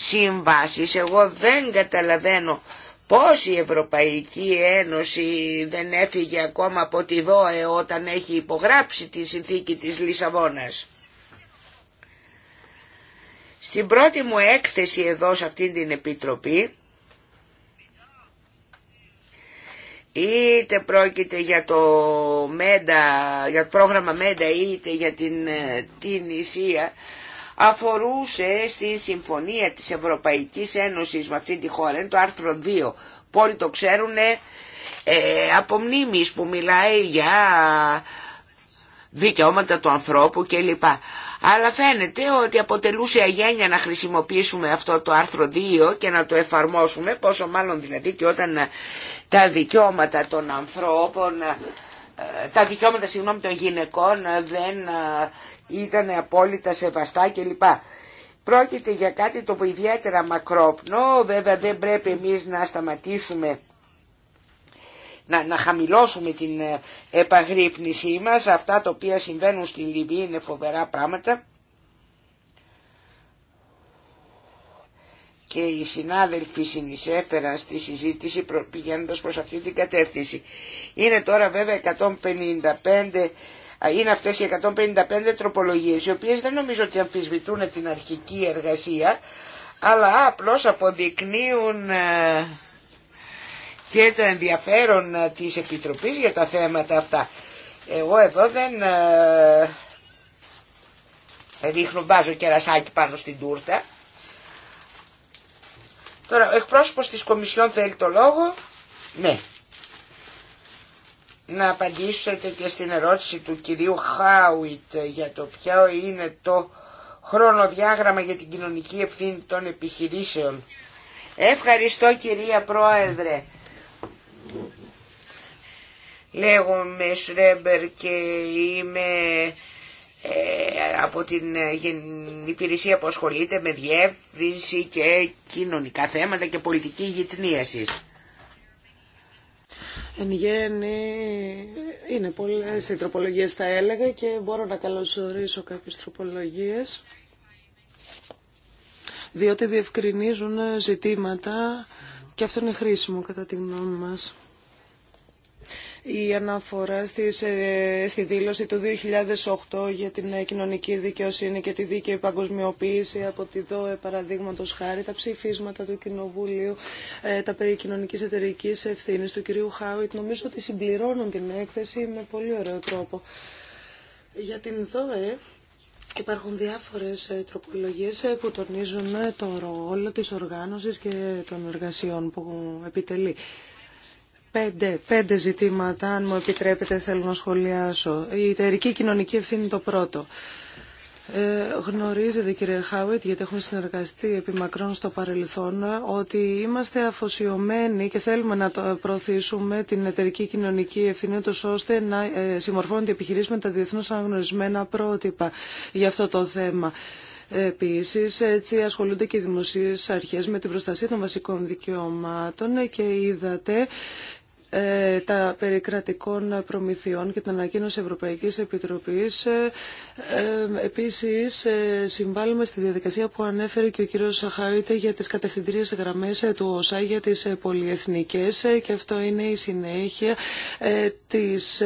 συμβάσεις. Εγώ δεν καταλαβαίνω πώς η Ευρωπαϊκή Ένωση δεν έφυγε ακόμα από τη ΔΟΕ όταν έχει υπογράψει τη συνθήκη της Λισαβόνας. Στην πρώτη μου έκθεση εδώ σε αυτήν την Επιτροπή, είτε πρόκειται για το, MEDA, για το πρόγραμμα ΜΕΝΤΑ είτε για την, ε, την Ισία, αφορούσε στη συμφωνία της Ευρωπαϊκής Ένωσης με αυτή τη χώρα, είναι το άρθρο 2, που όλοι το ξέρουν ε, από μνήμης που μιλάει για δικαιώματα του ανθρώπου κλπ. Αλλά φαίνεται ότι αποτελούσε αγένεια να χρησιμοποιήσουμε αυτό το άρθρο 2 και να το εφαρμόσουμε, πόσο μάλλον δηλαδή και όταν τα δικαιώματα των ανθρώπων, ε, τα δικαιώματα συγγνώμη των γυναικών δεν ε, ήταν απόλυτα σεβαστά κλπ. Πρόκειται για κάτι το ιδιαίτερα μακρόπνο, βέβαια δεν πρέπει εμείς να σταματήσουμε να, να χαμηλώσουμε την ε, επαγρύπνησή μας, αυτά τα οποία συμβαίνουν στην Λιβύη είναι φοβερά πράγματα. και οι συνάδελφοι συνεισέφεραν στη συζήτηση πηγαίνοντας προς αυτή την κατεύθυνση. Είναι τώρα βέβαια 155 είναι αυτές οι 155 τροπολογίες οι οποίες δεν νομίζω ότι αμφισβητούν την αρχική εργασία αλλά απλώς αποδεικνύουν ε, και το ενδιαφέρον ε, της Επιτροπής για τα θέματα αυτά. Εγώ εδώ δεν ε, ρίχνω, βάζω κερασάκι πάνω στην τούρτα. Τώρα, ο εκπρόσωπος της Κομισιόν θέλει το λόγο. Ναι να απαντήσετε και στην ερώτηση του κυρίου Χάουιτ για το ποιο είναι το χρονοδιάγραμμα για την κοινωνική ευθύνη των επιχειρήσεων. Ευχαριστώ κυρία Πρόεδρε. Λέγομαι Σρέμπερ και είμαι ε, από την ε, υπηρεσία που ασχολείται με διεύρυνση και κοινωνικά θέματα και πολιτική γυτνίασης. Εν γέννη είναι πολλές οι τροπολογίες θα έλεγα και μπορώ να καλωσορίσω κάποιες τροπολογίες διότι διευκρινίζουν ζητήματα και αυτό είναι χρήσιμο κατά τη γνώμη μας η αναφορά ε, στη δήλωση του 2008 για την ε, κοινωνική δικαιοσύνη και τη δίκαιη παγκοσμιοποίηση από τη ΔΟΕ παραδείγματος χάρη, τα ψηφίσματα του Κοινοβουλίου, ε, τα περί κοινωνικής εταιρικής ευθύνης του κυρίου Χάουιτ, νομίζω ότι συμπληρώνουν την έκθεση με πολύ ωραίο τρόπο. Για την ΔΟΕ, Υπάρχουν διάφορες τροπολογίες που τονίζουν το ρόλο της οργάνωσης και των εργασιών που επιτελεί. Πέντε, ζητήματα, αν μου επιτρέπετε, θέλω να σχολιάσω. Η εταιρική κοινωνική ευθύνη το πρώτο. Ε, γνωρίζετε κύριε Χάουιτ, γιατί έχουμε συνεργαστεί επί μακρόν στο παρελθόν, ότι είμαστε αφοσιωμένοι και θέλουμε να προωθήσουμε την εταιρική κοινωνική ευθύνη ώστε να ε, συμμορφώνονται επιχειρήσεις με τα διεθνώς αναγνωρισμένα πρότυπα για αυτό το θέμα. Επίση, έτσι ασχολούνται και οι δημοσίε αρχέ με την προστασία των βασικών δικαιωμάτων και είδατε ε, τα περικρατικών προμηθειών και την ανακοίνωση Ευρωπαϊκής Επιτροπής. Ε, ε, επίσης, συμβάλλουμε στη διαδικασία που ανέφερε και ο κύριος Σαχαρίτε για τις κατευθυντήριες γραμμές του ΟΣΑ για τις πολυεθνικές και αυτό είναι η συνέχεια της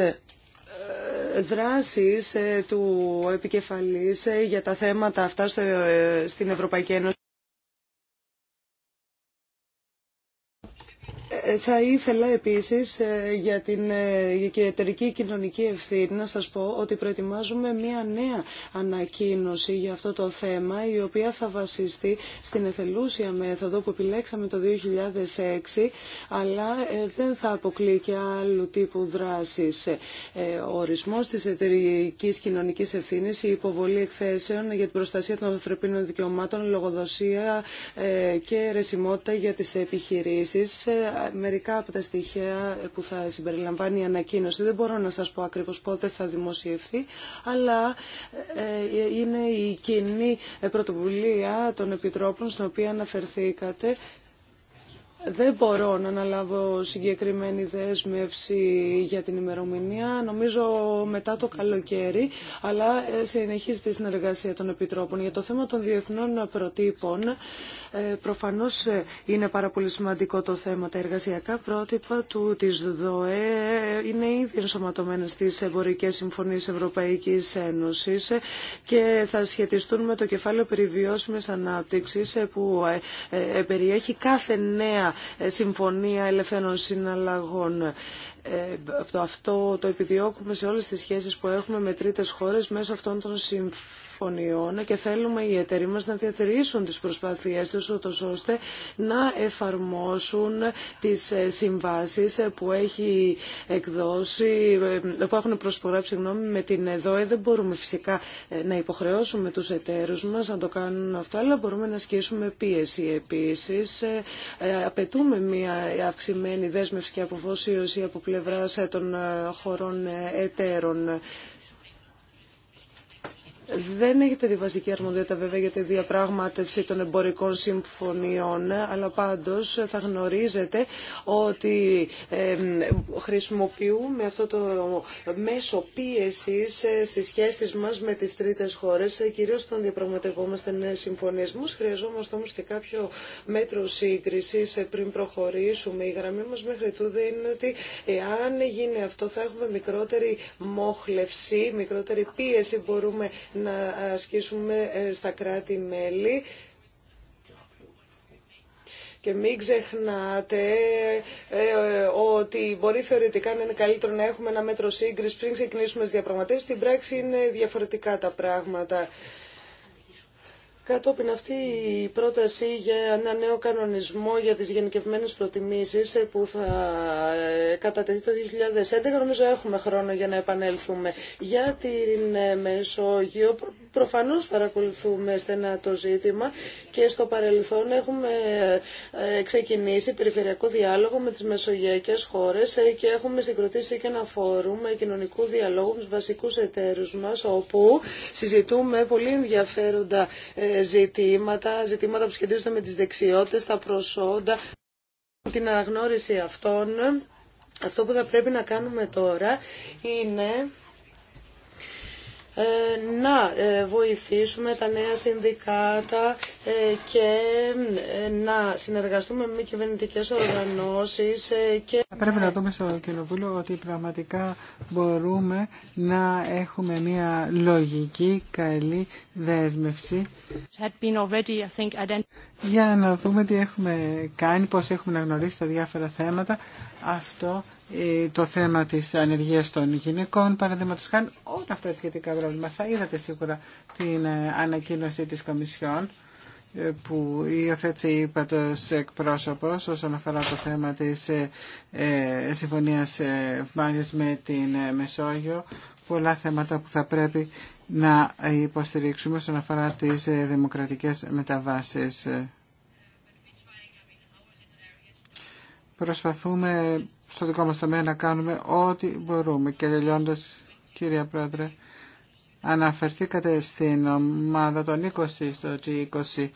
δράσης του επικεφαλής για τα θέματα αυτά στην Ευρωπαϊκή Ένωση. Θα ήθελα επίσης ε, ε, για την εταιρική κοινωνική ευθύνη να σας πω ότι προετοιμάζουμε μια νέα ανακοίνωση για αυτό το θέμα η οποία θα βασιστεί στην εθελούσια μέθοδο που επιλέξαμε το 2006 αλλά ε, δεν θα αποκλεί και άλλου τύπου δράσεις. Ο ορισμός της εταιρική κοινωνική ευθύνης, η υποβολή εκθέσεων για την προστασία των ανθρωπίνων δικαιωμάτων, λογοδοσία και ρεσιμότητα για τις επιχειρήσεις μερικά από τα στοιχεία που θα συμπεριλαμβάνει η ανακοίνωση. Δεν μπορώ να σας πω ακριβώς πότε θα δημοσιευθεί, αλλά ε, είναι η κοινή πρωτοβουλία των Επιτρόπων στην οποία αναφερθήκατε δεν μπορώ να αναλάβω συγκεκριμένη δέσμευση για την ημερομηνία, νομίζω μετά το καλοκαίρι, αλλά ε, συνεχίζει τη συνεργασία των Επιτρόπων. Για το θέμα των διεθνών προτύπων, ε, προφανώς ε, είναι πάρα πολύ σημαντικό το θέμα. Τα εργασιακά πρότυπα του, της ΔΟΕ είναι ήδη ενσωματωμένα στις εμπορικές συμφωνίες Ευρωπαϊκής Ένωσης και θα σχετιστούν με το κεφάλαιο περιβιώσιμης ανάπτυξης που περιέχει κάθε νέα συμφωνία ελευθέρων συναλλαγών. Ε, αυτό το επιδιώκουμε σε όλες τις σχέσεις που έχουμε με τρίτες χώρες μέσω αυτών των συμφωνίων συμφωνιών και θέλουμε οι εταιροί μας να διατηρήσουν τις προσπάθειές τους ούτως ώστε να εφαρμόσουν τις ε, συμβάσεις ε, που, έχει εκδώσει, ε, που έχουν προσπογράψει γνώμη με την ΕΔΟΕ. Δεν μπορούμε φυσικά να υποχρεώσουμε τους εταίρους μας να το κάνουν αυτό, αλλά μπορούμε να ασκήσουμε πίεση επίσης. Απαιτούμε μια αυξημένη δέσμευση και αποφόσιωση από πλευρά των χωρών εταίρων. Δεν έχετε τη βασική αρμοδιότητα βέβαια για τη διαπράγματευση των εμπορικών συμφωνιών, αλλά πάντως θα γνωρίζετε ότι χρησιμοποιούμε αυτό το μέσο πίεσης ε, στις σχέσεις μας με τις τρίτες χώρες, ε, κυρίως όταν διαπραγματευόμαστε νέες συμφωνίες. Μους χρειαζόμαστε όμως και κάποιο μέτρο σύγκρισης ε, πριν προχωρήσουμε. Η γραμμή μας μέχρι τούδε είναι ότι εάν γίνει αυτό θα έχουμε μικρότερη μόχλευση, μικρότερη πίεση μπορούμε να ασκήσουμε ε, στα κράτη-μέλη. Και μην ξεχνάτε ε, ότι μπορεί θεωρητικά να είναι καλύτερο να έχουμε ένα μέτρο σύγκριση πριν ξεκινήσουμε τι διαπραγματεύσει. Στην πράξη είναι διαφορετικά τα πράγματα. Κατόπιν αυτή η πρόταση για ένα νέο κανονισμό για τις γενικευμένες προτιμήσεις ε, που θα ε, κατατεθεί το 2011, νομίζω έχουμε χρόνο για να επανέλθουμε. Για την ε, Μεσόγειο προφανώς παρακολουθούμε στενά το ζήτημα και στο παρελθόν έχουμε ξεκινήσει περιφερειακό διάλογο με τις μεσογειακές χώρες και έχουμε συγκροτήσει και ένα φόρουμ κοινωνικού διαλόγου με βασικούς εταίρους μας όπου συζητούμε πολύ ενδιαφέροντα ζητήματα, ζητήματα που σχετίζονται με τις δεξιότητες, τα προσόντα, την αναγνώριση αυτών. Αυτό που θα πρέπει να κάνουμε τώρα είναι ε, να ε, βοηθήσουμε τα νέα συνδικάτα ε, και να συνεργαστούμε με κυβερνητικέ οργανώσεις. Και... Πρέπει να δούμε στο Κοινοβούλιο ότι πραγματικά μπορούμε να έχουμε μια λογική καλή δέσμευση already, για να δούμε τι έχουμε κάνει, πώς έχουμε γνωρίσει τα διάφορα θέματα. Αυτό ε, το θέμα της ανεργίας των γυναικών, παραδείγματος χάνει όλα αυτά τα σχετικά πρόβλημα. Θα είδατε σίγουρα την ε, ανακοίνωση της Κομισιόν ε, που υιοθέτησε η πατός εκπρόσωπος όσον αφορά το θέμα της ε, συμφωνίας ε, με την Μεσόγειο. Πολλά θέματα που θα πρέπει να υποστηρίξουμε όσον αφορά τις δημοκρατικές μεταβάσεις. Προσπαθούμε στο δικό μας τομέα να κάνουμε ό,τι μπορούμε. Και τελειώντα, κύριε Πρόεδρε, αναφερθήκατε στην ομάδα των 20 στο G20.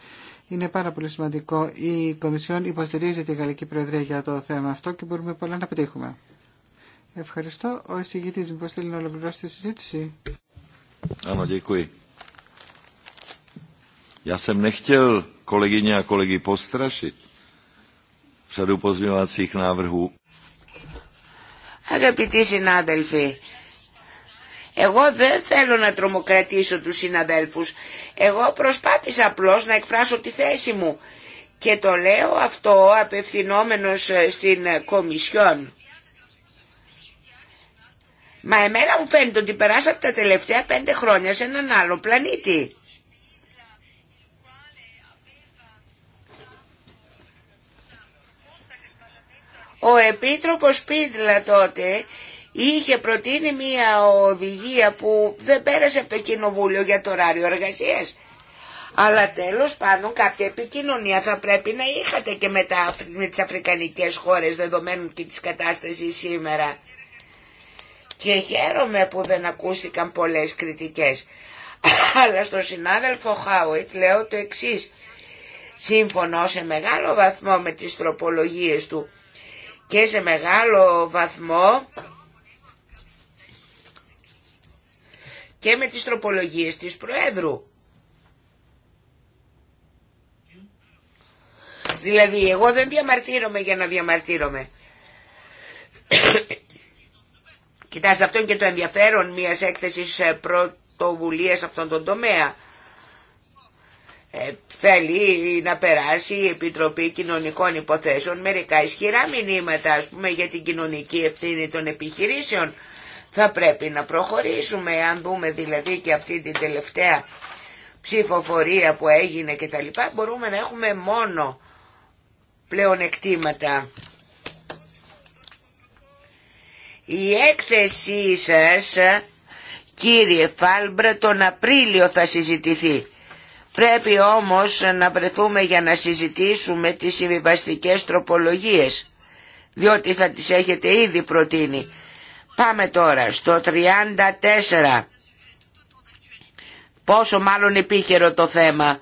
Είναι πάρα πολύ σημαντικό. Η Κομισιόν υποστηρίζει τη Γαλλική Προεδρία για το θέμα αυτό και μπορούμε πολλά να πετύχουμε. Ευχαριστώ. Ο εισηγητής πώ θέλει να ολοκληρώσει τη συζήτηση. Já jsem nechtěl kolegyně a kolegy postrašit řadu pozměňovacích návrhů. Αγαπητοί συνάδελφοι, εγώ δεν θέλω να τρομοκρατήσω τους συναδέλφους. Εγώ προσπάθησα απλώς να εκφράσω τη θέση μου. Και το λέω αυτό απευθυνόμενος ε, στην ε, Κομισιόν. Μα εμένα μου φαίνεται ότι περάσατε τα τελευταία πέντε χρόνια σε έναν άλλο πλανήτη. Ο Επίτροπος Πίτλα τότε είχε προτείνει μια οδηγία που δεν πέρασε από το Κοινοβούλιο για το ωράριο εργασία. Αλλά τέλος πάντων κάποια επικοινωνία θα πρέπει να είχατε και με, με τις αφρικανικές χώρες δεδομένου και της κατάστασης σήμερα. Και χαίρομαι που δεν ακούστηκαν πολλές κριτικές. Αλλά στον συνάδελφο Χάουιτ λέω το εξής. Σύμφωνο σε μεγάλο βαθμό με τις τροπολογίες του και σε μεγάλο βαθμό και με τις τροπολογίες της Προέδρου. Δηλαδή εγώ δεν διαμαρτύρομαι για να διαμαρτύρομαι. Κοιτάξτε αυτό είναι και το ενδιαφέρον μιας έκθεσης ε, πρωτοβουλίας αυτόν τον τομέα. Ε, θέλει να περάσει η Επιτροπή Κοινωνικών Υποθέσεων μερικά ισχυρά μηνύματα ας πούμε για την κοινωνική ευθύνη των επιχειρήσεων θα πρέπει να προχωρήσουμε αν δούμε δηλαδή και αυτή την τελευταία ψηφοφορία που έγινε και τα λοιπά μπορούμε να έχουμε μόνο πλεονεκτήματα η έκθεσή σας κύριε Φάλμπρα τον Απρίλιο θα συζητηθεί Πρέπει όμως να βρεθούμε για να συζητήσουμε τις συμβιβαστικέ τροπολογίες, διότι θα τις έχετε ήδη προτείνει. Πάμε τώρα στο 34. Πόσο μάλλον επίκαιρο το θέμα.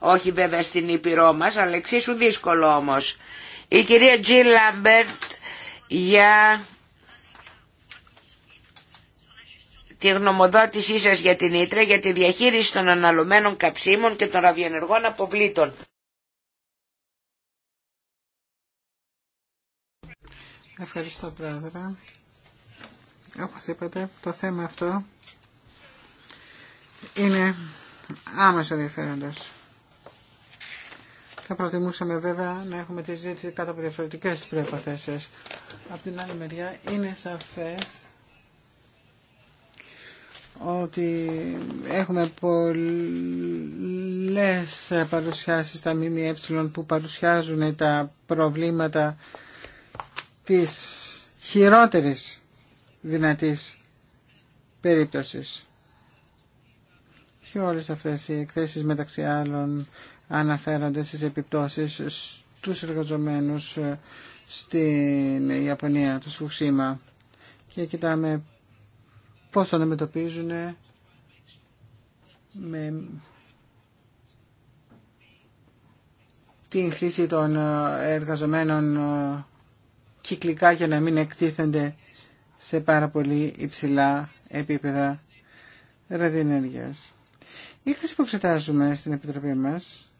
Όχι βέβαια στην Ήπειρό μας, αλλά εξίσου δύσκολο όμως. Η κυρία Τζιν Λάμπερτ για τη γνωμοδότησή σας για την Ήτρε για τη διαχείριση των αναλωμένων καυσίμων και των ραδιενεργών αποβλήτων. Ευχαριστώ πρόεδρε. Όπως είπατε, το θέμα αυτό είναι άμεσο ενδιαφέροντος. Θα προτιμούσαμε βέβαια να έχουμε τη ζήτηση κάτω από διαφορετικές προϋποθέσεις. Από την άλλη μεριά είναι σαφές ότι έχουμε πολλές παρουσιάσεις στα ΜΜΕ που παρουσιάζουν τα προβλήματα της χειρότερης δυνατής περίπτωσης. Και όλες αυτές οι εκθέσεις μεταξύ άλλων αναφέρονται στις επιπτώσεις στους εργαζομένους στην Ιαπωνία, του Φουξίμα. Και κοιτάμε πώς το αντιμετωπίζουν με την χρήση των ε, εργαζομένων ε, κυκλικά για να μην εκτίθενται σε πάρα πολύ υψηλά επίπεδα ραδιενέργειας. Η έκθεση που εξετάζουμε στην Επιτροπή μας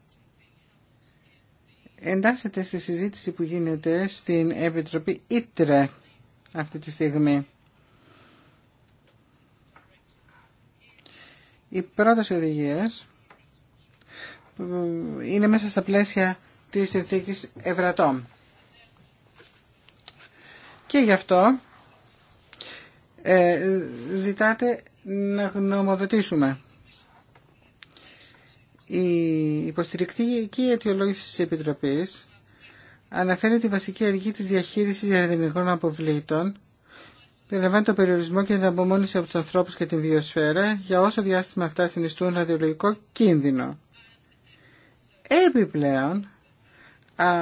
εντάσσεται στη συζήτηση που γίνεται στην Επιτροπή Ήτρε αυτή τη στιγμή. Η πρώτε οδηγίε είναι μέσα στα πλαίσια της συνθήκη Ευρατών. Και γι' αυτό ε, ζητάτε να γνωμοδοτήσουμε. Η υποστηρικτική αιτιολόγηση της Επιτροπής αναφέρει τη βασική αργή της διαχείρισης διαδημιουργών αποβλήτων περιλαμβάνει τον περιορισμό και την απομόνωση από του ανθρώπου και την βιοσφαίρα για όσο διάστημα αυτά συνιστούν ραδιολογικό κίνδυνο. Επιπλέον, α,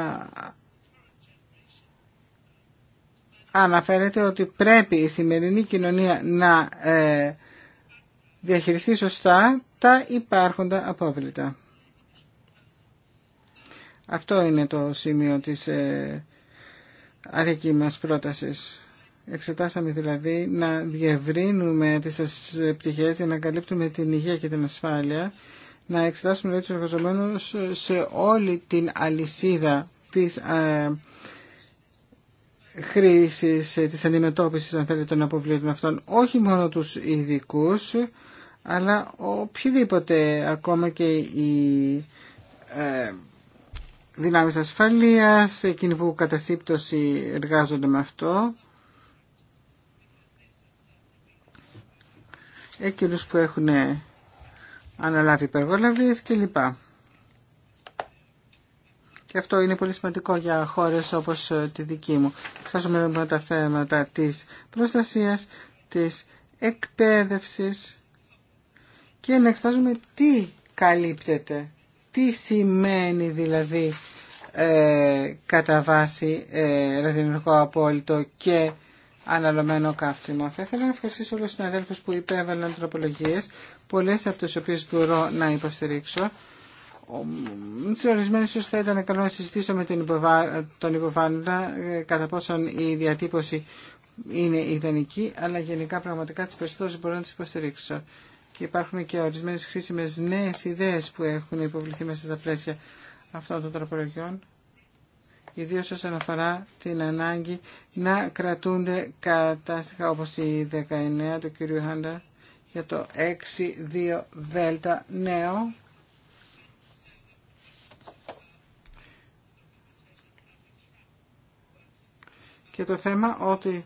αναφέρεται ότι πρέπει η σημερινή κοινωνία να ε, διαχειριστεί σωστά τα υπάρχοντα απόβλητα. Αυτό είναι το σημείο της ε, αδική μας πρότασης. Εξετάσαμε δηλαδή να διευρύνουμε τις πτυχές για να καλύπτουμε την υγεία και την ασφάλεια, να εξετάσουμε δηλαδή, τους εργαζομένους σε όλη την αλυσίδα της ε, χρήσης, ε, της αντιμετώπισης αν θέλετε των αποβλήτων αυτών, όχι μόνο τους ειδικού, αλλά οποιοδήποτε ακόμα και οι ε, δυνάμεις ασφαλείας, εκείνοι που κατά σύπτωση εργάζονται με αυτό, εκείνους που έχουν αναλάβει υπεργολαβίες κλπ. Και αυτό είναι πολύ σημαντικό για χώρες όπως ε, τη δική μου. Εξάζουμε με τα θέματα της προστασίας, της εκπαίδευσης και να εξετάζουμε τι καλύπτεται, τι σημαίνει δηλαδή ε, κατά βάση ε, απόλυτο και αναλωμένο καύσιμο. Θα ήθελα να ευχαριστήσω όλους τους συναδέλφους που υπέβαλαν τροπολογίες, πολλές από τις οποίες μπορώ να υποστηρίξω. Σε ορισμένες ίσως θα ήταν καλό να συζητήσω με τον, υποβα... τον υποβάλλοντα ε, κατά πόσον η διατύπωση είναι ιδανική, αλλά γενικά πραγματικά τις περισσότερες μπορώ να τις υποστηρίξω. Και υπάρχουν και ορισμένες χρήσιμες νέες ιδέες που έχουν υποβληθεί μέσα στα πλαίσια αυτών των τροπολογιών. Ιδίω όσον αφορά την ανάγκη να κρατούνται κατάστοιχα όπω η 19 του κ. Χάντα για το 6-2 δέλτα νέο. Και το θέμα ότι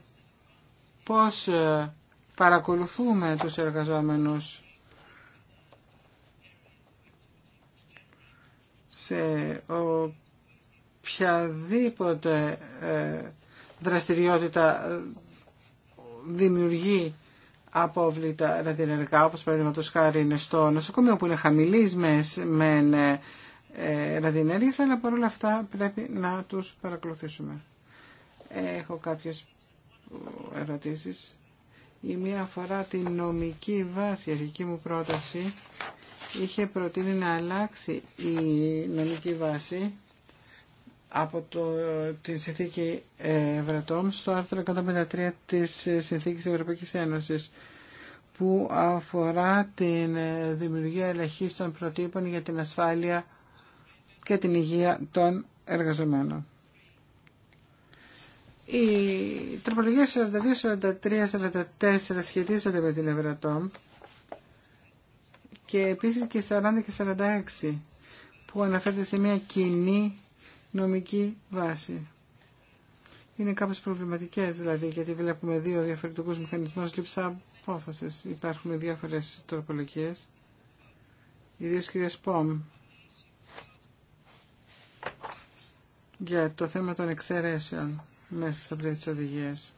πώς ε, παρακολουθούμε τους εργαζόμενους σε ο οποιαδήποτε ε, δραστηριότητα ε, δημιουργεί απόβλητα ραδιενεργά, όπως παραδείγματος χάρη είναι στο νοσοκομείο που είναι χαμηλής με ραδιενέργειες, αλλά παρόλα αυτά πρέπει να τους παρακολουθήσουμε. Έχω κάποιες ε, ερωτήσεις. Η μία αφορά τη νομική βάση. Η αρχική μου πρόταση είχε προτείνει να αλλάξει η νομική βάση από το, τη συνθήκη Ευρατών στο άρθρο 153 της συνθήκης Ευρωπαϊκής Ένωσης που αφορά την δημιουργία των προτύπων για την ασφάλεια και την υγεία των εργαζομένων. Οι τροπολογίες 42, 43, 44 σχετίζονται με την Ευρατόμ και επίσης και 40 και 46 που αναφέρεται σε μια κοινή νομική βάση. Είναι κάπως προβληματικές δηλαδή, γιατί βλέπουμε δύο διαφορετικούς μηχανισμούς λήψης απόφαση. Υπάρχουν διάφορες τροπολογίες, ιδίως κυρία Πόμ, για το θέμα των εξαιρέσεων μέσα στα πλαίσια της οδηγίας.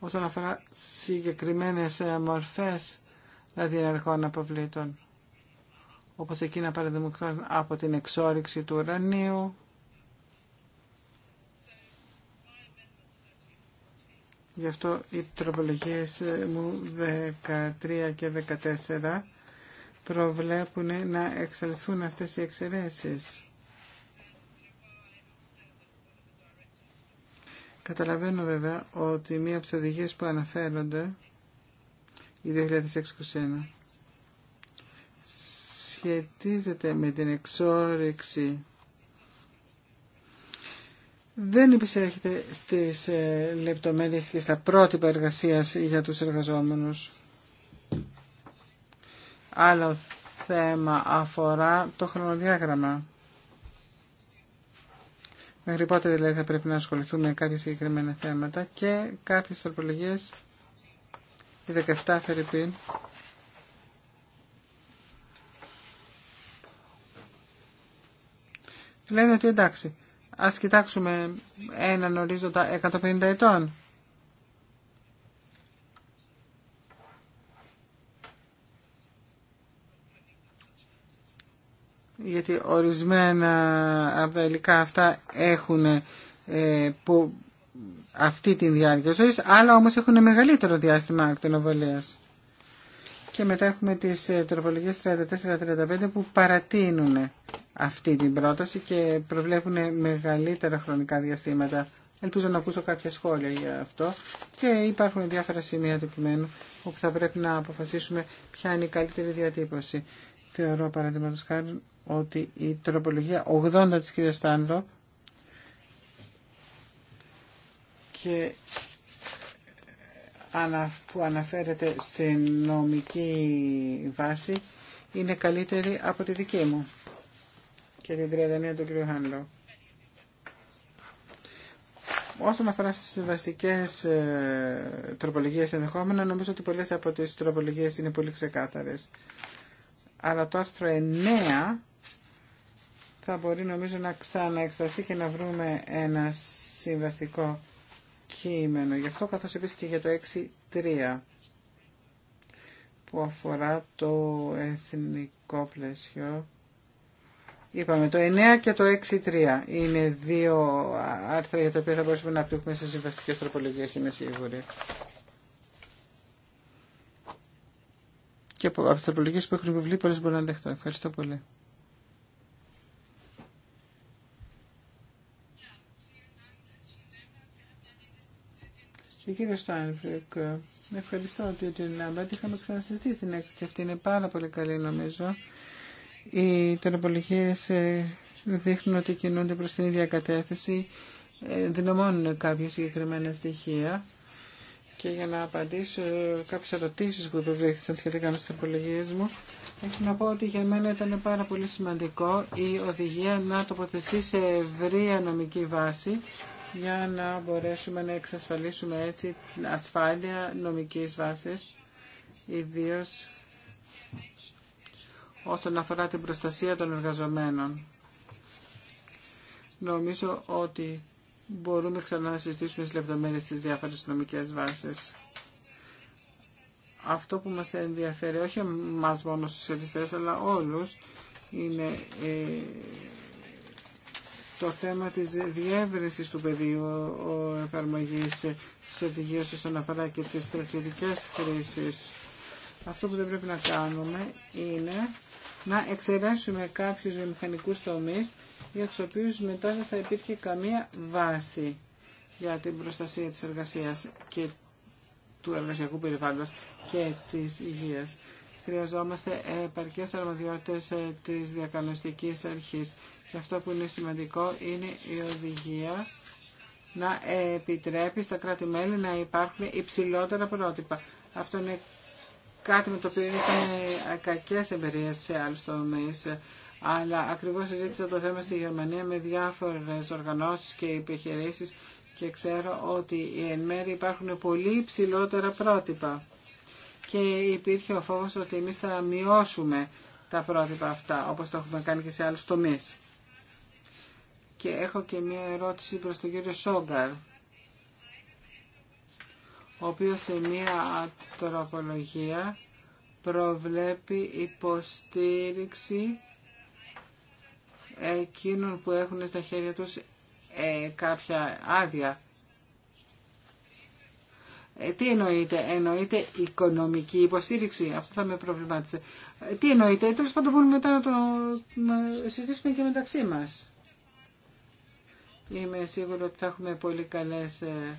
όσον αφορά συγκεκριμένες ε, μορφές διενεργών δηλαδή αποβλήτων όπως εκείνα παραδείγματος από την εξόριξη του ουρανίου. Γι' αυτό οι τροπολογίες μου 13 και 14 προβλέπουν να εξελθούν αυτές οι εξαιρέσεις. Καταλαβαίνω βέβαια ότι μία από τις οδηγίες που αναφέρονται η 2021 σχετίζεται με την εξόρυξη δεν επισέρχεται στις ε, λεπτομέρειες και στα πρότυπα εργασίας για τους εργαζόμενους. Άλλο θέμα αφορά το χρονοδιάγραμμα. Μέχρι πότε δηλαδή θα πρέπει να ασχοληθούμε με κάποια συγκεκριμένα θέματα και κάποιες τροπολογίες, η 17 Φερρυπίν, λένε ότι εντάξει, ας κοιτάξουμε έναν ορίζοντα 150 ετών. γιατί ορισμένα από τα υλικά αυτά έχουν ε, που, αυτή τη διάρκεια ζωής, άλλα όμως έχουν μεγαλύτερο διάστημα ακτινοβολίας και μετά έχουμε τις ε, τροπολογίες 34-35 που παρατείνουν αυτή την πρόταση και προβλέπουν μεγαλύτερα χρονικά διαστήματα. Ελπίζω να ακούσω κάποια σχόλια για αυτό και υπάρχουν διάφορα σημεία του κειμένου όπου θα πρέπει να αποφασίσουμε ποια είναι η καλύτερη διατύπωση. Θεωρώ παραδείγματο χάρη ότι η τροπολογία 80 της κυρίας Στάνλο και που αναφέρεται στην νομική βάση είναι καλύτερη από τη δική μου και την τριαδανία του κ. Χάνλο. Όσον αφορά στι συμβαστικέ ε, τροπολογίε ενδεχόμενα, νομίζω ότι πολλέ από τι τροπολογίε είναι πολύ ξεκάθαρε. Αλλά το άρθρο 9 θα μπορεί νομίζω να ξαναεξαρθεί και να βρούμε ένα συμβαστικό κείμενο. Γι' αυτό καθώς επίσης και για το 6.3 που αφορά το εθνικό πλαίσιο. Είπαμε το 9 και το 6.3 είναι δύο άρθρα για τα οποία θα μπορούσαμε να πούμε σε συμβαστικές τροπολογίες, είμαι σίγουρη. Και από τις τροπολογίες που έχουν βιβλίο πολλές μπορούν να δεχτώ. Ευχαριστώ πολύ. Κύριε κύριο Στάινφρικ, ευχαριστώ την Τζιν Είχαμε ξανασυζητήσει την έκθεση αυτή. Είναι πάρα πολύ καλή νομίζω. Οι τροπολογίε ε, δείχνουν ότι κινούνται προ την ίδια κατεύθυνση. Ε, δυναμώνουν κάποια συγκεκριμένα στοιχεία. Και για να απαντήσω ε, κάποιε ερωτήσει που υπευλήθησαν σχετικά με τι τροπολογίε μου, έχω να πω ότι για μένα ήταν πάρα πολύ σημαντικό η οδηγία να τοποθετηθεί σε ευρία νομική βάση για να μπορέσουμε να εξασφαλίσουμε έτσι την ασφάλεια νομικής βάσης, ιδίως όσον αφορά την προστασία των εργαζομένων. Νομίζω ότι μπορούμε ξανά να συζητήσουμε στις λεπτομέρειες τις διάφορες νομικές βάσεις. Αυτό που μας ενδιαφέρει, όχι μας μόνο στους ελιστές αλλά όλους, είναι ε, το θέμα της διεύρυνσης του πεδίου εφαρμογής της οδηγίας όσον αφορά και τις στρατιωτικέ χρήσεις. Αυτό που δεν πρέπει να κάνουμε είναι να εξεράσουμε κάποιους βιομηχανικούς τομείς για τους οποίους μετά δεν θα υπήρχε καμία βάση για την προστασία της εργασίας και του εργασιακού περιβάλλοντος και της υγείας χρειαζόμαστε επαρκές αρμοδιότητες ε, της διακανοστικής αρχής. Και αυτό που είναι σημαντικό είναι η οδηγία να επιτρέπει στα κράτη-μέλη να υπάρχουν υψηλότερα πρότυπα. Αυτό είναι κάτι με το οποίο είχαμε κακές εμπειρίες σε άλλους τομείς. Αλλά ακριβώς συζήτησα το θέμα στη Γερμανία με διάφορες οργανώσεις και επιχειρήσεις και ξέρω ότι εν μέρει υπάρχουν πολύ υψηλότερα πρότυπα και υπήρχε ο φόβος ότι εμείς θα μειώσουμε τα πρότυπα αυτά, όπως το έχουμε κάνει και σε άλλους τομείς. Και έχω και μία ερώτηση προς τον κύριο Σόγκαρ, ο οποίος σε μία τροπολογία προβλέπει υποστήριξη εκείνων που έχουν στα χέρια τους ε, κάποια άδεια ε, τι εννοείται, εννοείται οικονομική υποστήριξη, αυτό θα με προβλημάτισε. Ε, τι εννοείται, τέλο πάντων μπορούμε μετά να το συζητήσουμε και μεταξύ μα. Είμαι σίγουρο ότι θα έχουμε πολύ καλές ε,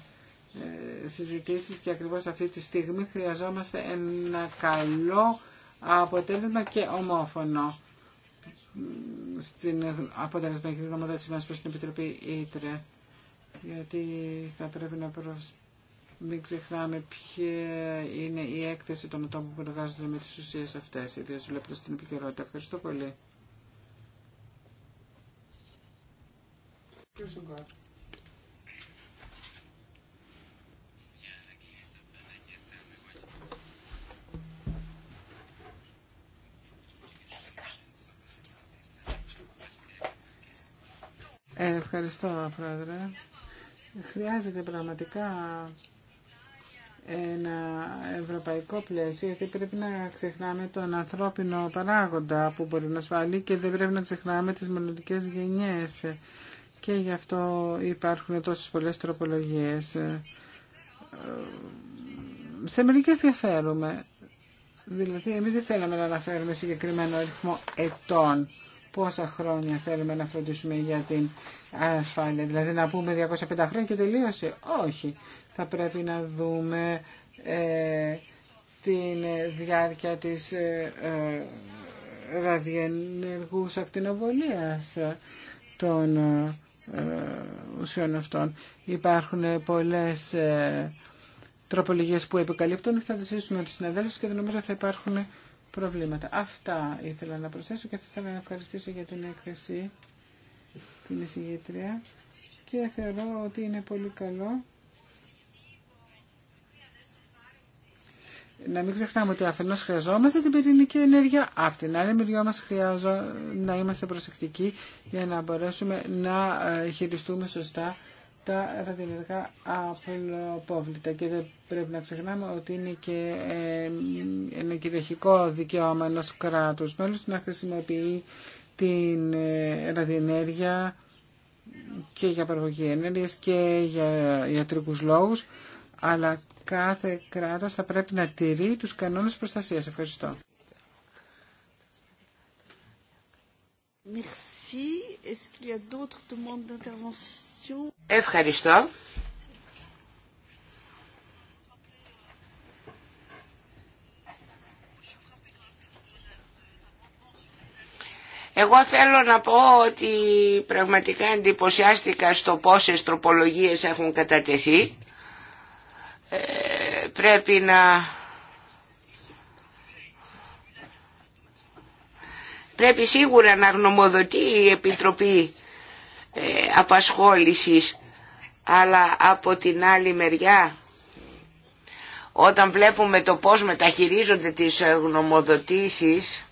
συζητήσεις και ακριβώς αυτή τη στιγμή χρειαζόμαστε ένα καλό αποτέλεσμα και ομόφωνο στην αποτελεσματική γνωμοδότηση μας προς την Επιτροπή Ήτρε γιατί θα πρέπει να προσπαθήσουμε μην ξεχνάμε ποια είναι η έκθεση των ατόμων που εργάζονται με τι ουσίε αυτέ, ιδίω βλέποντα την επικαιρότητα. Ευχαριστώ πολύ. Ευχαριστώ, Πρόεδρε. Χρειάζεται πραγματικά ένα ευρωπαϊκό πλαίσιο, γιατί πρέπει να ξεχνάμε τον ανθρώπινο παράγοντα που μπορεί να ασφαλεί και δεν πρέπει να ξεχνάμε τις μελλοντικέ γενιές. Και γι' αυτό υπάρχουν τόσες πολλές τροπολογίες. Ε, σε μερικέ διαφέρουμε. Δηλαδή, εμείς δεν θέλαμε να αναφέρουμε συγκεκριμένο αριθμό ετών πόσα χρόνια θέλουμε να φροντίσουμε για την ασφάλεια. Δηλαδή να πούμε 250 χρόνια και τελείωσε. Όχι. Θα πρέπει να δούμε ε, την διάρκεια της ε, ε, ραδιενεργούς ακτινοβολίας των ε, ε ουσιών αυτών. Υπάρχουν πολλές ε, τροπολογίες που επικαλύπτουν. Θα τις τη με τους συναδέλφους και δεν νομίζω θα υπάρχουν προβλήματα. Αυτά ήθελα να προσθέσω και θα ήθελα να ευχαριστήσω για την έκθεση την εισηγήτρια και θεωρώ ότι είναι πολύ καλό να μην ξεχνάμε ότι αφενός χρειαζόμαστε την πυρηνική ενέργεια, από την άλλη μεριό μας χρειάζεται να είμαστε προσεκτικοί για να μπορέσουμε να ε, χειριστούμε σωστά τα ραδιενεργά απολοπόβλητα. Και δεν πρέπει να ξεχνάμε ότι είναι και ε, ένα κυριαρχικό δικαίωμα ενό κράτου μέλου να χρησιμοποιεί την ε, ραδιενέργεια και για παραγωγή ενέργειας και για ιατρικούς λόγους, αλλά κάθε κράτος θα πρέπει να τηρεί τους κανόνες προστασίας. Ευχαριστώ. Ευχαριστώ. Εγώ θέλω να πω ότι πραγματικά εντυπωσιάστηκα στο πόσες τροπολογίες έχουν κατατεθεί. Ε, πρέπει να... Πρέπει σίγουρα να γνωμοδοτεί η Επιτροπή ε, απασχόλησης αλλά από την άλλη μεριά όταν βλέπουμε το πώς μεταχειρίζονται τις ε, γνωμοδοτήσεις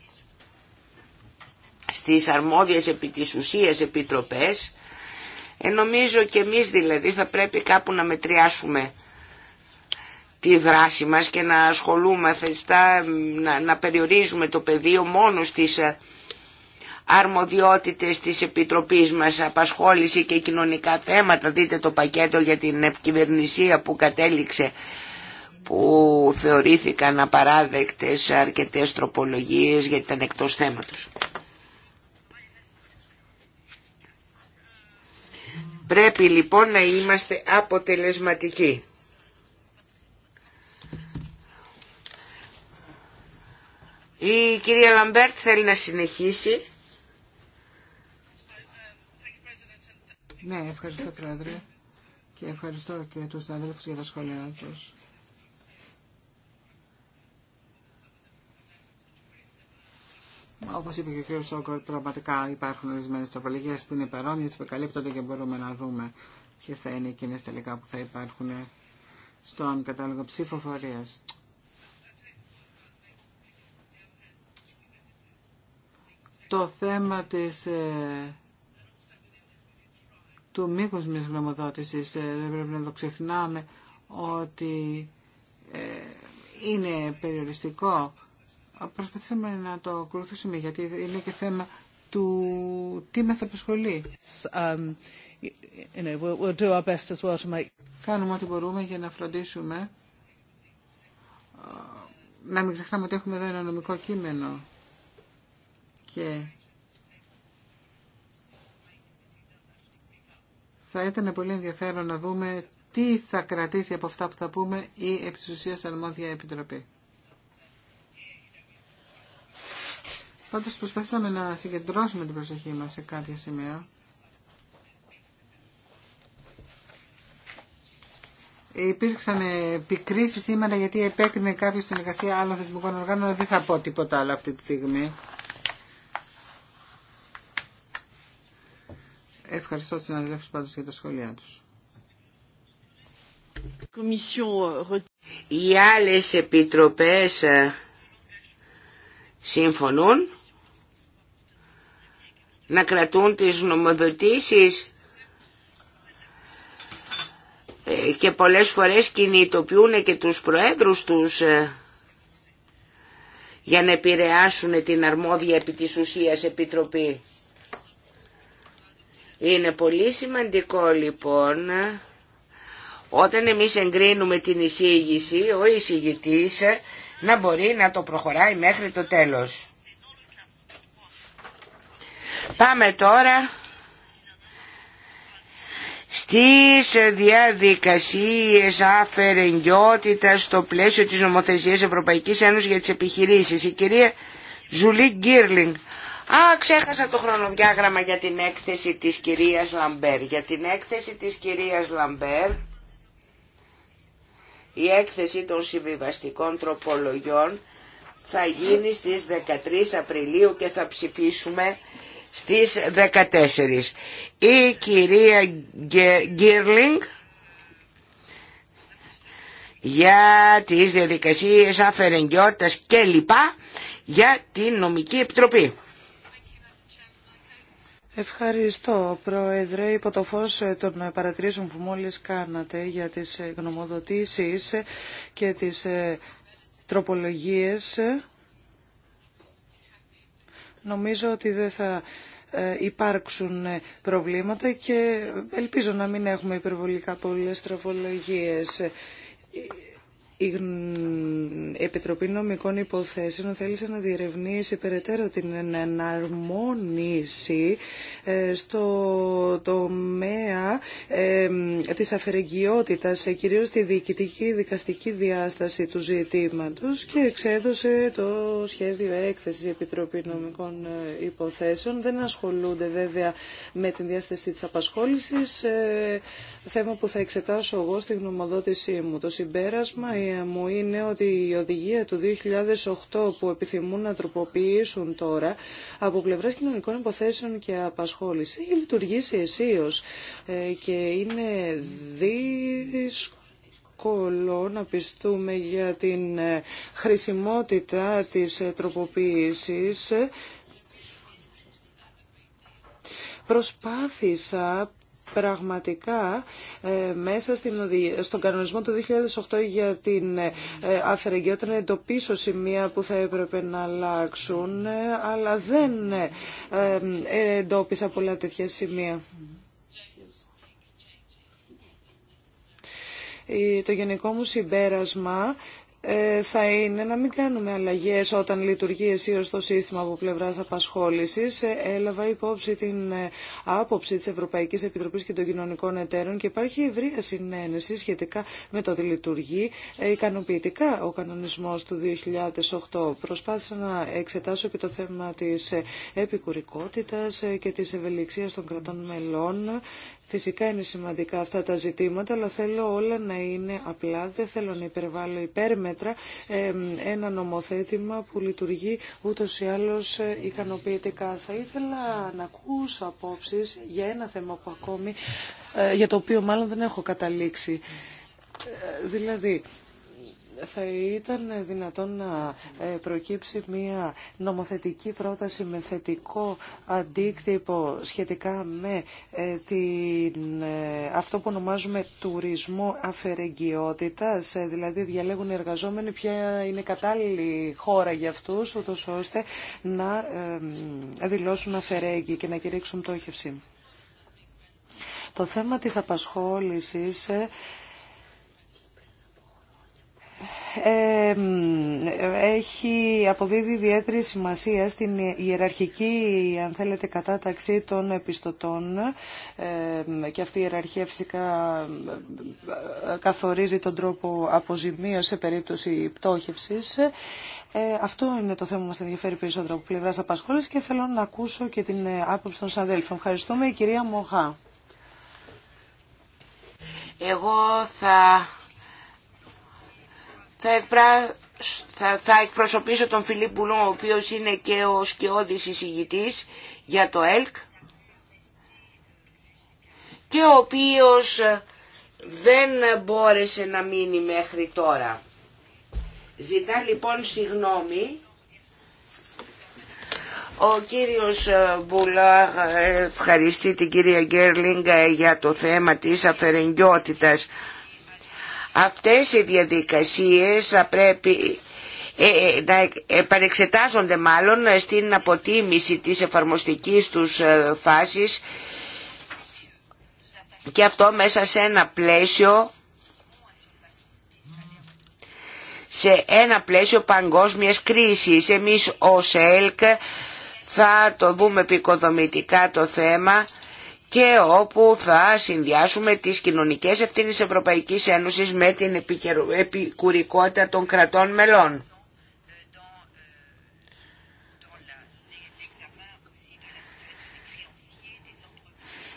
στις αρμόδιες επί της ουσίας επιτροπές ε, νομίζω και εμείς δηλαδή θα πρέπει κάπου να μετριάσουμε τη δράση μας και να ασχολούμαστε, να, να περιορίζουμε το πεδίο μόνο στις ε, αρμοδιότητες της Επιτροπής μας, απασχόληση και κοινωνικά θέματα. Δείτε το πακέτο για την ευκυβερνησία που κατέληξε, που θεωρήθηκαν απαράδεκτες αρκετές τροπολογίες γιατί ήταν εκτός θέματος. Πρέπει λοιπόν να είμαστε αποτελεσματικοί. Η κυρία Λαμπέρτ θέλει να συνεχίσει. Ναι, ευχαριστώ Πρόεδρε και ευχαριστώ και τους αδέλφους για τα σχόλιά τους. Όπω είπε και ο κ. Σόκορ, πραγματικά υπάρχουν ορισμένε τροπολογίε που είναι παρόμοιε, που καλύπτονται και μπορούμε να δούμε ποιε θα είναι εκείνε τελικά που θα υπάρχουν στον κατάλογο ψηφοφορία. Το θέμα της ε, του μήκους μιας γνωμοδότησης. Ε, δεν πρέπει να το ξεχνάμε ότι ε, είναι περιοριστικό. Προσπαθήσαμε να το ακολουθήσουμε γιατί είναι και θέμα του τι μας απασχολεί. Um, Κάνουμε ό,τι μπορούμε για να φροντίσουμε ε, να μην ξεχνάμε ότι έχουμε εδώ ένα νομικό κείμενο και Θα ήταν πολύ ενδιαφέρον να δούμε τι θα κρατήσει από αυτά που θα πούμε η επί αρμόδια επιτροπή. Πάντως προσπαθήσαμε να συγκεντρώσουμε την προσοχή μας σε κάποια σημεία. Υπήρξαν επικρίσεις σήμερα γιατί επέκρινε κάποιος στην εργασία άλλων θεσμικών οργάνων. Δεν θα πω τίποτα άλλο αυτή τη στιγμή. Ευχαριστώ τους συναδέλφους πάντως για τα σχόλιά τους. Ε, Οι άλλες επιτροπές ε, συμφωνούν να κρατούν τις νομοδοτήσεις ε, και πολλές φορές κινητοποιούν και τους προέδρους τους για να επηρεάσουν την αρμόδια επί της ουσίας επιτροπή. Είναι πολύ σημαντικό λοιπόν όταν εμείς εγκρίνουμε την εισήγηση, ο εισηγητής να μπορεί να το προχωράει μέχρι το τέλος. Πάμε τώρα στις διαδικασίες αφαιρεγγιότητας στο πλαίσιο της νομοθεσίας Ευρωπαϊκής Ένωσης για τις επιχειρήσεις. Η κυρία Ζουλή Γκίρλινγκ Α, ξέχασα το χρονοδιάγραμμα για την έκθεση της κυρίας Λαμπέρ. Για την έκθεση της κυρίας Λαμπέρ, η έκθεση των συμβιβαστικών τροπολογιών θα γίνει στις 13 Απριλίου και θα ψηφίσουμε στις 14. Η κυρία Γκίρλινγκ για τις διαδικασίες αφαιρεγγιότητας και λοιπά για την νομική επιτροπή. Ευχαριστώ, Πρόεδρε. Υπό το φως ε, των παρατηρήσεων που μόλις κάνατε για τις ε, γνωμοδοτήσεις ε, και τις τροπολογίες, νομίζω ότι δεν θα υπάρξουν προβλήματα και ελπίζω να μην έχουμε υπερβολικά πολλές τροπολογίες η Επιτροπή Νομικών Υποθέσεων θέλησε να διερευνήσει περαιτέρω την εναρμόνιση ε, στο τομέα ε, της αφαιρεγγιότητας, ε, κυρίως στη διοικητική δικαστική διάσταση του ζητήματος και εξέδωσε το σχέδιο έκθεσης Επιτροπή Νομικών Υποθέσεων. Δεν ασχολούνται βέβαια με την διάσταση της απασχόλησης, θέμα που θα εξετάσω εγώ στη γνωμοδότησή μου. Το συμπέρασμα μου είναι ότι η οδηγία του 2008 που επιθυμούν να τροποποιήσουν τώρα από πλευρά κοινωνικών υποθέσεων και απασχόληση έχει λειτουργήσει αισίω ε, και είναι δύσκολο να πιστούμε για την ε, χρησιμότητα της ε, τροποποίησης. Προσπάθησα πραγματικά ε, μέσα στον κανονισμό του 2008 για την ε, αφαιρεγγιότητα να εντοπίσω σημεία που θα έπρεπε να αλλάξουν, ε, αλλά δεν ε, εντόπισα πολλά τέτοια σημεία. Το γενικό μου συμπέρασμα ε, θα είναι να μην κάνουμε αλλαγές όταν λειτουργεί αισίως το σύστημα από πλευράς απασχόλησης. Ε, έλαβα υπόψη την ε, άποψη της Ευρωπαϊκής Επιτροπής και των Κοινωνικών Εταίρων και υπάρχει ευρεία συνένεση σχετικά με το ότι λειτουργεί ικανοποιητικά ο κανονισμός του 2008. Προσπάθησα να εξετάσω και το θέμα τη επικουρικότητας και της ευελιξίας των κρατών μελών Φυσικά είναι σημαντικά αυτά τα ζητήματα, αλλά θέλω όλα να είναι απλά. Δεν θέλω να υπερβάλλω υπέρμετρα ένα νομοθέτημα που λειτουργεί ούτως ή άλλως ε, ικανοποιητικά. Θα ήθελα να ακούσω απόψεις για ένα θέμα που ακόμη, ε, για το οποίο μάλλον δεν έχω καταλήξει. Ε, δηλαδή, θα ήταν δυνατόν να ε, προκύψει μια νομοθετική πρόταση με θετικό αντίκτυπο σχετικά με ε, την, ε, αυτό που ονομάζουμε τουρισμό αφαιρεγγιότητας, δηλαδή διαλέγουν οι εργαζόμενοι ποια είναι κατάλληλη χώρα για αυτούς, ούτως ώστε να δηλώσουν αφαιρέγγι και να κηρύξουν πτώχευση. Το θέμα της απασχόλησης έχει αποδίδει ιδιαίτερη σημασία στην ιεραρχική, αν θέλετε, κατάταξη των επιστοτών και αυτή η ιεραρχία φυσικά ε, καθορίζει τον τρόπο αποζημίωση σε περίπτωση πτώχευσης. Ε, αυτό είναι το θέμα που μα ενδιαφέρει περισσότερο από πλευράς απασχόλησης και θέλω να ακούσω και την ε, άποψη των συναδέλφων. Ευχαριστούμε, η κυρία Μοχά. Εγώ θα θα, εκπρα... θα, θα εκπροσωπήσω τον Φιλίπ ο οποίος είναι και ο σκιώδης εισηγητής για το ΕΛΚ και ο οποίος ε, δεν μπόρεσε να μείνει μέχρι τώρα. Ζητά λοιπόν συγγνώμη. Ο κύριος ε, Μπουλά ε, ευχαριστεί την κυρία Γκέρλινγκ για το θέμα της αφαιρεγγιότητας Αυτές οι διαδικασίες θα πρέπει ε, ε, να επανεξετάζονται μάλλον στην αποτίμηση της εφαρμοστικής τους ε, φάσης και αυτό μέσα σε ένα πλαίσιο σε ένα πλαίσιο παγκόσμιας κρίσης. Εμείς ως ΕΛΚ θα το δούμε επικοδομητικά το θέμα και όπου θα συνδυάσουμε τις κοινωνικές ευθύνες Ευρωπαϊκής Ένωσης με την επικουρικότητα των κρατών μελών.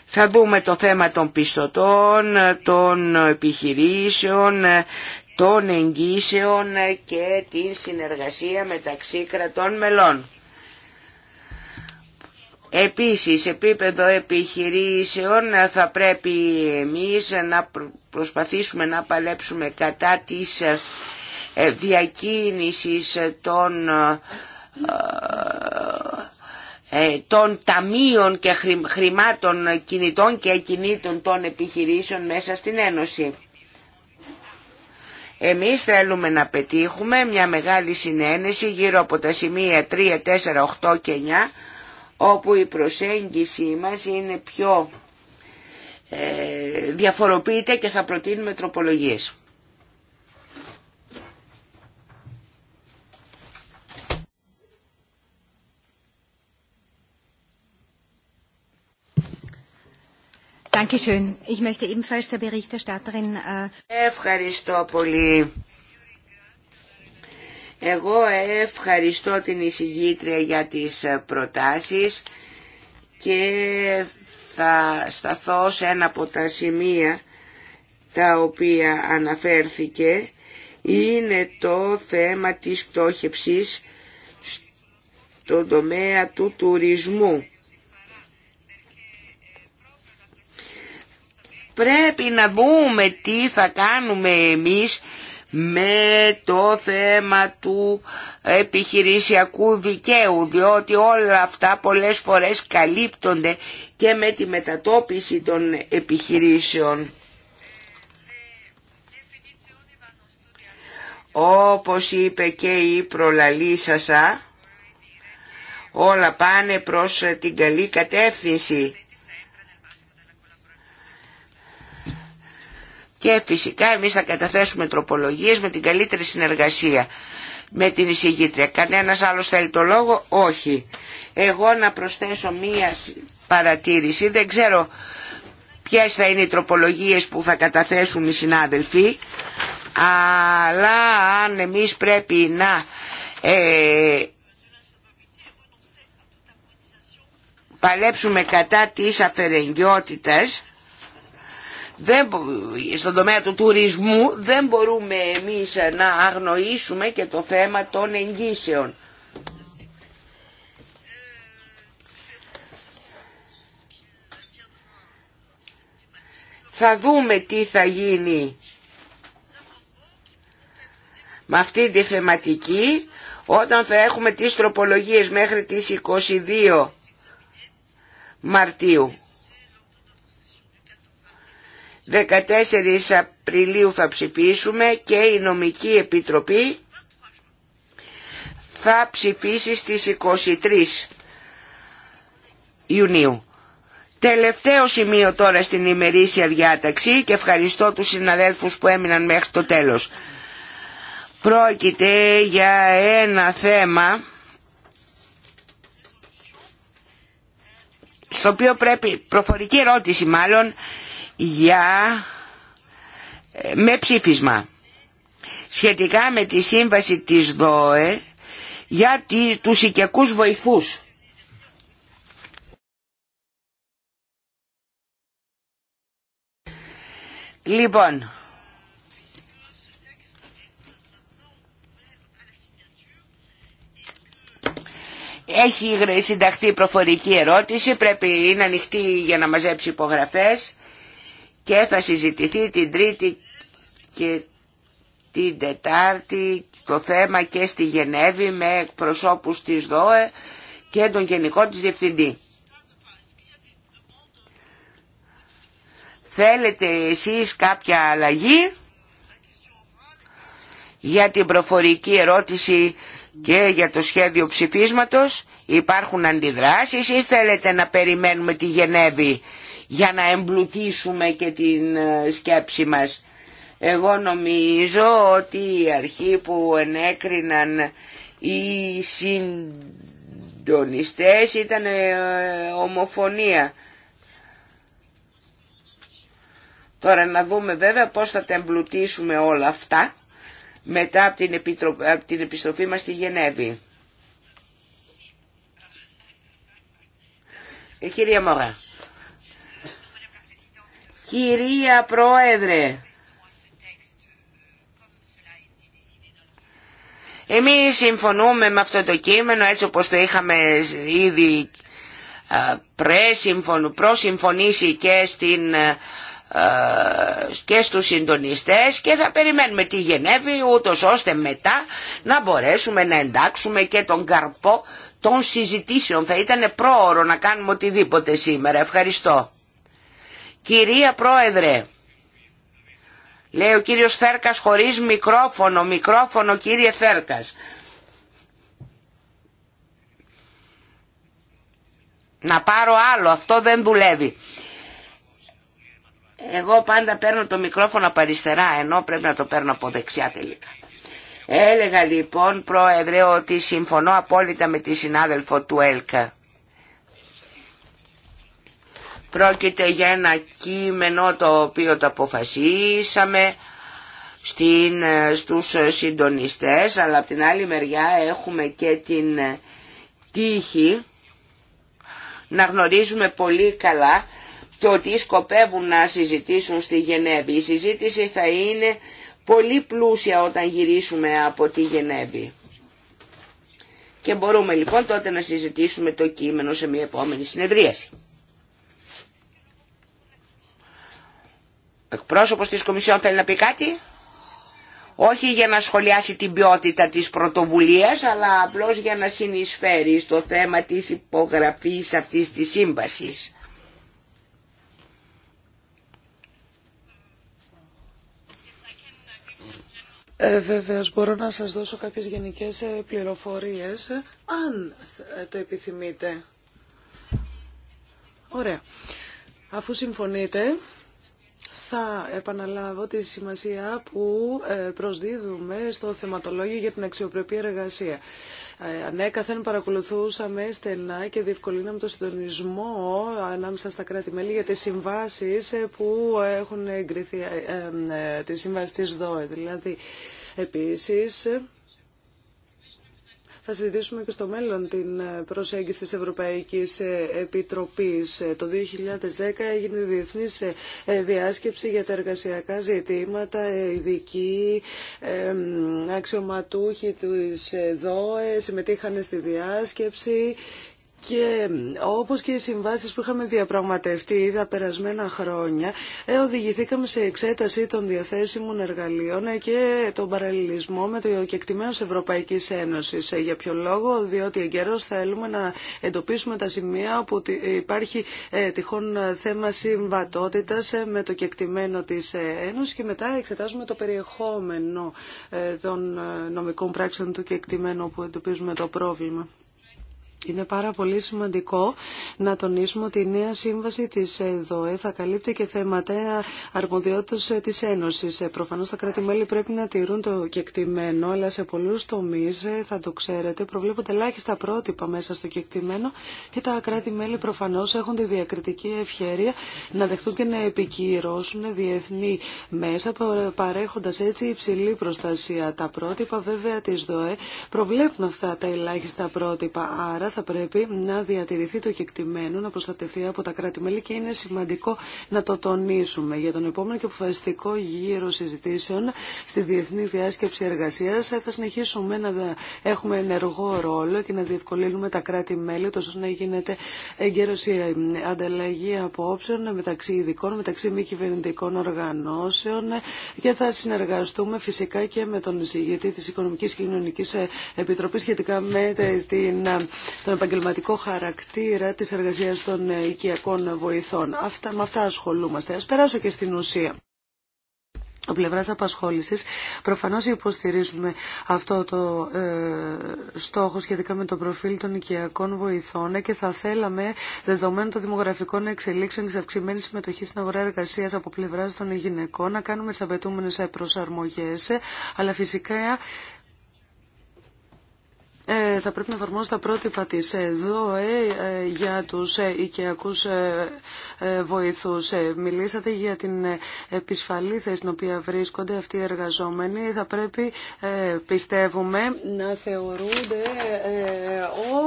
Θα δούμε το θέμα των πιστωτών, των επιχειρήσεων, των εγγύσεων και την συνεργασία μεταξύ κρατών μελών. Επίσης, επίπεδο επιχειρήσεων ε, θα πρέπει εμείς να προσπαθήσουμε να παλέψουμε κατά της ε, ε, διακίνησης των, των ταμείων και χρημάτων κινητών και κινήτων των επιχειρήσεων μέσα στην Ένωση. Εμείς θέλουμε να πετύχουμε μια μεγάλη συνένεση γύρω από τα σημεία 3, 4, 8 και 9 όπου η προσέγγιση μας είναι πιο ε, διαφοροποιείται και θα προτείνουμε τροπολογίες. Äh, Ευχαριστώ πολύ. Εγώ ευχαριστώ την εισηγήτρια για τις προτάσεις και θα σταθώ σε ένα από τα σημεία τα οποία αναφέρθηκε είναι το θέμα της πτώχευσης στον τομέα του τουρισμού. Πρέπει να δούμε τι θα κάνουμε εμείς με το θέμα του επιχειρησιακού δικαίου διότι όλα αυτά πολλές φορές καλύπτονται και με τη μετατόπιση των επιχειρήσεων. Όπως είπε και η προλαλήσασα, όλα πάνε προς την καλή κατεύθυνση Και φυσικά εμείς θα καταθέσουμε τροπολογίες με την καλύτερη συνεργασία με την εισηγήτρια. Κανένας άλλος θέλει το λόγο, όχι. Εγώ να προσθέσω μία παρατήρηση, δεν ξέρω ποιες θα είναι οι τροπολογίες που θα καταθέσουν οι συνάδελφοι, αλλά αν εμείς πρέπει να ε, παλέψουμε κατά της αφαιρεγγιότητας, δεν, στον τομέα του τουρισμού δεν μπορούμε εμείς να αγνοήσουμε και το θέμα των εγγύσεων. Θα δούμε τι θα γίνει με αυτή τη θεματική όταν θα έχουμε τις τροπολογίες μέχρι τις 22 Μαρτίου. 14 Απριλίου θα ψηφίσουμε και η Νομική Επιτροπή θα ψηφίσει στις 23 Ιουνίου. Τελευταίο σημείο τώρα στην ημερήσια διάταξη και ευχαριστώ τους συναδέλφους που έμειναν μέχρι το τέλος. Πρόκειται για ένα θέμα στο οποίο πρέπει προφορική ερώτηση μάλλον για, με ψήφισμα σχετικά με τη σύμβαση της ΔΟΕ για τους οικιακούς βοηθούς. Λοιπόν, έχει συνταχθεί προφορική ερώτηση, πρέπει να ανοιχτή για να μαζέψει υπογραφές και θα συζητηθεί την Τρίτη και την Τετάρτη το θέμα και στη Γενέβη με προσώπους της ΔΟΕ και τον Γενικό της Διευθυντή. Θέλετε εσείς κάποια αλλαγή για την προφορική ερώτηση και για το σχέδιο ψηφίσματος. Υπάρχουν αντιδράσεις ή θέλετε να περιμένουμε τη Γενέβη για να εμπλουτίσουμε και την ε, σκέψη μας. Εγώ νομίζω ότι η αρχή που ενέκριναν οι συντονιστές ήταν ε, ομοφωνία. Τώρα να δούμε βέβαια πώς θα τα εμπλουτίσουμε όλα αυτά μετά από την, επιστροφή μας στη Γενέβη. Ε, κυρία Μωρά. Κυρία Πρόεδρε, εμείς συμφωνούμε με αυτό το κείμενο έτσι όπως το είχαμε ήδη προσυμφωνήσει και, στην, και στους συντονιστές και θα περιμένουμε τη Γενέβη ούτως ώστε μετά να μπορέσουμε να εντάξουμε και τον καρπό των συζητήσεων. Θα ήταν πρόωρο να κάνουμε οτιδήποτε σήμερα. Ευχαριστώ. Κυρία Πρόεδρε, λέει ο κύριος Θέρκας χωρίς μικρόφωνο, μικρόφωνο κύριε Θέρκας. Να πάρω άλλο, αυτό δεν δουλεύει. Εγώ πάντα παίρνω το μικρόφωνο από αριστερά, ενώ πρέπει να το παίρνω από δεξιά τελικά. Έλεγα λοιπόν, Πρόεδρε, ότι συμφωνώ απόλυτα με τη συνάδελφο του ΕΛΚΑ. Πρόκειται για ένα κείμενο το οποίο το αποφασίσαμε στην, ε, στους συντονιστές, αλλά από την άλλη μεριά έχουμε και την ε, τύχη να γνωρίζουμε πολύ καλά το τι σκοπεύουν να συζητήσουν στη Γενέβη. Η συζήτηση θα είναι πολύ πλούσια όταν γυρίσουμε από τη Γενέβη. Και μπορούμε λοιπόν τότε να συζητήσουμε το κείμενο σε μια επόμενη συνεδρίαση. Εκπρόσωπος της Κομισιόν θέλει να πει κάτι. Όχι για να σχολιάσει την ποιότητα της πρωτοβουλίας, αλλά απλώς για να συνεισφέρει στο θέμα της υπογραφής αυτής της σύμβασης. Ε, Βεβαίω, μπορώ να σας δώσω κάποιες γενικές ε, πληροφορίες, αν το επιθυμείτε. Ωραία. Αφού συμφωνείτε, θα επαναλάβω τη σημασία που ε, προσδίδουμε στο θεματολόγιο για την αξιοπρεπή εργασία. Ε, ανέκαθεν παρακολουθούσαμε στενά και διευκολύναμε το συντονισμό ανάμεσα στα κράτη-μέλη για τις συμβάσεις ε, που έχουν εγκριθεί, τις συμβάσεις της ΔΟΕ. Δηλαδή, επίσης, θα συζητήσουμε και στο μέλλον την ε, προσέγγιση της Ευρωπαϊκής ε, Επιτροπής. Ε, το 2010 έγινε διεθνή διάσκεψη για τα εργασιακά ζητήματα, ειδικοί, αξιωματούχοι του ΔΟΕ συμμετείχαν στη διάσκεψη και όπως και οι συμβάσεις που είχαμε διαπραγματευτεί τα περασμένα χρόνια, ε, οδηγηθήκαμε σε εξέταση των διαθέσιμων εργαλείων ε, και τον παραλληλισμό με το κεκτημένο της Ευρωπαϊκής Ένωσης. Ε, για ποιο λόγο, διότι εγκαίρως θέλουμε να εντοπίσουμε τα σημεία όπου υπάρχει τυχόν θέμα συμβατότητας με το κεκτημένο της Ένωσης και μετά εξετάζουμε το περιεχόμενο των νομικών πράξεων του κεκτημένου που εντοπίζουμε το πρόβλημα. Είναι πάρα πολύ σημαντικό να τονίσουμε ότι η νέα σύμβαση της ε, ΔΟΕ θα καλύπτει και θέματα αρμοδιότητας ε, της Ένωσης. Ε, προφανώς τα κράτη-μέλη πρέπει να τηρούν το κεκτημένο, αλλά σε πολλούς τομείς, θα το ξέρετε, προβλέπονται ελάχιστα πρότυπα μέσα στο κεκτημένο και τα κράτη-μέλη προφανώς έχουν τη διακριτική ευχέρεια να δεχτούν και να επικυρώσουν διεθνή μέσα, παρέχοντας έτσι υψηλή προστασία. Τα πρότυπα βέβαια της ΔΟΕ προβλέπουν αυτά τα ελάχιστα πρότυπα, άρα θα πρέπει να διατηρηθεί το κεκτημένο, να προστατευτεί από τα κράτη-μέλη και είναι σημαντικό να το τονίσουμε. Για τον επόμενο και αποφασιστικό γύρο συζητήσεων στη Διεθνή Διάσκεψη Εργασία θα συνεχίσουμε να έχουμε ενεργό ρόλο και να διευκολύνουμε τα κράτη-μέλη, τόσο να γίνεται εγκαίρωση ε, ανταλλαγή απόψεων μεταξύ ειδικών, μεταξύ μη κυβερνητικών οργανώσεων και θα συνεργαστούμε φυσικά και με τον εισηγητή τη οικονομική και Κοινωνικής ε, σχετικά με την τον επαγγελματικό χαρακτήρα της εργασίας των ε, οικιακών βοηθών. Αυτά, με αυτά ασχολούμαστε. Ας περάσω και στην ουσία. Ο πλευρά απασχόληση, προφανώ υποστηρίζουμε αυτό το ε, στόχο σχετικά με το προφίλ των οικιακών βοηθών και θα θέλαμε, δεδομένου των δημογραφικών εξελίξεων και τη αυξημένη συμμετοχή στην αγορά εργασία από πλευρά των γυναικών, να κάνουμε τι απαιτούμενε προσαρμογέ, αλλά φυσικά ε, θα πρέπει να εφαρμόσει τα πρότυπα της ΔΟΕ ε, για τους ε, οικιακούς βοηθούς. Μιλήσατε για την επισφαλή θέση στην οποία βρίσκονται αυτοί οι εργαζόμενοι. Θα πρέπει, πιστεύουμε, να θεωρούνται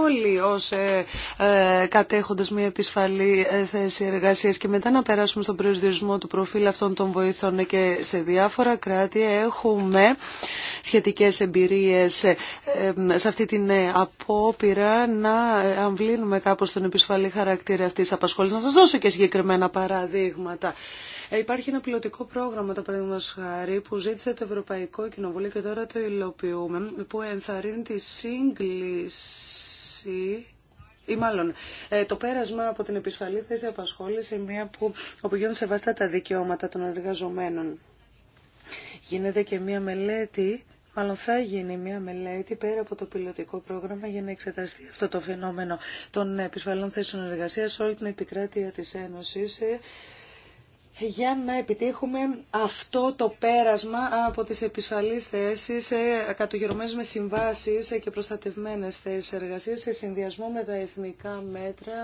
όλοι ως κατέχοντες μια επισφαλή θέση εργασίας και μετά να περάσουμε στον προσδιορισμό του προφίλ αυτών των βοηθών και σε διάφορα κράτη έχουμε σχετικές εμπειρίες σε αυτή την ε, απόπειρα να ε, αμβλύνουμε κάπως τον επισφαλή χαρακτήρα αυτής της απασχόλησης. Να σας δώσω και συγκεκριμένα παραδείγματα. Ε, υπάρχει ένα πιλωτικό πρόγραμμα, το παραδείγμα χάρη, που ζήτησε το Ευρωπαϊκό Κοινοβούλιο και τώρα το υλοποιούμε, που ενθαρρύνει τη σύγκληση ή μάλλον το πέρασμα από την επισφαλή θέση απασχόληση, μια που γίνονται σεβαστά τα δικαιώματα των εργαζομένων. Γίνεται και μια μελέτη Μάλλον θα γίνει μια μελέτη πέρα από το πιλωτικό πρόγραμμα για να εξεταστεί αυτό το φαινόμενο των επισφαλών θέσεων εργασία όλη την επικράτεια της Ένωσης για να επιτύχουμε αυτό το πέρασμα από τις επισφαλείς θέσεις, ε, κατογερωμένες με συμβάσεις ε, και προστατευμένες θέσεις εργασίας σε συνδυασμό με τα εθνικά μέτρα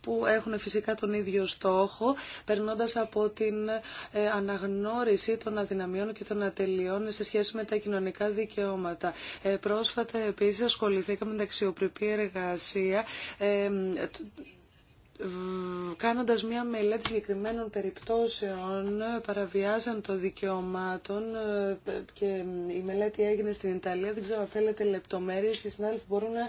που έχουν φυσικά τον ίδιο στόχο, περνώντας από την ε, αναγνώριση των αδυναμιών και των ατελειών σε σχέση με τα κοινωνικά δικαιώματα. Πρόσφατα επίσης ασχοληθήκαμε με την αξιοπρεπή εργασία κάνοντας μια μελέτη συγκεκριμένων περιπτώσεων παραβιάζαν των δικαιωμάτων ε, και η μελέτη έγινε στην Ιταλία, δεν ξέρω αν θέλετε λεπτομέρειες, οι συνάδελφοι μπορούν να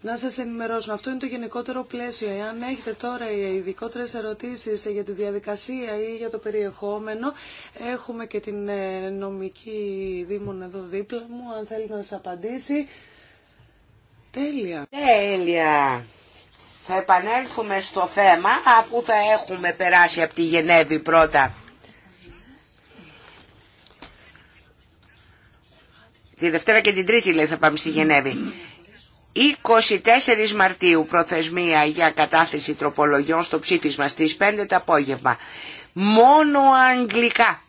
να σας ενημερώσουν. Αυτό είναι το γενικότερο πλαίσιο. Εάν έχετε τώρα ειδικότερε ερωτήσεις για τη διαδικασία ή για το περιεχόμενο, έχουμε και την ε, νομική δήμον εδώ δίπλα μου, αν θέλει να σας απαντήσει. Τέλεια. Τέλεια. Θα επανέλθουμε στο θέμα αφού θα έχουμε περάσει από τη Γενέβη πρώτα. Τη Δευτέρα και την Τρίτη λέει θα πάμε στη Γενέβη. 24 Μαρτίου προθεσμία για κατάθεση τροπολογιών στο ψήφισμα στις 5 το απόγευμα. Μόνο αγγλικά.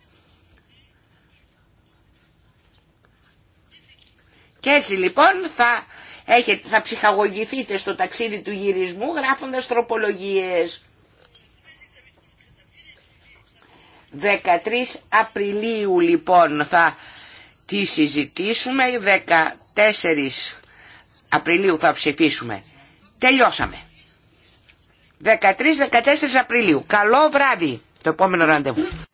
Και έτσι λοιπόν θα Έχετε, θα ψυχαγωγηθείτε στο ταξίδι του γυρισμού γράφοντας τροπολογίες. 13 Απριλίου λοιπόν θα τη συζητήσουμε, 14 Απριλίου θα ψηφίσουμε. Τελειώσαμε. 13-14 Απριλίου. Καλό βράδυ το επόμενο ραντεβού.